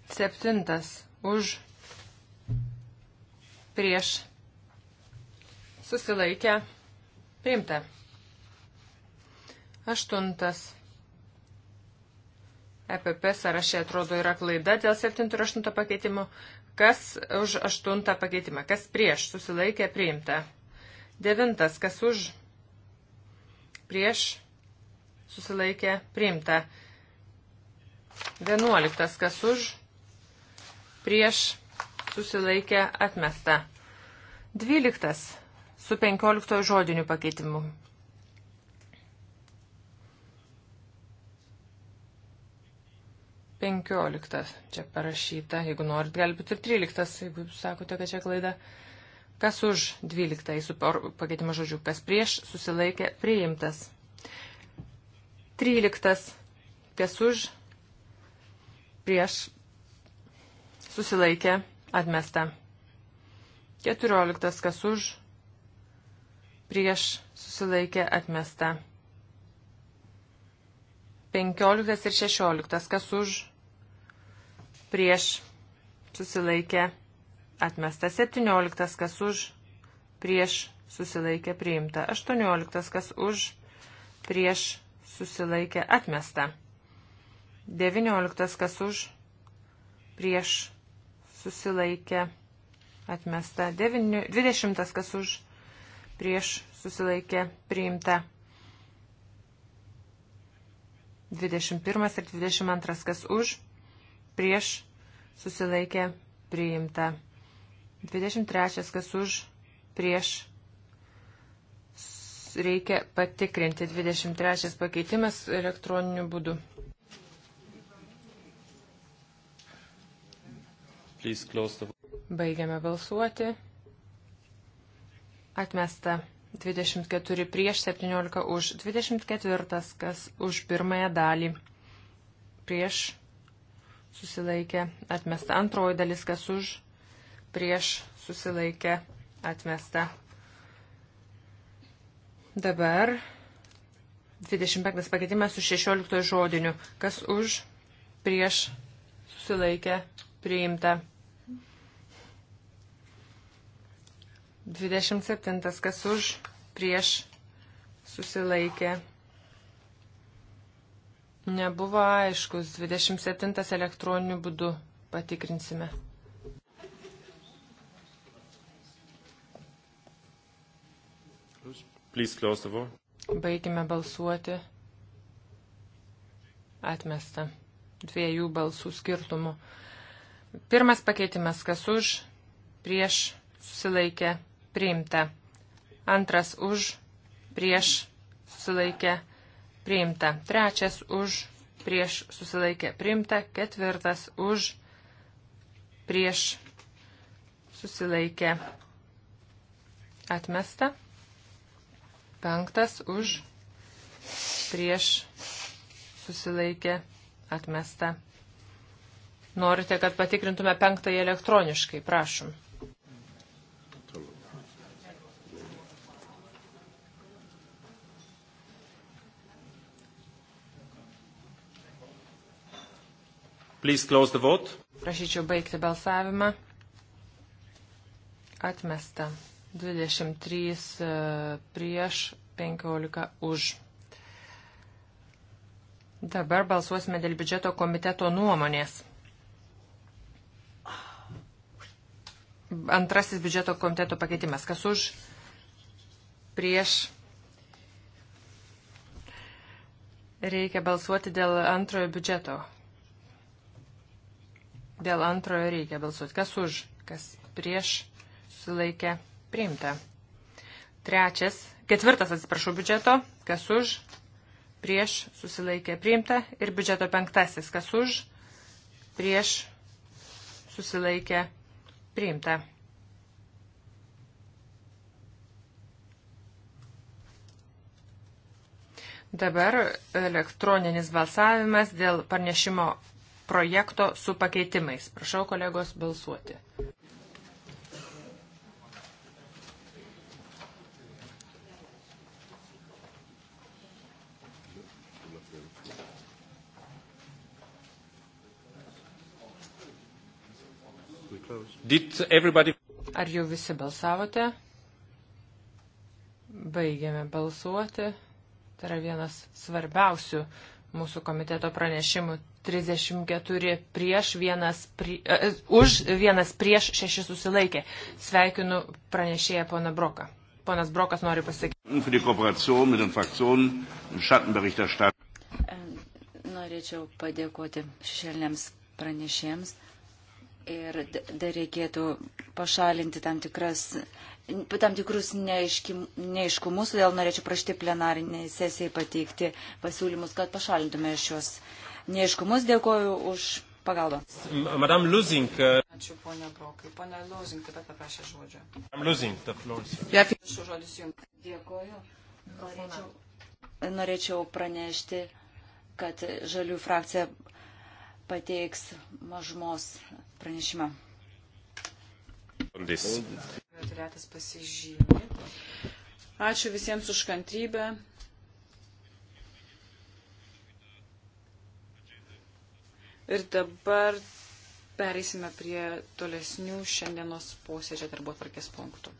Septintas, už, prieš, susilaikė, priimta. Aštuntas. EPP sąraše atrodo yra klaida dėl 7 ir 8 pakeitimų. Kas už aštuntą pakeitimą? Kas prieš? Susilaikė priimta. Devintas. Kas už? Prieš? Susilaikė priimta. Vienuoliktas. Kas už? Prieš? Susilaikė atmesta. Dvyliktas. Su penkioliktojo žodiniu pakeitimu. 15 čia parašyta, jeigu norit, gali būti ir 13, jeigu jūs sakote, kad čia klaida. Kas už 12 su pakeitimu žodžiu, kas prieš susilaikė priimtas. 13, kas už prieš susilaikė atmesta. 14, kas už prieš susilaikė atmesta. 15 ir 16. Kas už? Prieš. Susilaikė. Atmesta 17. Kas už? Prieš. Susilaikė. Priimta. 18. Kas už? Prieš. Susilaikė. Atmesta. 19. Kas už? Prieš. Susilaikė. Atmesta. 20. Kas už? Prieš. Susilaikė. Priimta. 21 ir 22, kas už, prieš, susilaikė, priimta. 23, kas už, prieš, reikia patikrinti. 23 pakeitimas elektroniniu būdu. Baigiame balsuoti. Atmesta. 24 prieš 17 už 24, kas už pirmąją dalį prieš susilaikė atmesta. Antroji dalis, kas už prieš susilaikė atmesta. Dabar 25 pakeitimas su 16 žodiniu, kas už prieš susilaikė priimta. 27. Kas už, prieš, susilaikė. Nebuvo aiškus. 27. elektroniniu būdu patikrinsime. Baigime balsuoti. Atmesta. Dviejų balsų skirtumų. Pirmas pakeitimas, kas už, prieš, susilaikė, priimta. Antras už, prieš susilaikė priimta. Trečias už, prieš susilaikė priimta. Ketvirtas už, prieš susilaikė atmesta. Penktas už, prieš susilaikė atmesta. Norite, kad patikrintume penktąjį elektroniškai, prašom. Please close the vote. Prašyčiau baigti balsavimą. Atmesta. 23 e, prieš, 15 už. Dabar balsuosime dėl biudžeto komiteto nuomonės. Antrasis biudžeto komiteto pakeitimas. Kas už? Prieš. Reikia balsuoti dėl antrojo biudžeto Dėl antrojo reikia balsuoti. Kas už, kas prieš susilaikė priimta. Trečias, ketvirtas, atsiprašau, biudžeto. Kas už, prieš susilaikė priimta. Ir biudžeto penktasis. Kas už, prieš susilaikė priimta. Dabar elektroninis balsavimas dėl parnešimo projekto su pakeitimais. Prašau kolegos balsuoti. Ar jau visi balsavote? Baigėme balsuoti. Tai yra vienas svarbiausių mūsų komiteto pranešimų 34 prieš, vienas pri, uh, už, vienas prieš, šeši susilaikė. Sveikinu pranešėją poną Broką. Ponas Brokas nori pasakyti. E, norėčiau padėkoti šešėliniams pranešėjams ir dar reikėtų pašalinti tam, tikras, tam tikrus neaiškim, neaiškumus, todėl norėčiau prašyti plenariniai sesijai pateikti pasiūlymus, kad pašalintume šios neiškumus. Dėkoju už pagalbą. Madame Lusing. Uh, Ačiū, ponia Brokai. Ponia Lusing taip pat paprašė žodžio. Madame Lusing, the floor is yours. Ačiū žodis jums. Dėkoju. Norėčiau, norėčiau pranešti, kad žalių frakcija pateiks mažumos pranešimą. Ačiū visiems už kantrybę. Ir dabar pereisime prie tolesnių šiandienos posėdžio darbo tvarkės punktų.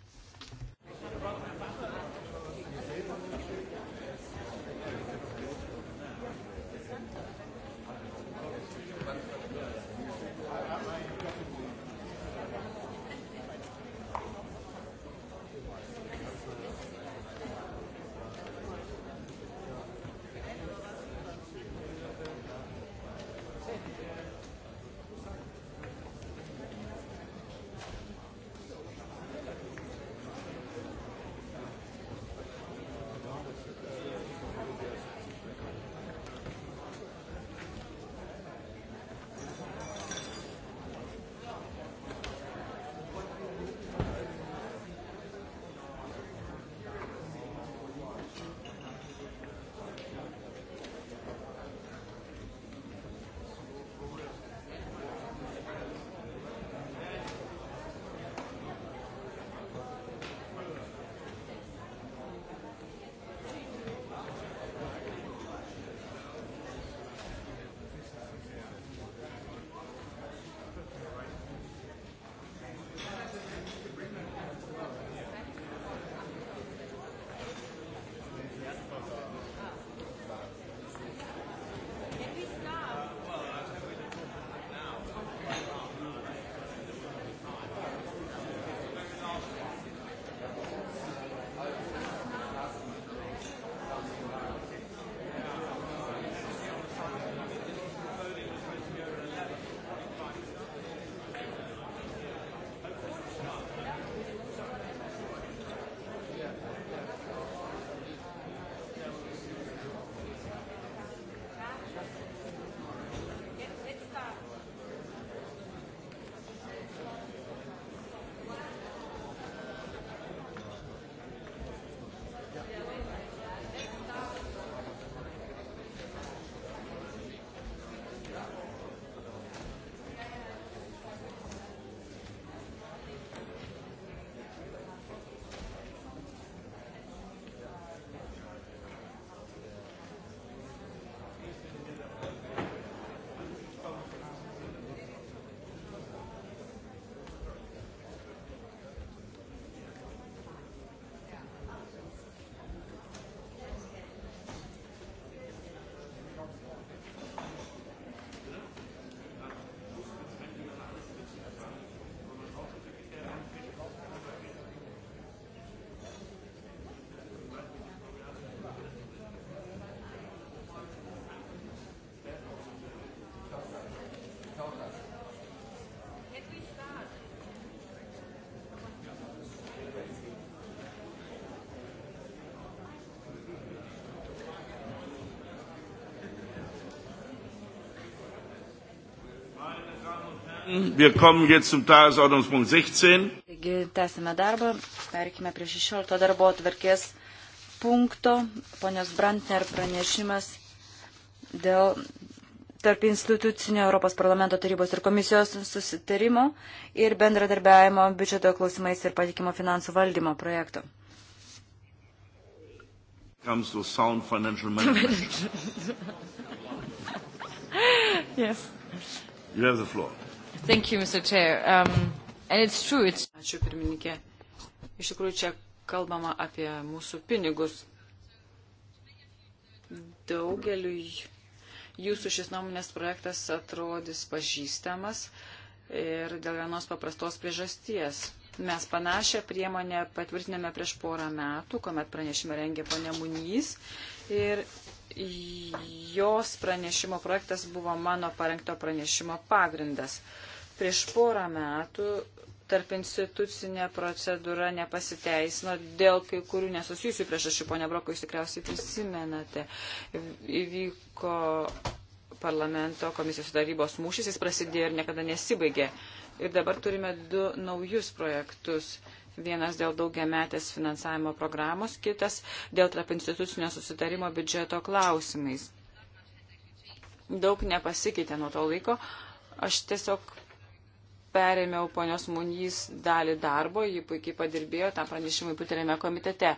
Wir kommen jetzt zum Tagesordnungspunkt 16. Taigi, tęsime darbą, perkime prie 16 darbo atverkės punkto, ponios Brantner pranešimas dėl tarp institucinio Europos parlamento tarybos ir komisijos susitarimo ir bendradarbiavimo biudžeto klausimais ir patikimo finansų valdymo projekto. Comes to sound financial management. yes. You have the floor. Thank you, Mr. Chair. Um, and it's true. It's... Ačiū pirmininkė. Iš tikrųjų, čia kalbama apie mūsų pinigus. Daugeliu jūsų šis nuomonės projektas atrodys pažįstamas ir dėl vienos paprastos priežasties. Mes panašią priemonę patvirtinėme prieš porą metų, kuomet pranešimą rengė ponė Munys ir jos pranešimo projektas buvo mano parengto pranešimo pagrindas. Uh, Prieš porą metų tarp institucinė procedūra nepasiteisino dėl kai kurių nesusijusių priešašių, ponia Broko, jūs tikriausiai prisimenate. Įvyko parlamento komisijos darybos mūšis, jis prasidėjo ir niekada nesibaigė. Ir dabar turime du naujus projektus. Vienas dėl daugiametės finansavimo programos, kitas dėl tarp institucinio susitarimo biudžeto klausimais. Daug nepasikeitė nuo to laiko. Aš tiesiog perėmiau ponios Munys dalį darbo, ji puikiai padirbėjo, tam pranešimui pritarėme komitete.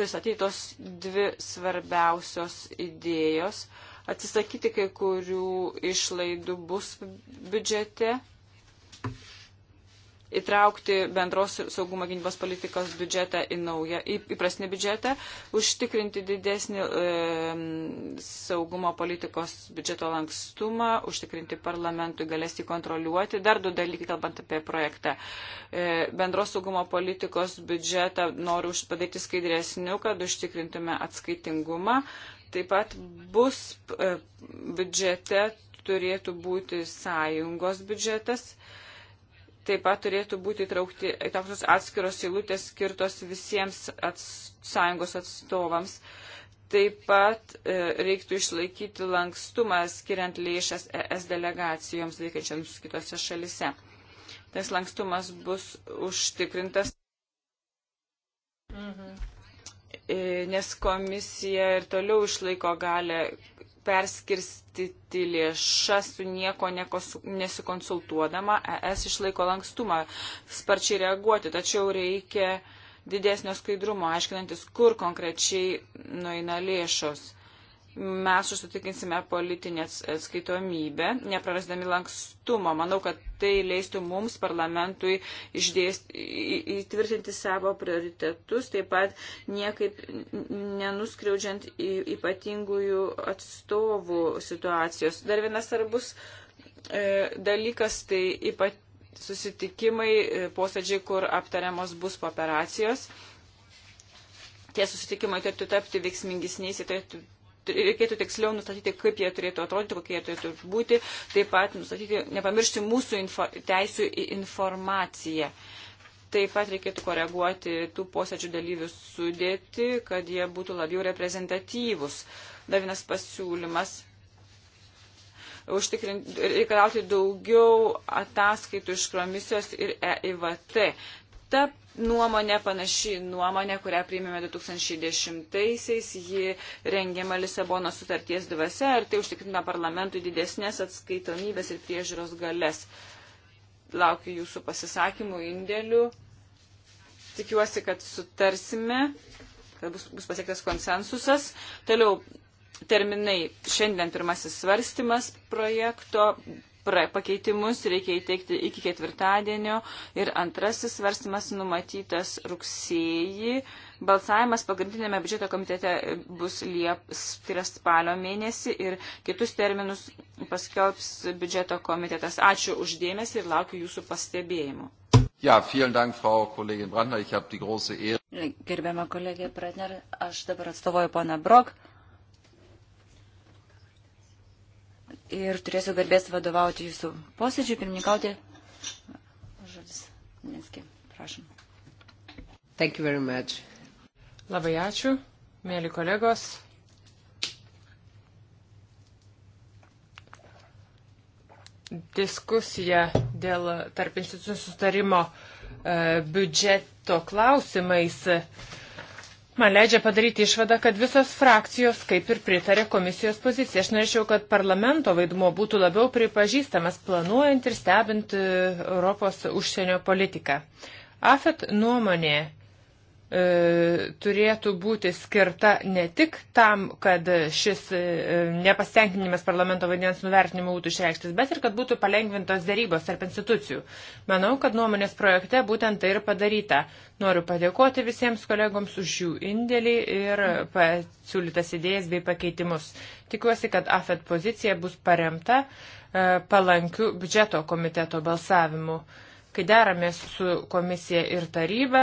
Pristatytos dvi svarbiausios idėjos. Atsisakyti kai kurių išlaidų bus biudžete įtraukti bendros saugumo gynybos politikos biudžetą į naują, į įprasnį biudžetą, užtikrinti didesnį e, saugumo politikos biudžeto lankstumą, užtikrinti parlamentui galės jį kontroliuoti. Dar du dalykai, kalbant apie projektą. E, bendros saugumo politikos biudžetą noriu padaryti skaidresniu, kad užtikrintume atskaitingumą. Taip pat bus e, biudžete turėtų būti sąjungos biudžetas Taip pat turėtų būti įtraukti įtrauktos atskiros eilutės skirtos visiems ats, sąjungos atstovams. Taip pat e, reiktų išlaikyti lankstumą skiriant lėšas ES delegacijoms veikiančiams kitose šalise. Tas lankstumas bus užtikrintas. Mhm. E, nes komisija ir toliau išlaiko galę perskirstyti lėšas su nieko nesikonsultuodama, ES išlaiko lankstumą sparčiai reaguoti, tačiau reikia didesnio skaidrumo, aiškinantis, kur konkrečiai nueina lėšos mes užsitikinsime politinę atskaitomybę, neprarasdami lankstumo. Manau, kad tai leistų mums, parlamentui, išdėst, įtvirtinti savo prioritetus, taip pat niekaip nenuskriaudžiant ypatingųjų atstovų situacijos. Dar vienas svarbus e, dalykas tai ypat, susitikimai, e, posėdžiai, kur aptariamos bus po operacijos. Tie susitikimai turėtų tapti veiksmingesniais, jie turėtų reikėtų tiksliau nustatyti, kaip jie turėtų atrodyti, kokie jie turėtų būti, taip pat nustatyti, nepamiršti mūsų info, teisų į informaciją. Taip pat reikėtų koreguoti tų posėdžių dalyvių sudėti, kad jie būtų labiau reprezentatyvus. Dar vienas pasiūlymas. Reikalauti daugiau ataskaitų iš komisijos ir EIVT. Ta nuomonė, panaši nuomonė, kurią priimėme 2010-aisiais, ji rengiama Lisabono sutarties dvasia ir tai užtikrina parlamentui didesnės atskaitomybės ir priežiūros galės. Laukiu jūsų pasisakymų, indėlių. Tikiuosi, kad sutarsime, kad bus, bus pasiektas konsensusas. Toliau terminai šiandien pirmasis svarstymas projekto, pra, pakeitimus reikia įteikti iki ketvirtadienio ir antrasis svarstymas numatytas rugsėjį. Balsavimas pagrindinėme biudžeto komitete bus lieps, tai yra spalio mėnesį ir kitus terminus paskelbs biudžeto komitetas. Ačiū uždėmesi ir laukiu jūsų pastebėjimų. Ja, vielen Dank, Frau Kollegin Brandner. Ich habe die große Ehre. Gerbiama kolegė Brandner, aš dabar atstovauju poną Brok. ir turėsiu garbės vadovauti jūsų posėdžiui, pirmininkauti. Žodis Nenski, prašom. Thank you very much. Labai ačiū, mėly kolegos. Diskusija dėl tarp institucijų sustarimo e, biudžeto klausimais uh, man leidžia padaryti išvadą, kad visos frakcijos kaip ir pritarė komisijos poziciją. Aš norėčiau, kad parlamento vaidmuo būtų labiau pripažįstamas planuojant ir stebint e, Europos užsienio politiką. AFET nuomonė E, turėtų būti skirta ne tik tam, kad šis e, nepastenkinimas parlamento vandens nuvertinimu būtų išreikštas, bet ir kad būtų palengvintos dėrybos tarp institucijų. Manau, kad nuomonės projekte būtent tai ir padaryta. Noriu padėkoti visiems kolegoms už jų indėlį ir pasiūlytas idėjas bei pakeitimus. Tikiuosi, kad AFET pozicija bus paremta e, palankių biudžeto komiteto balsavimu. Kai deramės su komisija ir taryba,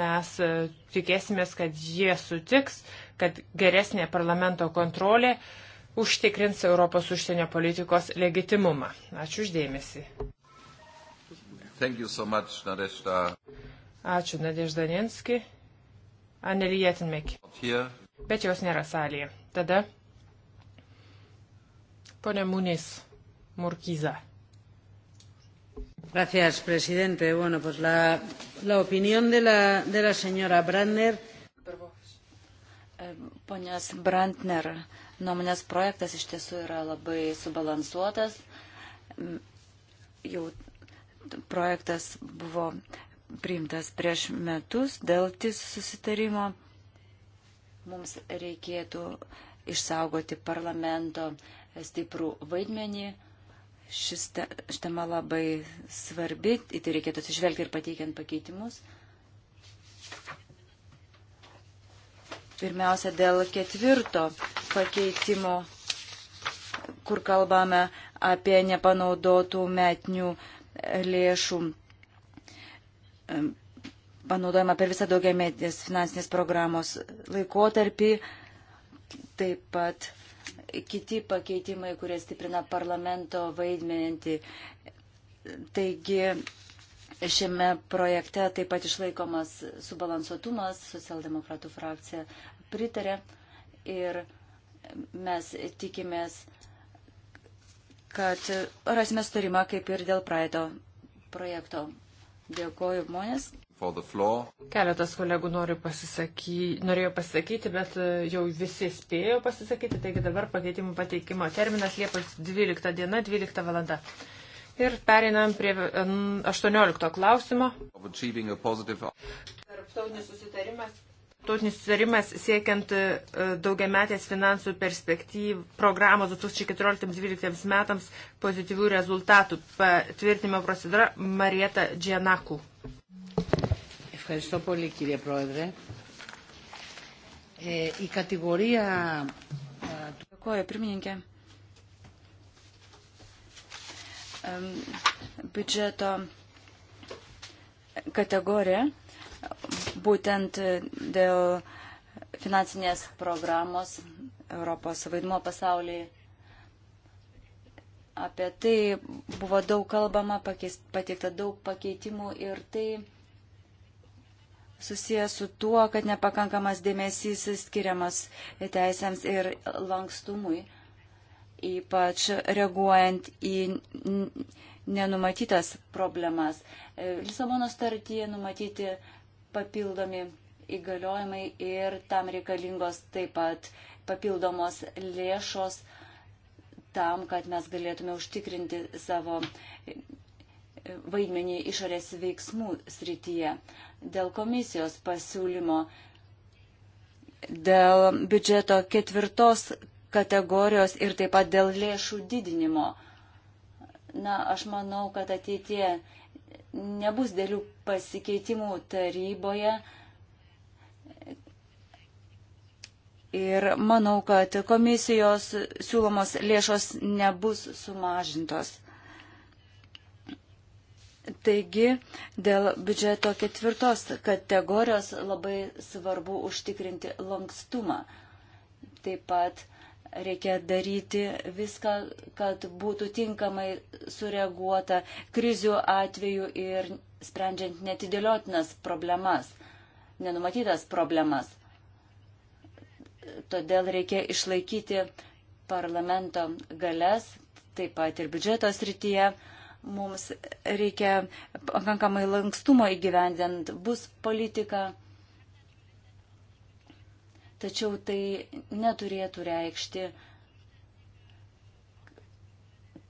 mes e, tikėsimės, kad jie sutiks, kad geresnė parlamento kontrolė užtikrins Europos užsienio politikos legitimumą. Ačiū uždėmesi. So much, Nadešta. Ačiū, Nadeždaninski. Anelijatinmeki. Bet jos nėra salėje. Tada. Pone Munis Murkyza. Gracias, presidente. Bueno, pues la, la opinión de la, de la señora Brandner. E, ponios Brandner nuomonės projektas iš tiesų yra labai subalansuotas. Jau projektas buvo priimtas prieš metus dėl TIS susitarimo. Mums reikėtų išsaugoti parlamento stiprų vaidmenį šis te, tema labai svarbi, į tai reikėtų atsižvelgti ir pateikiant pakeitimus. Pirmiausia, dėl ketvirto pakeitimo, kur kalbame apie nepanaudotų metinių lėšų panaudojimą per visą daugiametės finansinės programos laikotarpį. Taip pat kiti pakeitimai, kurie stiprina parlamento vaidmenį. Taigi šiame projekte taip pat išlaikomas subalansuotumas, socialdemokratų frakcija pritarė ir mes tikimės, kad rasime sutarimą kaip ir dėl praeito projekto. Dėkoju, žmonės. Keletas kolegų pasisaky... norėjo pasisakyti, bet e, jau visi spėjo pasisakyti, taigi dabar pakeitimų pateikimo terminas Liepos 12 diena, 12 valanda. Ir pereinam prie 18 klausimo. Tarptautinis susitarimas. Tautinis susitarimas siekiant e, e, daugiametės finansų perspektyv programos 2014-2012 metams pozityvių rezultatų patvirtinimo procedūra Marieta Džianaku. Ευχαριστώ πολύ κύριε Πρόεδρε. Ε, η κατηγορία... Dėkuoju, pirmininkė. Biudžeto kategorija būtent dėl finansinės programos Europos vaidmo pasaulyje. Apie tai buvo daug kalbama, pakeis, pateikta daug pakeitimų ir tai susijęs su tuo, kad nepakankamas dėmesys skiriamas teisėms ir lankstumui, ypač reaguojant į nenumatytas problemas. E, Lisabono startyje numatyti papildomi įgaliojimai ir tam reikalingos taip pat papildomos lėšos tam, kad mes galėtume užtikrinti savo vaidmenį išorės veiksmų srityje dėl komisijos pasiūlymo, dėl biudžeto ketvirtos kategorijos ir taip pat dėl lėšų didinimo. Na, aš manau, kad ateitie nebus dėlių pasikeitimų taryboje. Ir manau, kad komisijos siūlomos lėšos nebus sumažintos. Taigi, dėl biudžeto ketvirtos kategorijos labai svarbu užtikrinti lankstumą. Taip pat reikia daryti viską, kad būtų tinkamai sureaguota krizių atveju ir sprendžiant netidėliotinas problemas, nenumatytas problemas. Todėl reikia išlaikyti parlamento galės, taip pat ir biudžeto srityje. Mums reikia pakankamai lankstumo įgyvendint bus politiką, tačiau tai neturėtų reikšti,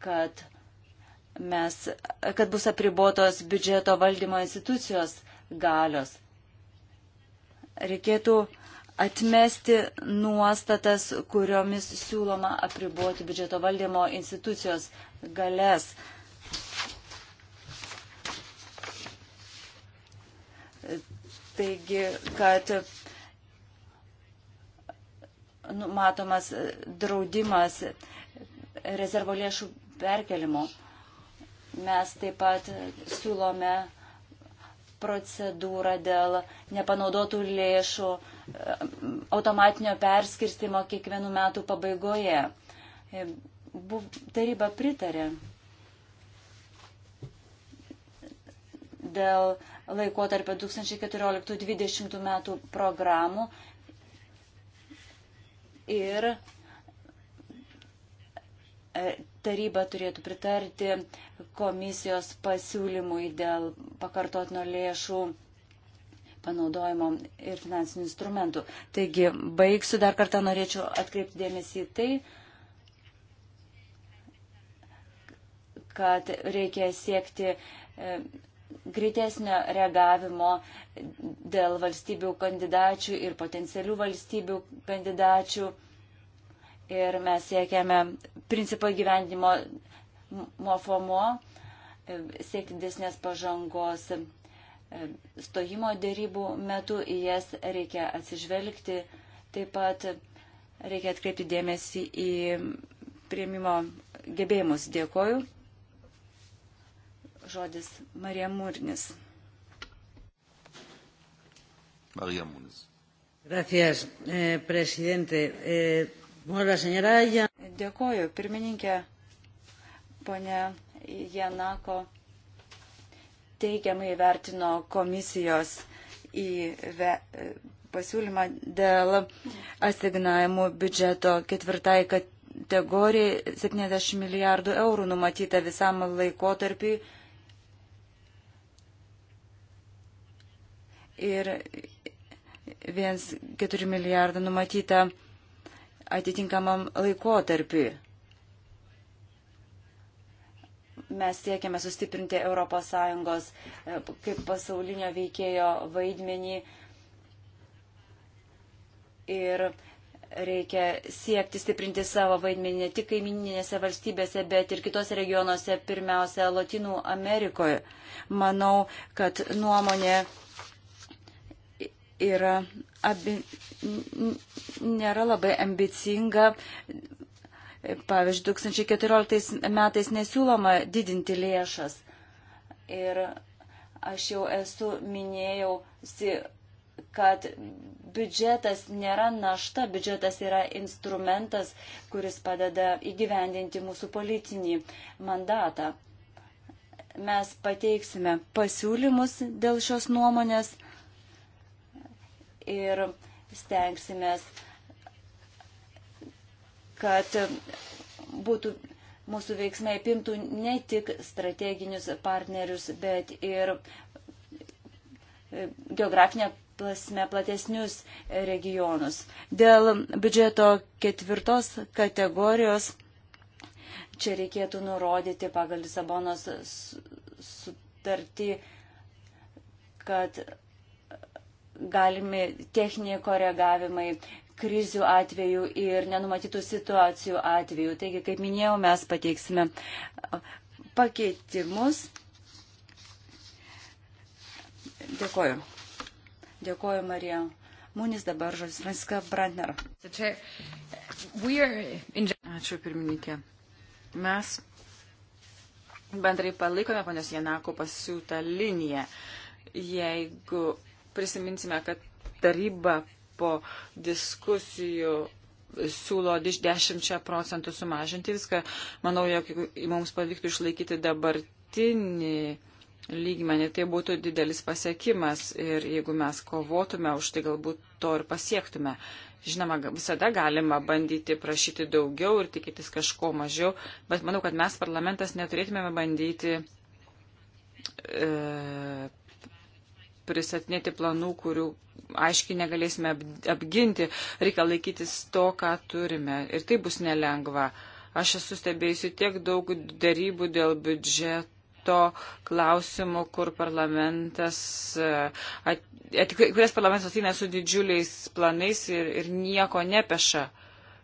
kad, mes, kad bus apribotos biudžeto valdymo institucijos galios. Reikėtų atmesti nuostatas, kuriomis siūloma apriboti biudžeto valdymo institucijos galės. Taigi, kad numatomas draudimas rezervo lėšų perkelimo. Mes taip pat siūlome procedūrą dėl nepanaudotų lėšų automatinio perskirstimo kiekvienų metų pabaigoje. Taryba pritarė dėl laikotarpio 2014-2020 metų programų ir e, taryba turėtų pritarti komisijos pasiūlymui dėl pakartotino lėšų panaudojimo ir finansinių instrumentų. Taigi, baigsiu, dar kartą norėčiau atkreipti dėmesį į tai, kad reikia siekti e, greitesnio reagavimo dėl valstybių kandidačių ir potencialių valstybių kandidačių. Ir mes siekiame principo gyvendimo mofomo, siekti desnės pažangos e, stojimo dėrybų metu, į jas reikia atsižvelgti. Taip pat reikia atkreipti dėmesį į prieimimo gebėjimus. Dėkoju žodis Marija Mūrnis. Marija Mūrnis. Gracias, eh, presidente. Eh, bueno, señora Jan... Dėkoju, pirmininkė, ponė Janako teigiamai vertino komisijos į ve, pasiūlymą dėl asignavimų biudžeto ketvirtai kategorijai 70 milijardų eurų numatyta visam laikotarpiui ir 1,4 milijardą numatyta atitinkamam laikotarpiui. Mes siekiame sustiprinti ES e, kaip pasaulinio veikėjo vaidmenį ir reikia siekti stiprinti savo vaidmenį ne tik kaimininėse valstybėse, bet ir kitose regionuose, pirmiausia, Latinų Amerikoje. Manau, kad nuomonė yra abi, nėra labai ambicinga. Pavyzdžiui, 2014 metais nesiūloma didinti lėšas. Ir aš jau esu minėjau, kad biudžetas nėra našta, biudžetas yra instrumentas, kuris padeda įgyvendinti mūsų politinį mandatą. Mes pateiksime pasiūlymus dėl šios nuomonės ir stengsimės, kad būtų mūsų veiksmai apimtų ne tik strateginius partnerius, bet ir geografinė plasme platesnius regionus. Dėl biudžeto ketvirtos kategorijos čia reikėtų nurodyti pagal Lisabonos sutartį, kad galimi techniniai koregavimai krizių atveju ir nenumatytų situacijų atveju. Taigi, kaip minėjau, mes pateiksime pakeitimus. Dėkoju. Dėkoju, Marija. Munis dabar žodis Franska Brandner. Ačiū, pirmininkė. Mes bendrai palaikome ponios Janako pasiūtą liniją. Jeigu prisiminsime, kad taryba po diskusijų siūlo 10 procentų sumažinti viską. Manau, jog mums pavyktų išlaikyti dabartinį lygmenį, tai būtų didelis pasiekimas ir jeigu mes kovotume už tai, galbūt to ir pasiektume. Žinoma, visada galima bandyti prašyti daugiau ir tikėtis kažko mažiau, bet manau, kad mes parlamentas neturėtume bandyti e, pristatinėti planų, kurių aiškiai negalėsime apginti. Reikia laikytis to, ką turime. Ir tai bus nelengva. Aš esu stebėjusi tiek daug darybų dėl biudžeto klausimų, kur parlamentas, e, at, at, e, kurias parlamentas ateina su didžiuliais planais ir, ir nieko nepeša.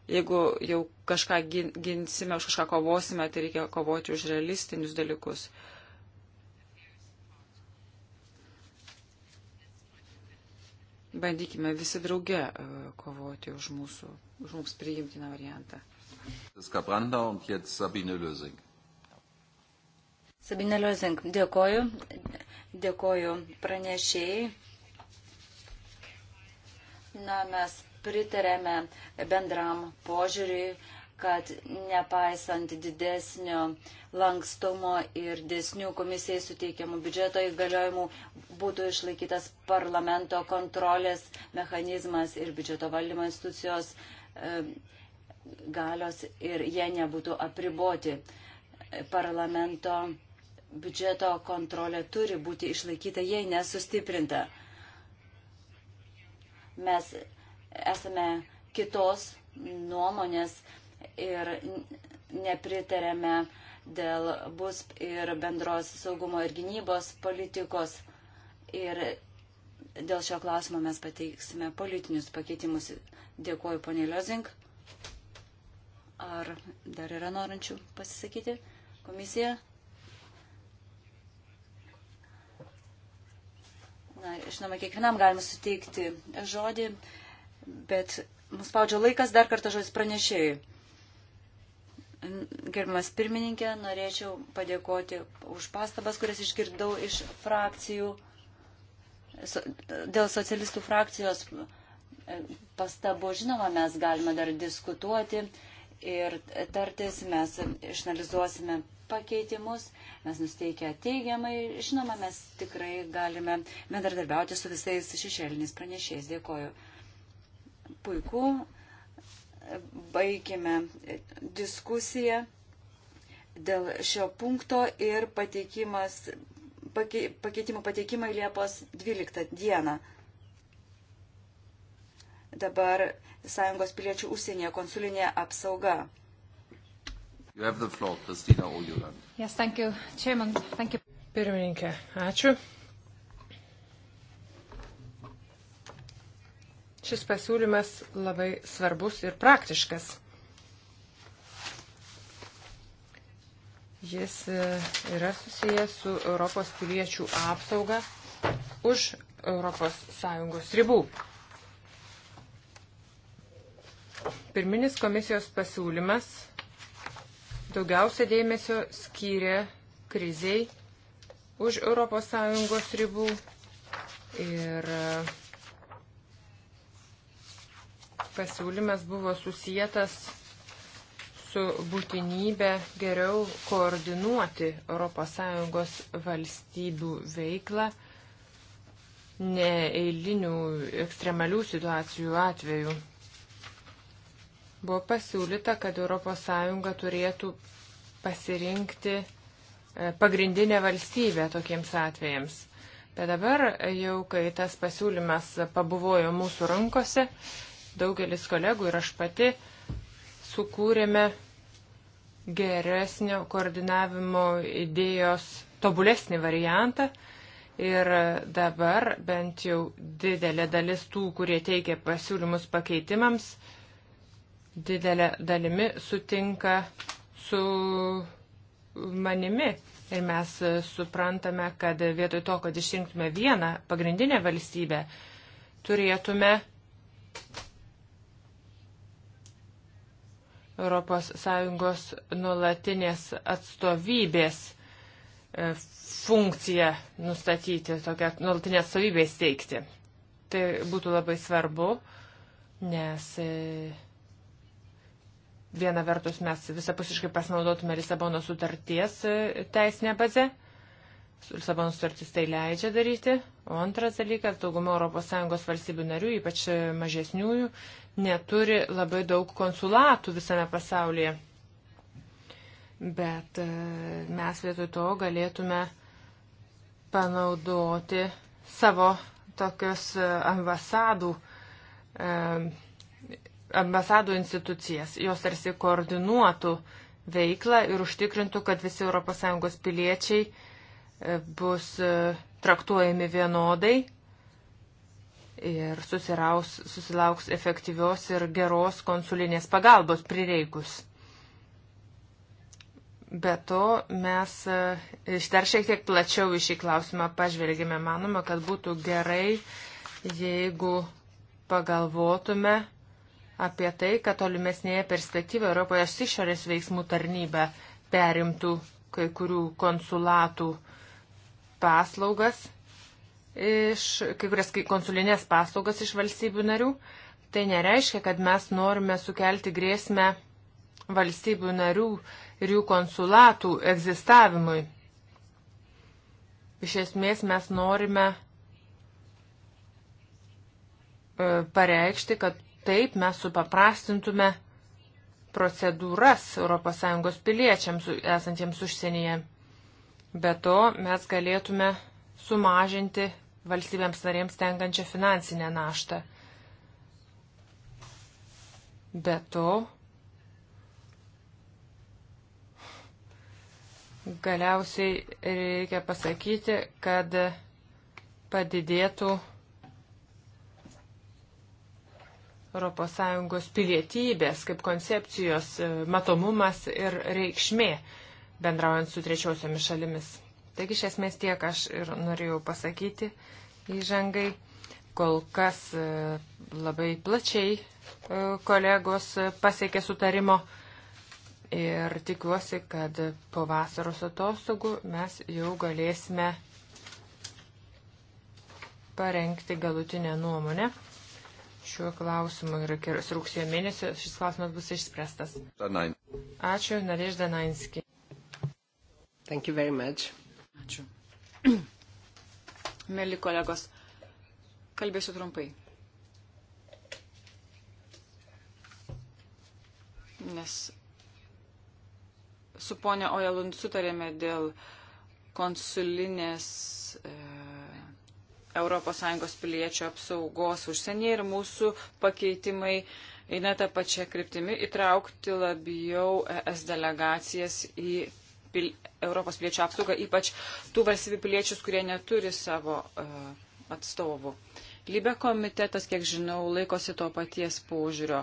Jeigu jau kažką ginsime, už kažką kovosime, tai reikia kovoti už realistinius dalykus. Uh, bandykime visi drauge e, kovoti už mūsų, už mums priimtiną variantą. Sabinė Liozink, dėkoju. Dėkoju pranešėjai. Na, mes pritarėme bendram požiūriui kad nepaisant didesnio lankstumo ir desnių komisijai suteikiamų biudžeto įgaliojimų būtų išlaikytas parlamento kontrolės mechanizmas ir biudžeto valdymo institucijos e, galios ir jie nebūtų apriboti. Parlamento biudžeto kontrolė turi būti išlaikyta, jei nesustiprinta. Mes esame kitos nuomonės, ir nepritarėme dėl bus ir bendros saugumo ir gynybos politikos. Ir dėl šio klausimo mes pateiksime politinius pakeitimus. Dėkuoju, ponė Liozink. Ar dar yra norinčių pasisakyti? Komisija? Na, žinoma, kiekvienam galima suteikti žodį, bet mus spaudžia laikas, dar kartą žodis pranešėjai. Gerbimas pirmininkė, norėčiau padėkoti už pastabas, kurias išgirdau iš frakcijų. Dėl socialistų frakcijos pastabų, žinoma, mes galime dar diskutuoti ir tartis, mes išanalizuosime pakeitimus, mes nusteikę teigiamai, žinoma, mes tikrai galime bendradarbiauti su visais šešėliniais pranešėjais. Dėkoju. Puiku, baigime diskusiją dėl šio punkto ir pateikimas, pake, pakeitimų pateikimai Liepos 12 dieną. Dabar Sąjungos piliečių užsienyje konsulinė apsauga. You have the floor, Kristina Ojuland. Yes, thank you, Chairman. Thank you. Pirmininkė, ačiū. Šis pasiūlymas labai svarbus ir praktiškas. Jis e, yra susijęs su Europos piliečių apsauga už ES ribų. Pirminis komisijos pasiūlymas daugiausia dėmesio skyrė kriziai už ES ribų ir uh, pasiūlymas buvo susijęs su būtinybė geriau koordinuoti ES valstybių veiklą neeilinių ekstremalių situacijų atveju. Buvo pasiūlyta, kad ES turėtų pasirinkti e, pagrindinę valstybę tokiems atvejams. Bet dabar jau, kai tas pasiūlymas pabuvojo mūsų rankose, daugelis kolegų ir aš pati sukūrėme geresnio koordinavimo idėjos tobulesnį variantą. Ir dabar bent jau didelė dalis tų, kurie teikia pasiūlymus pakeitimams, didelė dalimi sutinka su manimi. Ir mes suprantame, kad vietoj to, kad išrinktume vieną pagrindinę valstybę, turėtume ES nulatinės atstovybės e, funkciją nustatyti, tokią nulatinę atstovybę steigti. Tai būtų labai svarbu, nes e, viena vertus mes visapusiškai pasinaudotume Lisabono sutarties e, teisinę bazę. Lisabono sutartis tai leidžia daryti. O antras dalykas, dauguma ES valstybių narių, ypač mažesniųjų, neturi labai daug konsulatų visame pasaulyje. Bet e, mes vietoj to galėtume panaudoti savo tokius e, ambasadų, e, ambasadų institucijas. Jos tarsi koordinuotų veiklą ir užtikrintų, kad visi ES piliečiai bus traktuojami vienodai ir susiraus, susilauks efektyvios ir geros konsulinės pagalbos prireikus. Be to, mes e, dar šiek tiek plačiau į šį klausimą pažvelgėme. Manoma, kad būtų gerai, jeigu pagalvotume apie tai, kad tolimesnėje perspektyvoje Europos išorės veiksmų tarnyba perimtų kai kurių konsulatų paslaugas iš kai kurias konsulinės paslaugas iš valstybių narių. Tai nereiškia, kad mes norime sukelti grėsmę valstybių narių ir jų konsulatų egzistavimui. Iš esmės mes norime e, pareikšti, kad taip mes supaprastintume procedūras ES piliečiams esantiems užsienyje. Be to mes galėtume sumažinti valstybėms narėms tenkančią finansinę naštą. Be to, galiausiai reikia pasakyti, kad padidėtų ES pilietybės kaip koncepcijos matomumas ir reikšmė bendraujant su trečiosiomis šalimis. Taigi iš esmės tiek aš ir norėjau pasakyti įžangai. Kol kas e, labai plačiai e, kolegos e, pasiekė sutarimo ir tikiuosi, kad po vasaros atostogų mes jau galėsime parengti galutinę nuomonę. Šiuo klausimu yra kelios rugsėjo mėnesio, šis klausimas bus išspręstas. Danain. Ačiū, Nadež Danainski. Thank you very much. Ačiū. Mėly kolegos, kalbėsiu trumpai. Nes su ponia Ojalund sutarėme dėl konsulinės e, ES piliečio apsaugos užsienyje ir mūsų pakeitimai eina tą pačią kryptimį įtraukti labiau ES delegacijas į pil, Europos piliečių apsaugą, ypač tų valstybių piliečius, kurie neturi savo uh, atstovų. Lybe komitetas, kiek žinau, laikosi to paties požiūrio.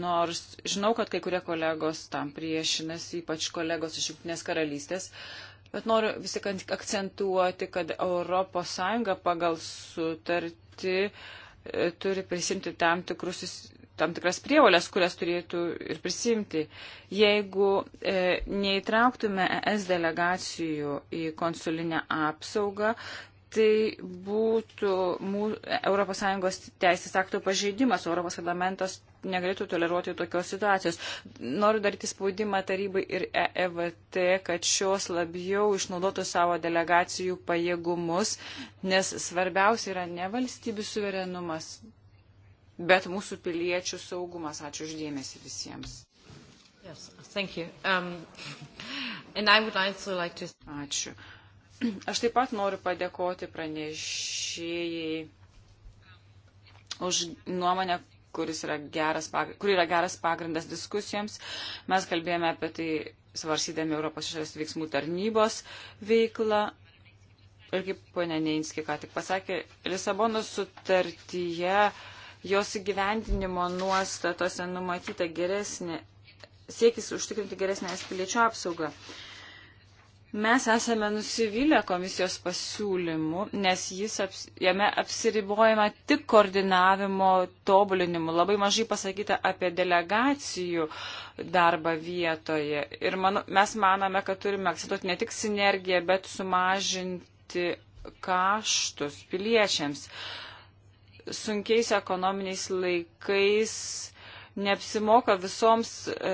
Nors žinau, kad kai kurie kolegos tam priešinasi, ypač kolegos iš Junktinės karalystės, bet noriu vis tik akcentuoti, kad ES pagal sutartį e, turi prisimti tam tikrus tam tikras prievolės, kurias turėtų ir prisimti. Jeigu e, neįtrauktume ES delegacijų į konsulinę apsaugą, tai būtų ES teisės aktų pažeidimas, Europos parlamentas negalėtų toleruoti tokios situacijos. Noriu daryti spaudimą tarybai ir EEVT, kad šios labiau išnaudotų savo delegacijų pajėgumus, nes svarbiausia yra ne valstybių suverenumas, bet mūsų piliečių saugumas. Ačiū uždėmesi visiems. Yes, thank you. Um, and I would also like to... Ačiū. Aš taip pat noriu padėkoti pranešėjai už nuomonę, kuris yra geras, kur yra geras pagrindas diskusijoms. Mes kalbėjome apie tai svarsydami Europos šalies veiksmų tarnybos veiklą. Ir kaip ponė Neinski ką tik pasakė, Lisabonos sutartyje uh, jos įgyvendinimo nuostatose numatyta geresnė, siekis užtikrinti geresnę es piliečių apsaugą. Mes esame nusivylę komisijos pasiūlymu, nes jis aps, jame apsiribojama tik koordinavimo tobulinimu. Labai mažai pasakyta apie delegacijų darbą vietoje. Ir manu, mes manome, kad turime akcentuoti ne tik sinergiją, bet sumažinti kaštus piliečiams. Uh, sunkiais ekonominiais laikais neapsimoka visoms, e,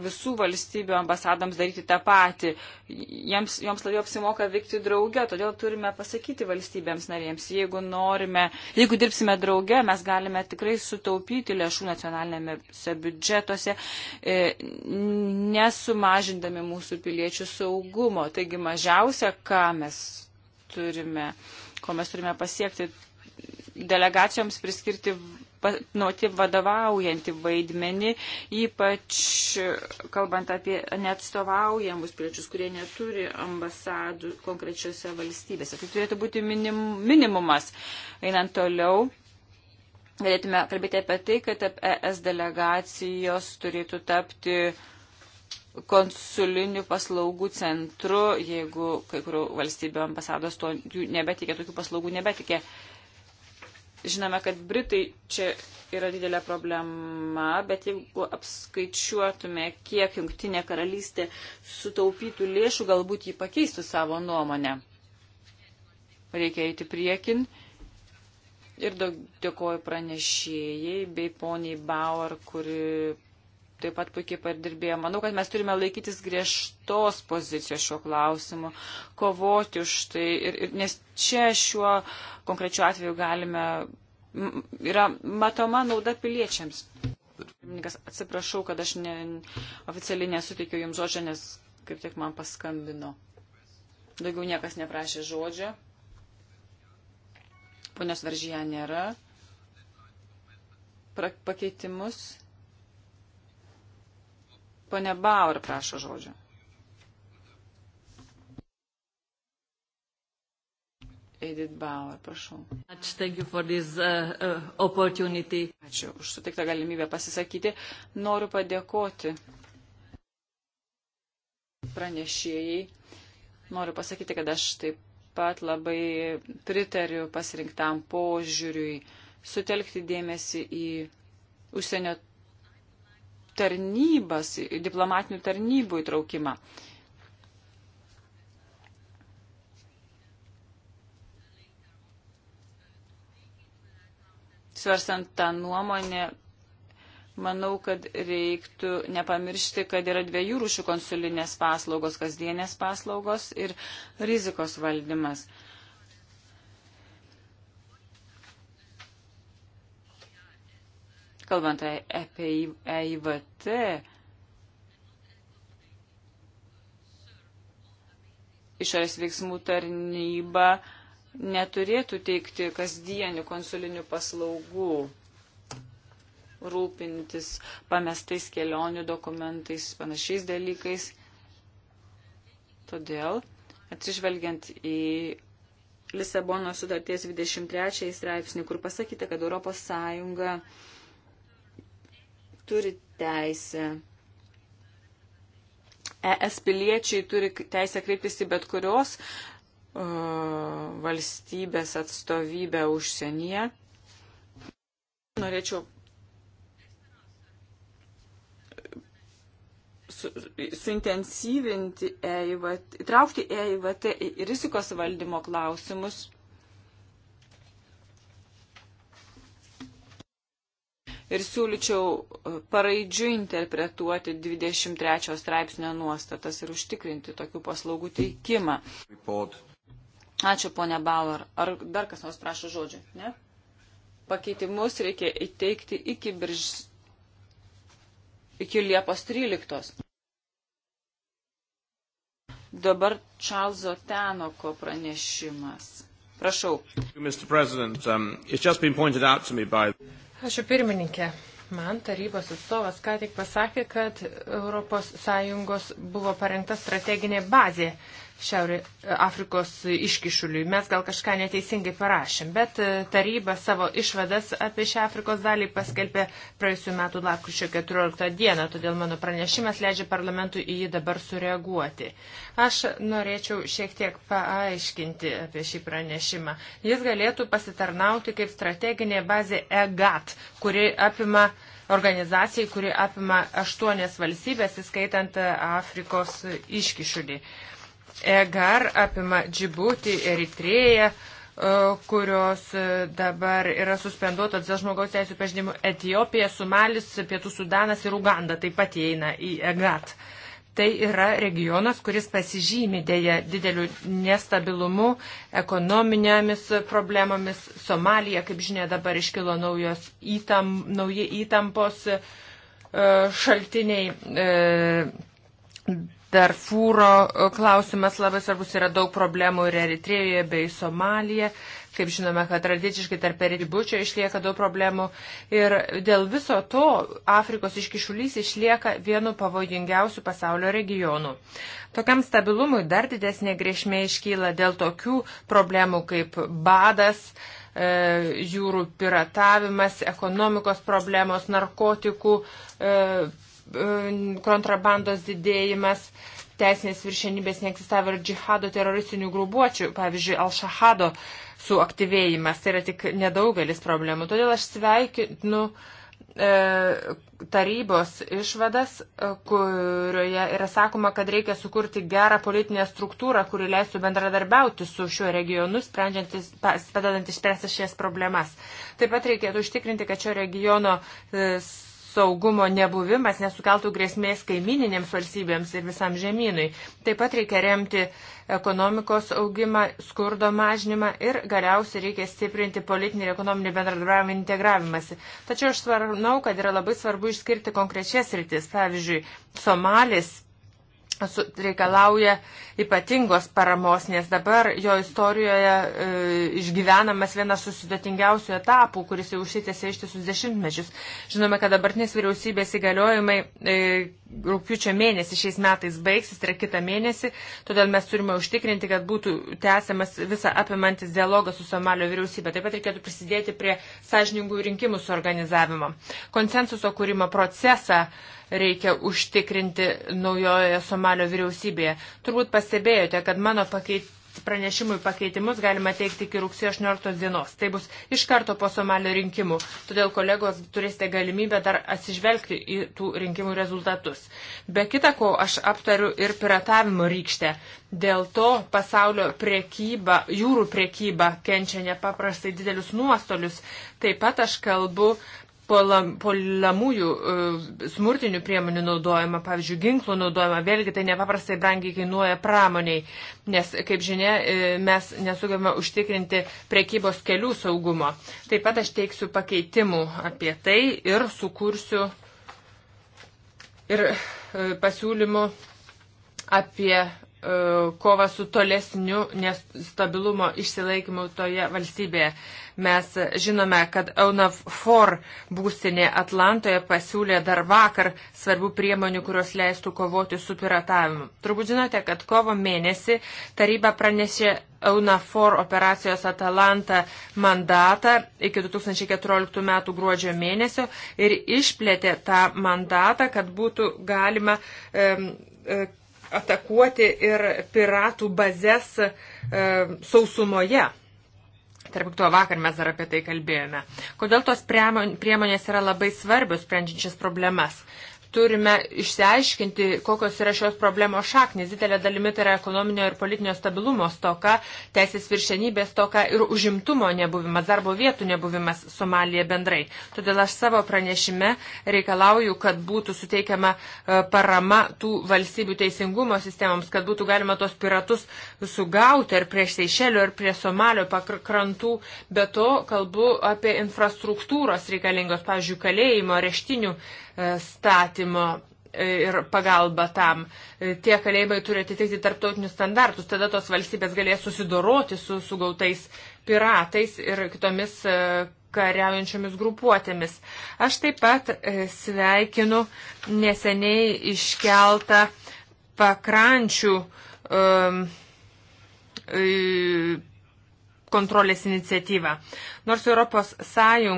visų valstybių ambasadams daryti tą patį. Jiems, joms labiau apsimoka veikti drauge, todėl turime pasakyti valstybėms narėms, jeigu norime, jeigu dirbsime drauge, mes galime tikrai sutaupyti lėšų nacionalinėse biudžetuose, e, nesumažindami mūsų piliečių saugumo. Taigi mažiausia, ką mes turime, ko mes turime pasiekti, delegacijoms priskirti nuoti vadovaujantį vaidmenį, ypač e, kalbant apie neatstovaujamus piliečius, kurie neturi ambasadų konkrečiose valstybėse. Tai turėtų būti minim, minimumas. Einant toliau, galėtume kalbėti apie tai, kad ES delegacijos turėtų tapti konsulinių paslaugų centru, jeigu kai kurių valstybių ambasados to nebetikė, tokių paslaugų nebetikė. Uh, Žinome, kad Britai čia yra didelė problema, bet jeigu apskaičiuotume, kiek jungtinė karalystė sutaupytų lėšų, galbūt jį pakeistų savo nuomonę. Reikia eiti priekin. Ir dėkoju pranešėjai bei poniai Bauer, kuri taip pat puikiai padirbėjo. Manau, kad mes turime laikytis griežtos pozicijos šiuo klausimu, kovoti už tai, ir, ir, nes čia šiuo konkrečiu atveju galime, yra matoma nauda piliečiams. Pirmininkas, atsiprašau, kad aš ne, oficialiai nesuteikiau jums žodžio, nes kaip tik man paskambino. Daugiau niekas neprašė žodžio. Ponios varžyje nėra. Pra, pakeitimus Pane Bauer prašo žodžio. Edith Bauer, prašau. Uh, uh, Ačiū už sutiktą galimybę pasisakyti. Noriu padėkoti pranešėjai. Noriu pasakyti, kad aš taip pat labai pritariu pasirinktam požiūriui sutelkti dėmesį į užsienio tarnybas, diplomatinių tarnybų įtraukimą. Svarstant tą nuomonę, manau, kad reiktų nepamiršti, kad yra dviejų rūšių konsulinės paslaugos - kasdienės paslaugos ir rizikos valdymas. kalbant apie EIVT, išorės veiksmų tarnyba neturėtų teikti kasdienių konsulinių paslaugų, rūpintis pamestais kelionių dokumentais, panašiais dalykais. Todėl, atsižvelgiant į Lisabono sutarties 23 straipsnį, kur pasakyta, kad ES turi teisę. ES piliečiai turi teisę kreiptis į bet kurios uh, valstybės atstovybę užsienyje. Norėčiau su, suintensyvinti EIVT, įtraukti EIVT į rizikos valdymo klausimus ir siūlyčiau e, paraidžiu interpretuoti 23 straipsnio nuostatas ir užtikrinti tokių paslaugų teikimą. Report. Ačiū, ponia Bauer. Ar dar kas nors prašo žodžio? Ne? Pakeitimus reikia įteikti iki, birž... iki Liepos 13. Dabar Čalzo Tenoko pranešimas. Prašau. Mr. President, um, it's just been pointed out to me by Ačiū pirmininkė. Man tarybos atstovas ką tik pasakė, kad ES buvo parengta strateginė bazė Šiaurė e, Afrikos iškišuliui. Mes gal kažką neteisingai parašėm, bet e, taryba savo išvadas apie šią Afrikos dalį paskelbė praėjusiu metu lapkričio 14 dieną, todėl mano pranešimas leidžia parlamentui į jį dabar sureaguoti. Aš norėčiau šiek tiek paaiškinti apie šį pranešimą. Jis galėtų pasitarnauti kaip strateginė bazė EGAT, kuri apima organizacijai, kuri apima aštuonias valstybės, įskaitant e, Afrikos iškišulį. Uh, EGAR apima Džibutį, Eritrėją, e, kurios e, dabar yra suspenduotos dėl žmogaus teisų pažydimų Etijopija, Somalis, Pietų Sudanas ir Uganda taip pat įeina į EGAT. Tai yra regionas, kuris pasižymi dėja dideliu nestabilumu, ekonominėmis problemomis. Somalija, kaip žinia, dabar iškilo naujos įtam, nauji įtampos e, šaltiniai Darfūro e, klausimas labai svarbus yra daug problemų ir Eritrėjoje bei Somalija. Kaip žinome, kad tradiciškai tarp eribučio išlieka daug problemų. Ir dėl viso to Afrikos iškišulys išlieka vienu pavojingiausių pasaulio regionų. Tokiam stabilumui dar didesnė grėsmė iškyla dėl tokių problemų kaip badas, e, jūrų piratavimas, ekonomikos problemos, narkotikų e, E, kontrabandos didėjimas, teisinės viršenybės neegzistavo ir džihado teroristinių grubuočių, pavyzdžiui, Al-Shahado suaktyvėjimas. Tai yra tik nedaugelis problemų. Todėl aš sveikinu e, tarybos išvadas, e, kurioje yra sakoma, kad reikia sukurti gerą politinę struktūrą, kuri leistų bendradarbiauti su šiuo regionu, padedant išspręsti šias problemas. Taip pat reikėtų užtikrinti, kad šio regiono e, saugumo nebuvimas nesukeltų grėsmės kaimininėms valstybėms ir visam žemynui. Taip pat reikia remti ekonomikos augimą, skurdo mažinimą ir galiausiai reikia stiprinti politinį ir ekonominį bendradarbiavimą integravimąsi. Tačiau aš svarnau, kad yra labai svarbu išskirti konkrečias rytis, pavyzdžiui, Somalis reikalauja ypatingos paramos, nes dabar jo istorijoje e, išgyvenamas vienas susidėtingiausių etapų, kuris jau užsitęsė ištisus dešimtmečius. Žinome, kad dabartinės vyriausybės įgaliojimai e, rūpiučio mėnesį šiais metais baigsis, tai yra kitą mėnesį, todėl mes turime užtikrinti, kad būtų tęsiamas visą apimantis dialogas su Somalio vyriausybė. Taip pat reikėtų prisidėti prie sąžiningų rinkimų suorganizavimo. Konsensuso kūrimo procesą reikia užtikrinti naujoje Somalio vyriausybėje. Turbūt pastebėjote, kad mano pakeit, pranešimui pakeitimus galima teikti iki rugsėjo 18 dienos. Tai bus iš karto po Somalio rinkimų. Todėl, kolegos, turėsite galimybę dar atsižvelgti į tų rinkimų rezultatus. Be kita ko, aš aptariu ir piratavimo rykštę. Dėl to pasaulio priekyba, jūrų priekyba kenčia nepaprastai didelius nuostolius. Taip pat aš kalbu uh, puolamųjų e, smurtinių priemonių naudojimą, pavyzdžiui, ginklų naudojimą, vėlgi tai nepaprastai brangiai kainuoja pramoniai, nes, kaip žinia, e, mes nesugebame užtikrinti prekybos kelių saugumo. Taip pat aš teiksiu pakeitimų apie tai ir sukursiu ir e, pasiūlymų apie E, kova su tolesniu nestabilumo išsilaikymu toje valstybėje. Mes žinome, kad EUNAFOR būstinė Atlantoje pasiūlė dar vakar svarbių priemonių, kurios leistų kovoti su piratavimu. Turbūt žinote, kad kovo mėnesį taryba pranešė EUNAFOR operacijos Atalanta mandatą iki 2014 m. gruodžio mėnesio ir išplėtė tą mandatą, kad būtų galima. Um, e, e, atakuoti ir piratų bazės e, sausumoje. Tarp to vakar mes dar apie tai kalbėjome. Kodėl tos priemonės yra labai svarbios, sprendžiančias problemas? turime išsiaiškinti, kokios yra šios problemos šaknis. Didelė dalimi tai yra ekonominio ir politinio stabilumo stoka, teisės viršenybės stoka ir užimtumo nebuvimas, darbo vietų nebuvimas Somalija bendrai. Todėl aš savo pranešime reikalauju, kad būtų suteikiama e, parama tų valstybių teisingumo sistemoms, kad būtų galima tos piratus sugauti ar prie Seišelio, ar prie Somalio pakrantų. Be to kalbu apie infrastruktūros reikalingos, pavyzdžiui, kalėjimo, reštinių E, statymo ir pagalba tam. E, tie kalėjimai turi atitikti tarptautinius standartus, tada tos valstybės galės susidoroti su sugautais piratais ir kitomis e, kariaujančiomis grupuotėmis. Aš taip pat sveikinu neseniai iškeltą pakrančių um, kontrolės iniciatyvą. Nors ES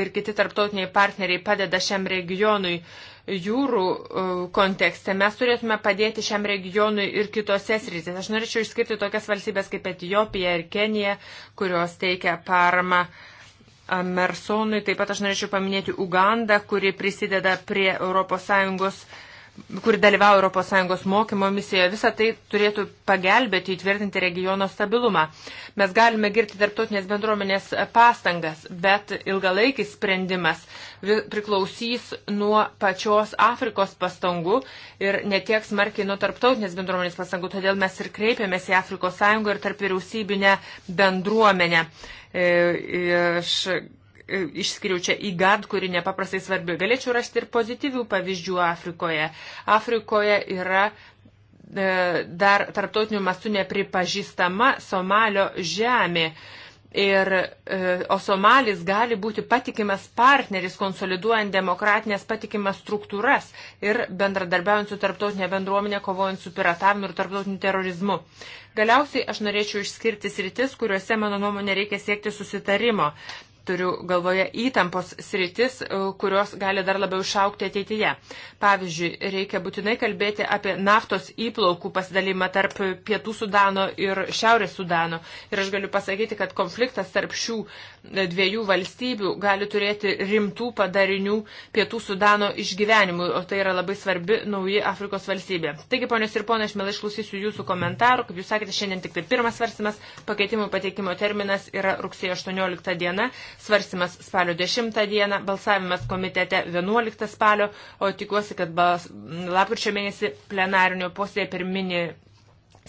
ir kiti tarptautiniai partneriai padeda šiam regionui jūrų e, kontekste, mes turėtume padėti šiam regionui ir kitose srityse. Aš norėčiau išskirti tokias valstybės kaip Etijopija ir Kenija, kurios teikia paramą. E, mersonui, taip pat aš norėčiau paminėti Ugandą, kuri prisideda prie ES kuri dalyvauja ES mokymo misijoje, visą tai turėtų pagelbėti įtvirtinti regiono stabilumą. Mes galime girti tarptautinės bendruomenės pastangas, bet ilgalaikis sprendimas priklausys nuo pačios Afrikos pastangų ir netiek smarkiai nuo tarptautinės bendruomenės pastangų. Todėl mes ir kreipiamės į Afrikos sąjungą ir tarp vyriausybinę bendruomenę. Aš e, E, išskiriau čia IGAD, kuri nepaprastai svarbi. Galėčiau rasti ir pozityvių pavyzdžių Afrikoje. Afrikoje yra e, dar tarptautiniu mastu nepripažįstama Somalio žemė. Ir, e, o Somalis gali būti patikimas partneris, konsoliduojant demokratinės patikimas struktūras ir bendradarbiaujant su tarptautinė bendruomenė, kovojant su piratavimu ir tarptautiniu terorizmu. Galiausiai aš norėčiau išskirti sritis, kuriuose, mano nuomonė, reikia siekti susitarimo turiu galvoje įtampos sritis, e, kurios gali dar labiau išaukti ateityje. Pavyzdžiui, reikia būtinai kalbėti apie naftos įplaukų pasidalimą tarp Pietų Sudano ir Šiaurės Sudano. Ir aš galiu pasakyti, kad konfliktas tarp šių uh, dviejų valstybių gali turėti rimtų padarinių pietų Sudano išgyvenimui, o tai yra labai svarbi nauji Afrikos valstybė. Taigi, ponios ir ponai, aš mielai išklausysiu jūsų komentarų. Kaip jūs sakėte, šiandien tik tai pirmas svarstymas, pakeitimų pateikimo terminas yra rugsėjo 18 diena, svarstymas spalio 10 diena, balsavimas komitete 11 spalio, o tikiuosi, kad lapkričio mėnesį plenarinio posėje pirminį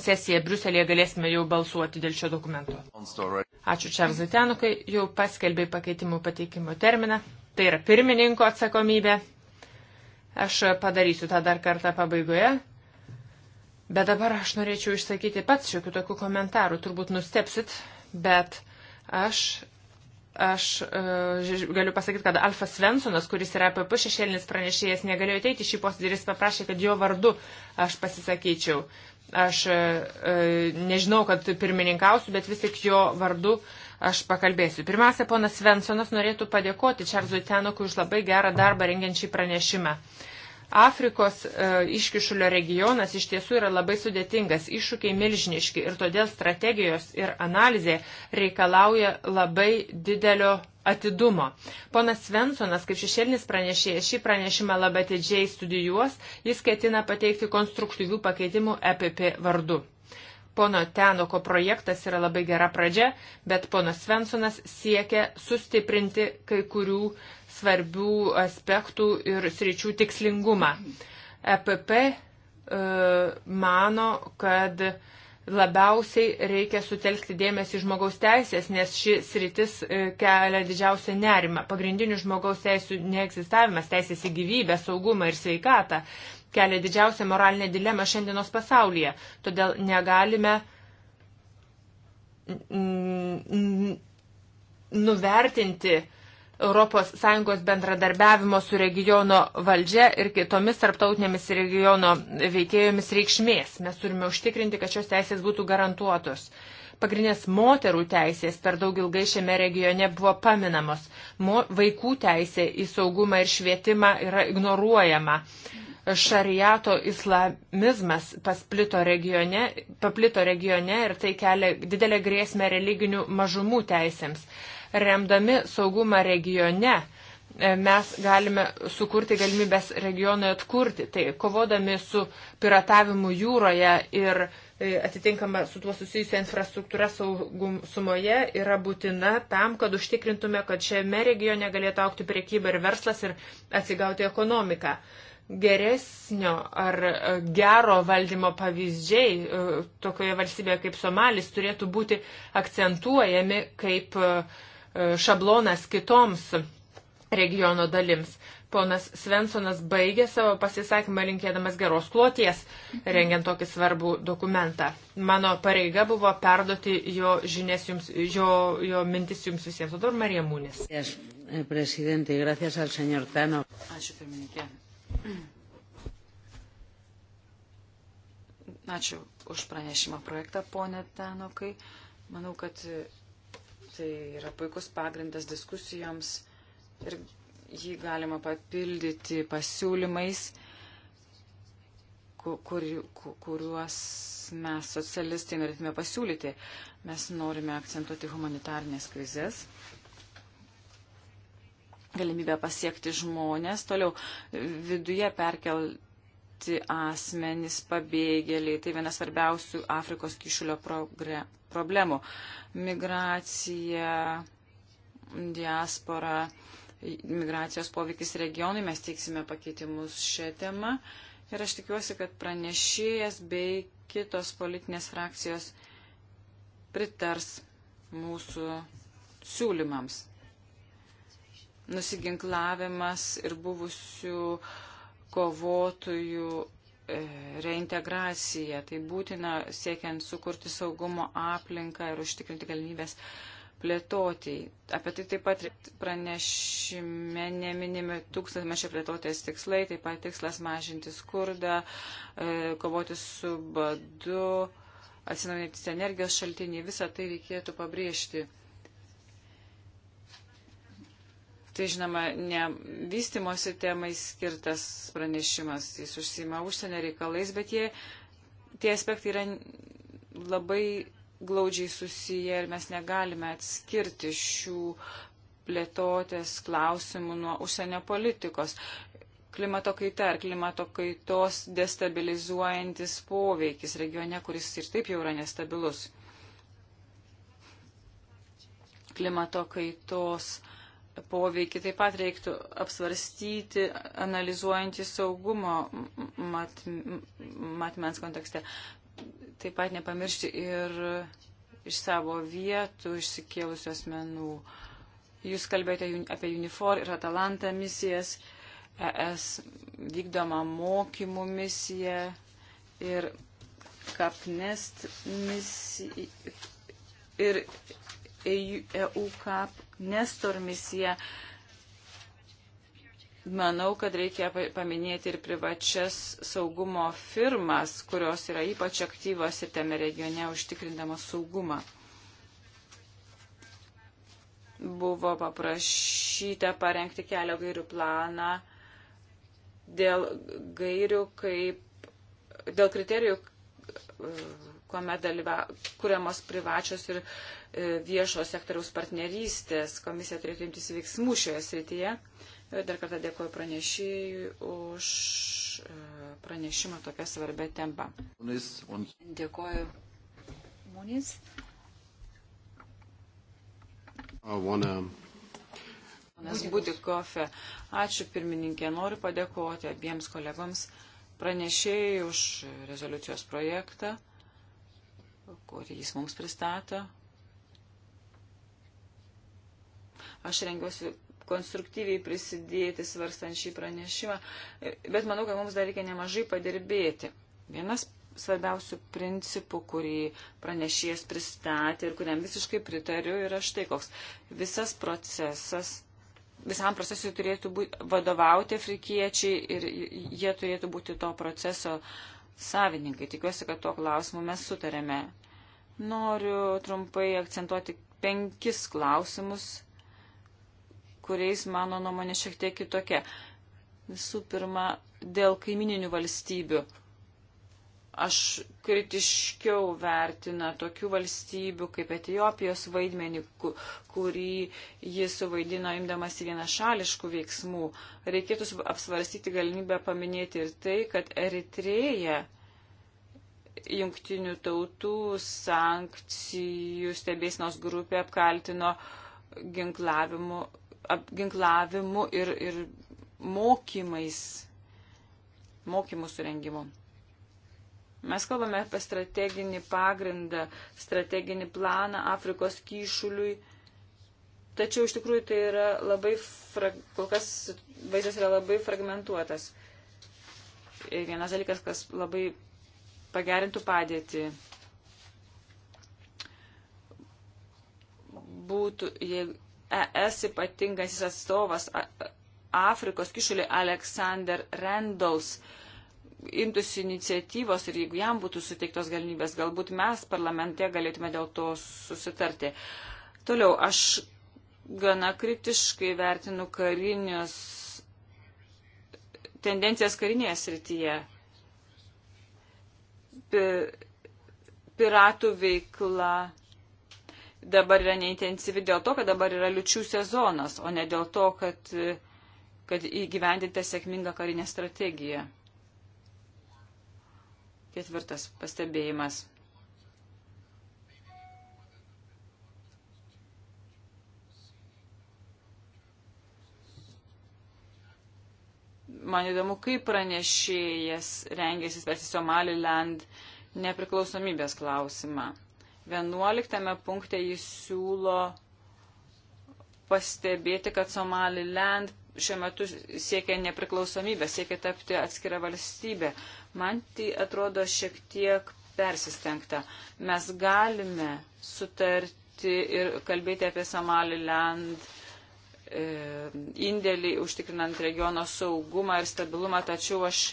sesiją Briuselėje galėsime jau balsuoti dėl šio dokumento. Ačiū Čarzai Tenukai, jau paskelbė pakeitimų pateikimo terminą. Tai yra pirmininko atsakomybė. Aš padarysiu tą dar kartą pabaigoje. Bet dabar aš norėčiau išsakyti pats šiokių tokių komentarų. Turbūt nustepsit, bet aš aš e, galiu pasakyti, kad Alfas Svensonas, kuris yra APP šešėlinis pranešėjas, negalėjo ateiti šį posėdį ir jis paprašė, kad jo vardu aš pasisakyčiau. Aš e, e, nežinau, kad pirmininkausiu, bet vis tik jo vardu aš pakalbėsiu. Pirmiausia, ponas Svensonas norėtų padėkoti Čarzui Tenokui už labai gerą darbą rengiant šį pranešimą. Uh, Afrikos e, iškišulio regionas iš tiesų yra labai sudėtingas, iššūkiai milžiniški ir todėl strategijos ir analizė reikalauja labai didelio atidumo. Ponas Svensonas, kaip šešėlinis pranešėjas, šį pranešimą labai atidžiai studijuos, jis ketina pateikti konstruktyvių pakeitimų EPP vardu. Pono Tenoko projektas yra labai gera pradžia, bet ponas Svensonas siekia sustiprinti kai kurių svarbių aspektų ir sričių tikslingumą. EPP e, mano, kad labiausiai reikia sutelkti dėmesį žmogaus teisės, nes ši sritis e, kelia didžiausią nerimą. Pagrindinių žmogaus teisų neegzistavimas, teisės į gyvybę, saugumą ir sveikatą kelia didžiausią moralinę dilemą šiandienos pasaulyje. Todėl negalime nuvertinti ES bendradarbiavimo su regiono valdžia ir kitomis tarptautinėmis regiono veikėjomis reikšmės. Mes turime užtikrinti, kad šios teisės būtų garantuotos. Pagrindinės moterų teisės per daug ilgai šiame regione buvo paminamos. Mo vaikų teisė į saugumą ir švietimą yra ignoruojama šariato islamizmas pasplito regione, paplito regione ir tai kelia didelę grėsmę religinių mažumų teisėms. Remdami saugumą regione, e, mes galime sukurti galimybės regionui atkurti. Tai kovodami su piratavimu jūroje ir e, atitinkama su tuo susijusia infrastruktūra saugum, sumoje yra būtina tam, kad užtikrintume, kad šiame regione galėtų aukti priekyba ir verslas ir atsigauti ekonomiką. Geresnio ar e, gero valdymo pavyzdžiai tokioje valstybėje kaip Somalis turėtų būti akcentuojami kaip uh, šablonas kitoms regiono dalims. Ponas Svensonas baigė savo pasisakymą linkėdamas geros kloties, rengiant tokį svarbų dokumentą. Mano pareiga buvo perduoti jo žinias jums, jo, jo mintis jums visiems. O dabar Marija Mūnės. Eh, Ačiū, pirmininkė. Ačiū už pranešimą projektą, ponė Tenokai. Manau, kad Tai yra puikus pagrindas diskusijoms ir jį galima papildyti pasiūlymais, kur, kur, kuriuos mes socialistai norėtume pasiūlyti. Mes norime akcentuoti humanitarnės krizės galimybę pasiekti žmonės, toliau viduje perkel, migrantai, asmenys, pabėgėliai. Tai vienas svarbiausių Afrikos kišulio problemų. Migracija, diaspora, migracijos poveikis regionui. Mes teiksime pakeitimus šią temą. Ir aš tikiuosi, kad pranešėjas bei kitos politinės frakcijos pritars mūsų siūlymams. Nusiginklavimas ir buvusių uh, kovotojų e, reintegracija. Tai būtina siekiant sukurti saugumo aplinką ir užtikrinti galimybės plėtotėjai. Apie tai taip pat pranešime neminimi tūkstantmečio plėtotės tikslai, taip pat tikslas mažinti skurdą, e, kovoti su badu, atsinaujinti energijos šaltinį, visą tai reikėtų pabrėžti. Tai žinoma, ne vystimosi temai skirtas pranešimas, jis užsima užsienio reikalais, bet jie, tie aspektai yra labai glaudžiai susiję ir mes negalime atskirti šių plėtotės klausimų nuo užsienio politikos. Klimato kaita ar klimato kaitos destabilizuojantis poveikis regione, kuris ir taip jau yra nestabilus. Klimato kaitos uh, poveikį taip pat reiktų apsvarstyti, analizuojant į saugumo mat, matmens kontekste. Taip pat nepamiršti ir iš savo vietų išsikėlusių asmenų. Jūs kalbėjote apie Unifor ir Atalanta misijas, ES vykdomą mokymų misiją ir Kapnest misiją ir EU Kap Nestor misija. Manau, kad reikia paminėti ir privačias saugumo firmas, kurios yra ypač aktyvos ir tame regione užtikrindamos saugumą buvo paprašyta parengti kelio gairių planą dėl gairių kaip, dėl kriterijų, kuomet dalyva, kuriamos privačios ir e, viešo sektoriaus partnerystės. Komisija turėtų imtis veiksmų šioje srityje. Dar kartą dėkuoju pranešėjui už e, pranešimą tokią svarbę tempą. Dėkuoju. Munis. Ponas Budikofe, ačiū pirmininkė, noriu padėkoti abiems kolegoms pranešėjai už rezoliucijos projektą kurį jis mums pristato. Aš rengiuosi konstruktyviai prisidėti svarstant šį pranešimą, bet manau, kad mums dar reikia nemažai padirbėti. Vienas svarbiausių principų, kurį pranešėjas pristatė ir kuriam visiškai pritariu, yra štai koks. Visas procesas, visam procesui turėtų būti vadovauti afrikiečiai ir jie turėtų būti to proceso uh, savininkai. Tikiuosi, kad tuo klausimu mes sutarėme. Noriu trumpai akcentuoti penkis klausimus, kuriais mano nuomonė šiek tiek kitokia. Visų pirma, dėl kaimininių valstybių Aš kritiškiau vertina tokių valstybių kaip Etijopijos vaidmenį, kurį jis suvaidino imdamasi vienašališkų veiksmų. Reikėtų apsvarstyti galimybę paminėti ir tai, kad Eritreja jungtinių tautų sankcijų stebėsnos grupė apkaltino ginklavimu, apginklavimu ir, ir mokymais, mokymų surengimu. Mes kalbame apie strateginį pagrindą, strateginį planą Afrikos kyšuliui. Tačiau iš tikrųjų tai yra labai, frag... kol kas vaizdas yra labai fragmentuotas. Ir vienas dalykas, kas labai pagerintų padėtį, būtų, jeigu ES ypatingasis atstovas Afrikos kišulį Alexander Randalls imtųsi iniciatyvos ir jeigu jam būtų suteiktos galimybės, galbūt mes parlamente galėtume dėl to susitarti. Toliau, aš gana kritiškai vertinu karinius tendencijas karinėje srityje. Piratų veikla dabar yra neintensyvi dėl to, kad dabar yra liučių sezonas, o ne dėl to, kad, kad įgyvendinta sėkminga karinė strategija. Ketvirtas pastebėjimas. Man įdomu, kaip pranešėjas rengėsi spręsti Somaliland nepriklausomybės klausimą. Vienuoliktame punkte jis siūlo pastebėti, kad Somaliland šiuo metu siekia nepriklausomybę, siekia tapti atskirą valstybę. Man tai atrodo šiek tiek persistengta. Mes galime sutarti ir kalbėti apie Somaliland e, indėlį, užtikrinant regiono saugumą ir stabilumą, tačiau aš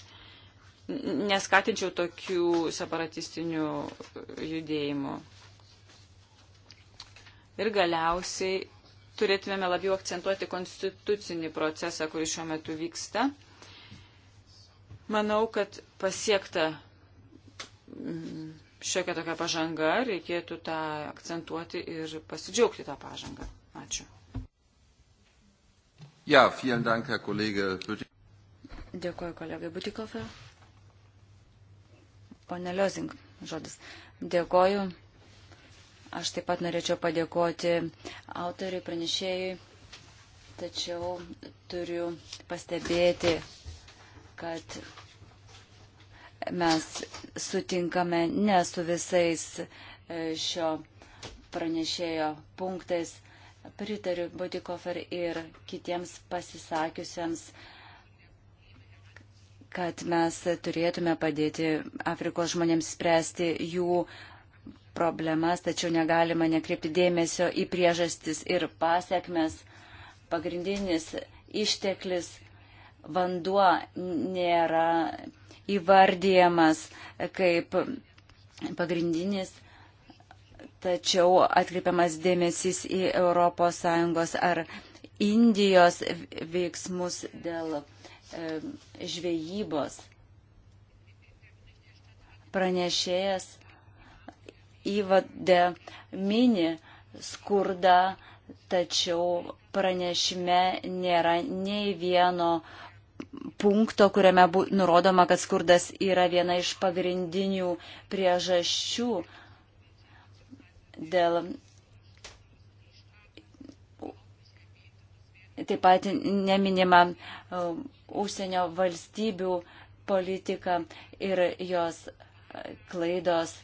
neskatinčiau tokių separatistinių judėjimų. Ir galiausiai turėtumėme labiau akcentuoti konstitucinį procesą, kuris šiuo metu vyksta. Manau, kad pasiekta mm, šiokia tokia pažanga, reikėtų tą akcentuoti ir pasidžiaugti tą pažangą. Ačiū. Ja, vielen Dank, Herr Kollege Bütik. Dėkuoju kolegai Butikofer. Pone Liozing, žodis. Dėkuoju. Aš taip pat norėčiau padėkoti autoriui, pranešėjui, tačiau turiu pastebėti, kad mes sutinkame ne su visais e, šio pranešėjo punktais. Pritariu Budikofer ir kitiems pasisakiusiems kad mes turėtume padėti Afrikos žmonėms spręsti jų problemas, tačiau negalima nekreipti dėmesio į priežastis ir pasiekmes. Pagrindinis išteklis vanduo nėra įvardyjamas kaip pagrindinis, tačiau atkreipiamas dėmesys į ES ar Indijos veiksmus dėl e, žvejybos. Pranešėjas įvadė mini skurdą, tačiau pranešime nėra nei vieno punkto, kuriame bū, nurodoma, kad skurdas yra viena iš pagrindinių priežasčių dėl taip pat neminima e, užsienio valstybių politika ir jos klaidos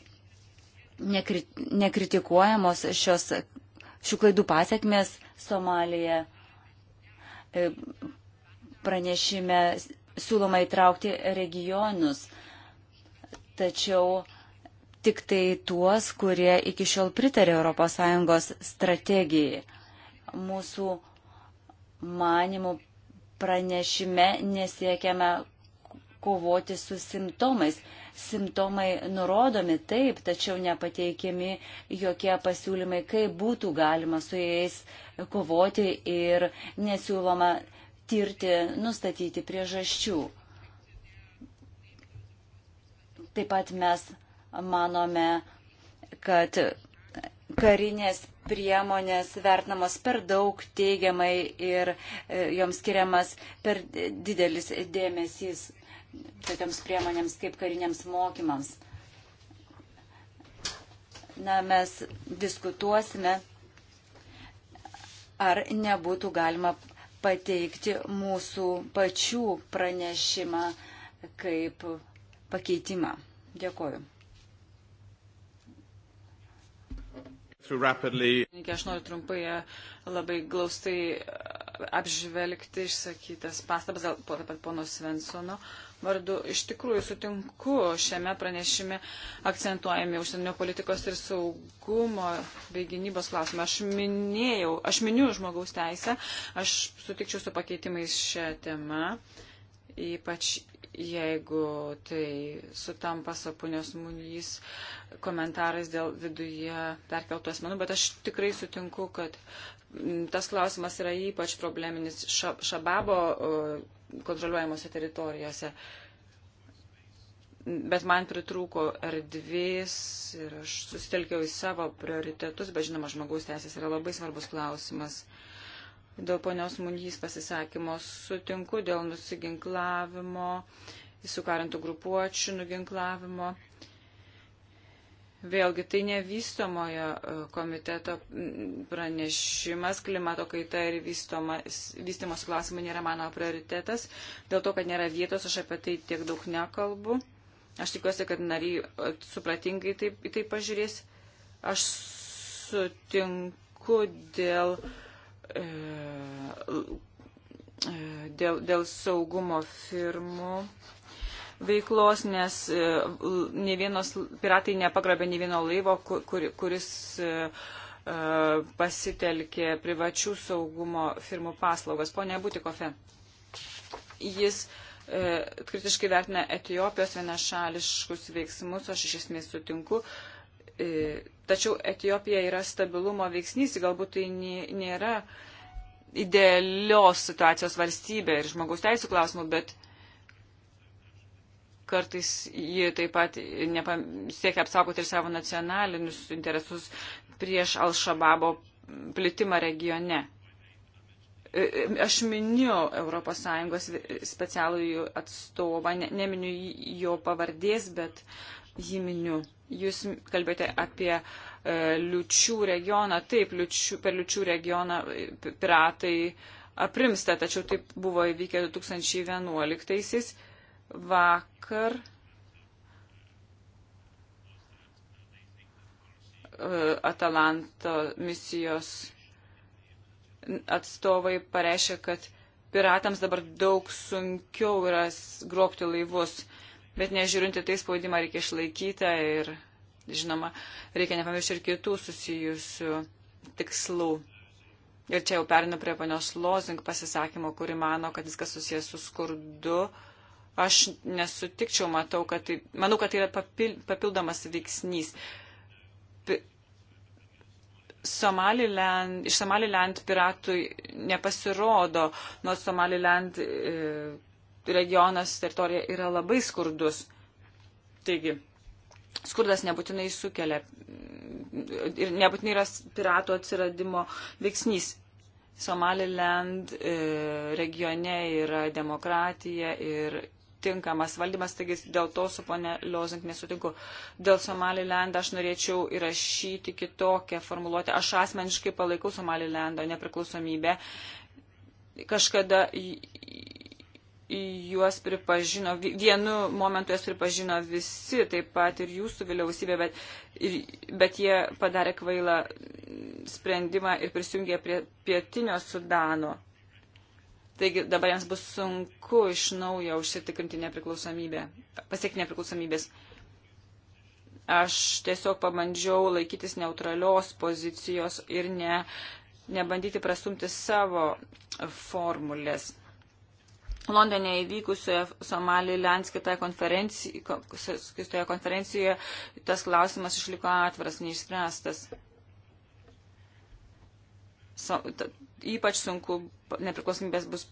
nekri, nekritikuojamos šios, šių klaidų pasiekmes Somalija. E, pranešime siūloma įtraukti regionus, tačiau tik tai tuos, kurie iki šiol pritarė ES strategijai. Mūsų manimų pranešime nesiekiame kovoti su simptomais simptomai nurodomi taip, tačiau nepateikiami jokie pasiūlymai, kaip būtų galima su jais kovoti ir nesiūloma tirti, nustatyti priežasčių. Taip pat mes manome, kad karinės priemonės vertinamos per daug teigiamai ir e, joms skiriamas per didelis dėmesys tokiams priemonėms kaip kariniams mokymams. Na, mes diskutuosime, ar nebūtų galima pateikti mūsų pačių pranešimą kaip pakeitimą. Dėkoju. Aš noriu trumpai e, labai glaustai e, apžvelgti išsakytas pastabas, gal po, pono Svensono. Uh, vardu. Iš tikrųjų sutinku, šiame pranešime akcentuojami užsienio politikos ir saugumo bei gynybos klausimą. Aš minėjau, aš miniu žmogaus teisę, aš sutikčiau su pakeitimais šią temą, ypač jeigu tai sutampa su punios munys komentarais dėl viduje perkeltų asmenų, bet aš tikrai sutinku, kad tas klausimas yra ypač probleminis. Šababo kontroliuojamose teritorijose. Bet man pritrūko erdvės ir aš susitelkiau į savo prioritetus, bet žinoma, žmogaus teisės yra labai svarbus klausimas. Dėl ponios Munys pasisakymo sutinku, dėl nusiginklavimo, įsukarintų grupuočių nuginklavimo. Vėlgi, tai nevystomojo e, komiteto pranešimas, klimato kaita ir vystimos klausimai nėra mano prioritetas, dėl to, kad nėra vietos, aš apie tai tiek daug nekalbu. Aš tikiuosi, kad nariai e, supratingai taip, taip pažiūrės. Aš sutinku dėl, e, e dėl, dėl saugumo firmų. E, veiklos, nes e, ne vienos, piratai nepagrabė ne vieno laivo, kur, kuris e, e, pasitelkė privačių saugumo firmų paslaugas. Pone Butikofe, jis kritiškai vertina Etijopijos vienašališkus veiksmus, aš iš esmės sutinku. Tačiau Etijopija yra stabilumo veiksnys, galbūt tai nėra idealios situacijos valstybė ir žmogaus teisų klausimų, bet Kartais ji taip pat nepam, siekia apsaugoti ir savo nacionalinius interesus prieš Al-Shababo plitimą regione. E, e, aš miniu ES specialųjų atstovą, ne, neminiu jo pavardės, bet jį miniu. Jūs kalbėjote apie e, liučių regioną. Taip, liučių, per liučių regioną e, piratai aprimsta, tačiau taip buvo įvykę 2011. -aisiais vakar e, Atalanto misijos atstovai pareiškia, kad piratams dabar daug sunkiau yra grobti laivus, bet nežiūrinti tai spaudimą reikia išlaikyti ir, žinoma, reikia nepamiršti ir kitų susijusių tikslų. Ir čia jau perinu prie panios Lozing pasisakymo, kuri mano, kad viskas susijęs su skurdu, uh, Aš nesutikčiau, matau, kad tai, manau, kad tai yra papil, papildomas veiksnys. Somaliland, iš Somaliland piratų nepasirodo, nors Somaliland e, regionas, teritorija yra labai skurdus. Taigi, skurdas nebūtinai sukelia ir nebūtinai yra piratų atsiradimo veiksnys. Somaliland e, regione yra demokratija ir tinkamas valdymas, taigi dėl to su ponė Liozink nesutinku. Dėl Somalilendą aš norėčiau įrašyti kitokią formuluotę. Aš asmeniškai palaikau Somalilendo nepriklausomybę. Kažkada juos pripažino, vienu momentu juos pripažino visi, taip pat ir jūsų vyliausybė, bet, ir, bet jie padarė kvailą sprendimą ir prisijungė prie pietinio Sudano. Taigi dabar jiems bus sunku iš naujo užsitikrinti nepriklausomybę, pasiekti nepriklausomybės. Aš tiesiog pabandžiau laikytis neutralios pozicijos ir ne, nebandyti prastumti savo formulės. Londone įvykusioje Somalį Lenskitoje konferencijoje, konferencijoje tas klausimas išliko atviras, neišspręstas. So, ta, ypač sunku nepriklausomybės bus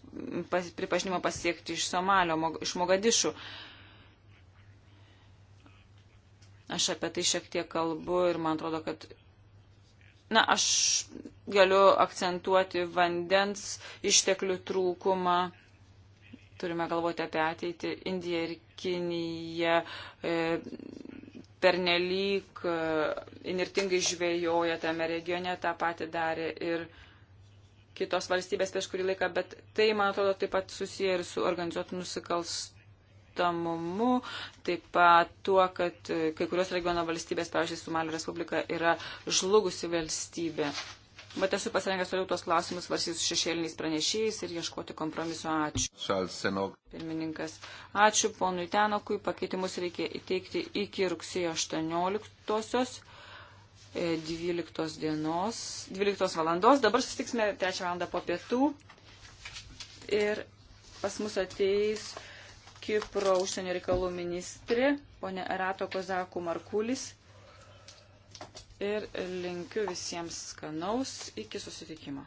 pas, pripažinimo pasiekti iš Somalio, mog, iš Mogadišų. Aš apie tai šiek tiek kalbu ir man atrodo, kad. Na, aš galiu akcentuoti vandens išteklių trūkumą. Turime galvoti apie ateitį. Indija ir Kinija e, pernelyg inirtingai e, žvėjoja tame regione, tą patį darė ir. E, kitos valstybės prieš kurį laiką, bet tai, man atrodo, taip pat susiję ir su organizuotų nusikalstamumu, taip pat tuo, kad e, kai kurios regiono valstybės, pavyzdžiui, Somalio Respublika yra žlugusi valstybė. Bet esu pasirengęs toliau tos klausimus varsyti su šešėliniais pranešėjais ir ieškoti kompromiso. Ačiū. Pirmininkas. Ačiū ponui Tenokui. Pakeitimus reikia įteikti iki rugsėjo 18. -osios. 12 e, dienos, 12 valandos. Dabar susitiksime 3 valandą po pietų ir pas mus ateis Kipro užsienio reikalų ministrė, ponė Erato Kozakų Markulis. Ir linkiu visiems skanaus iki susitikimo.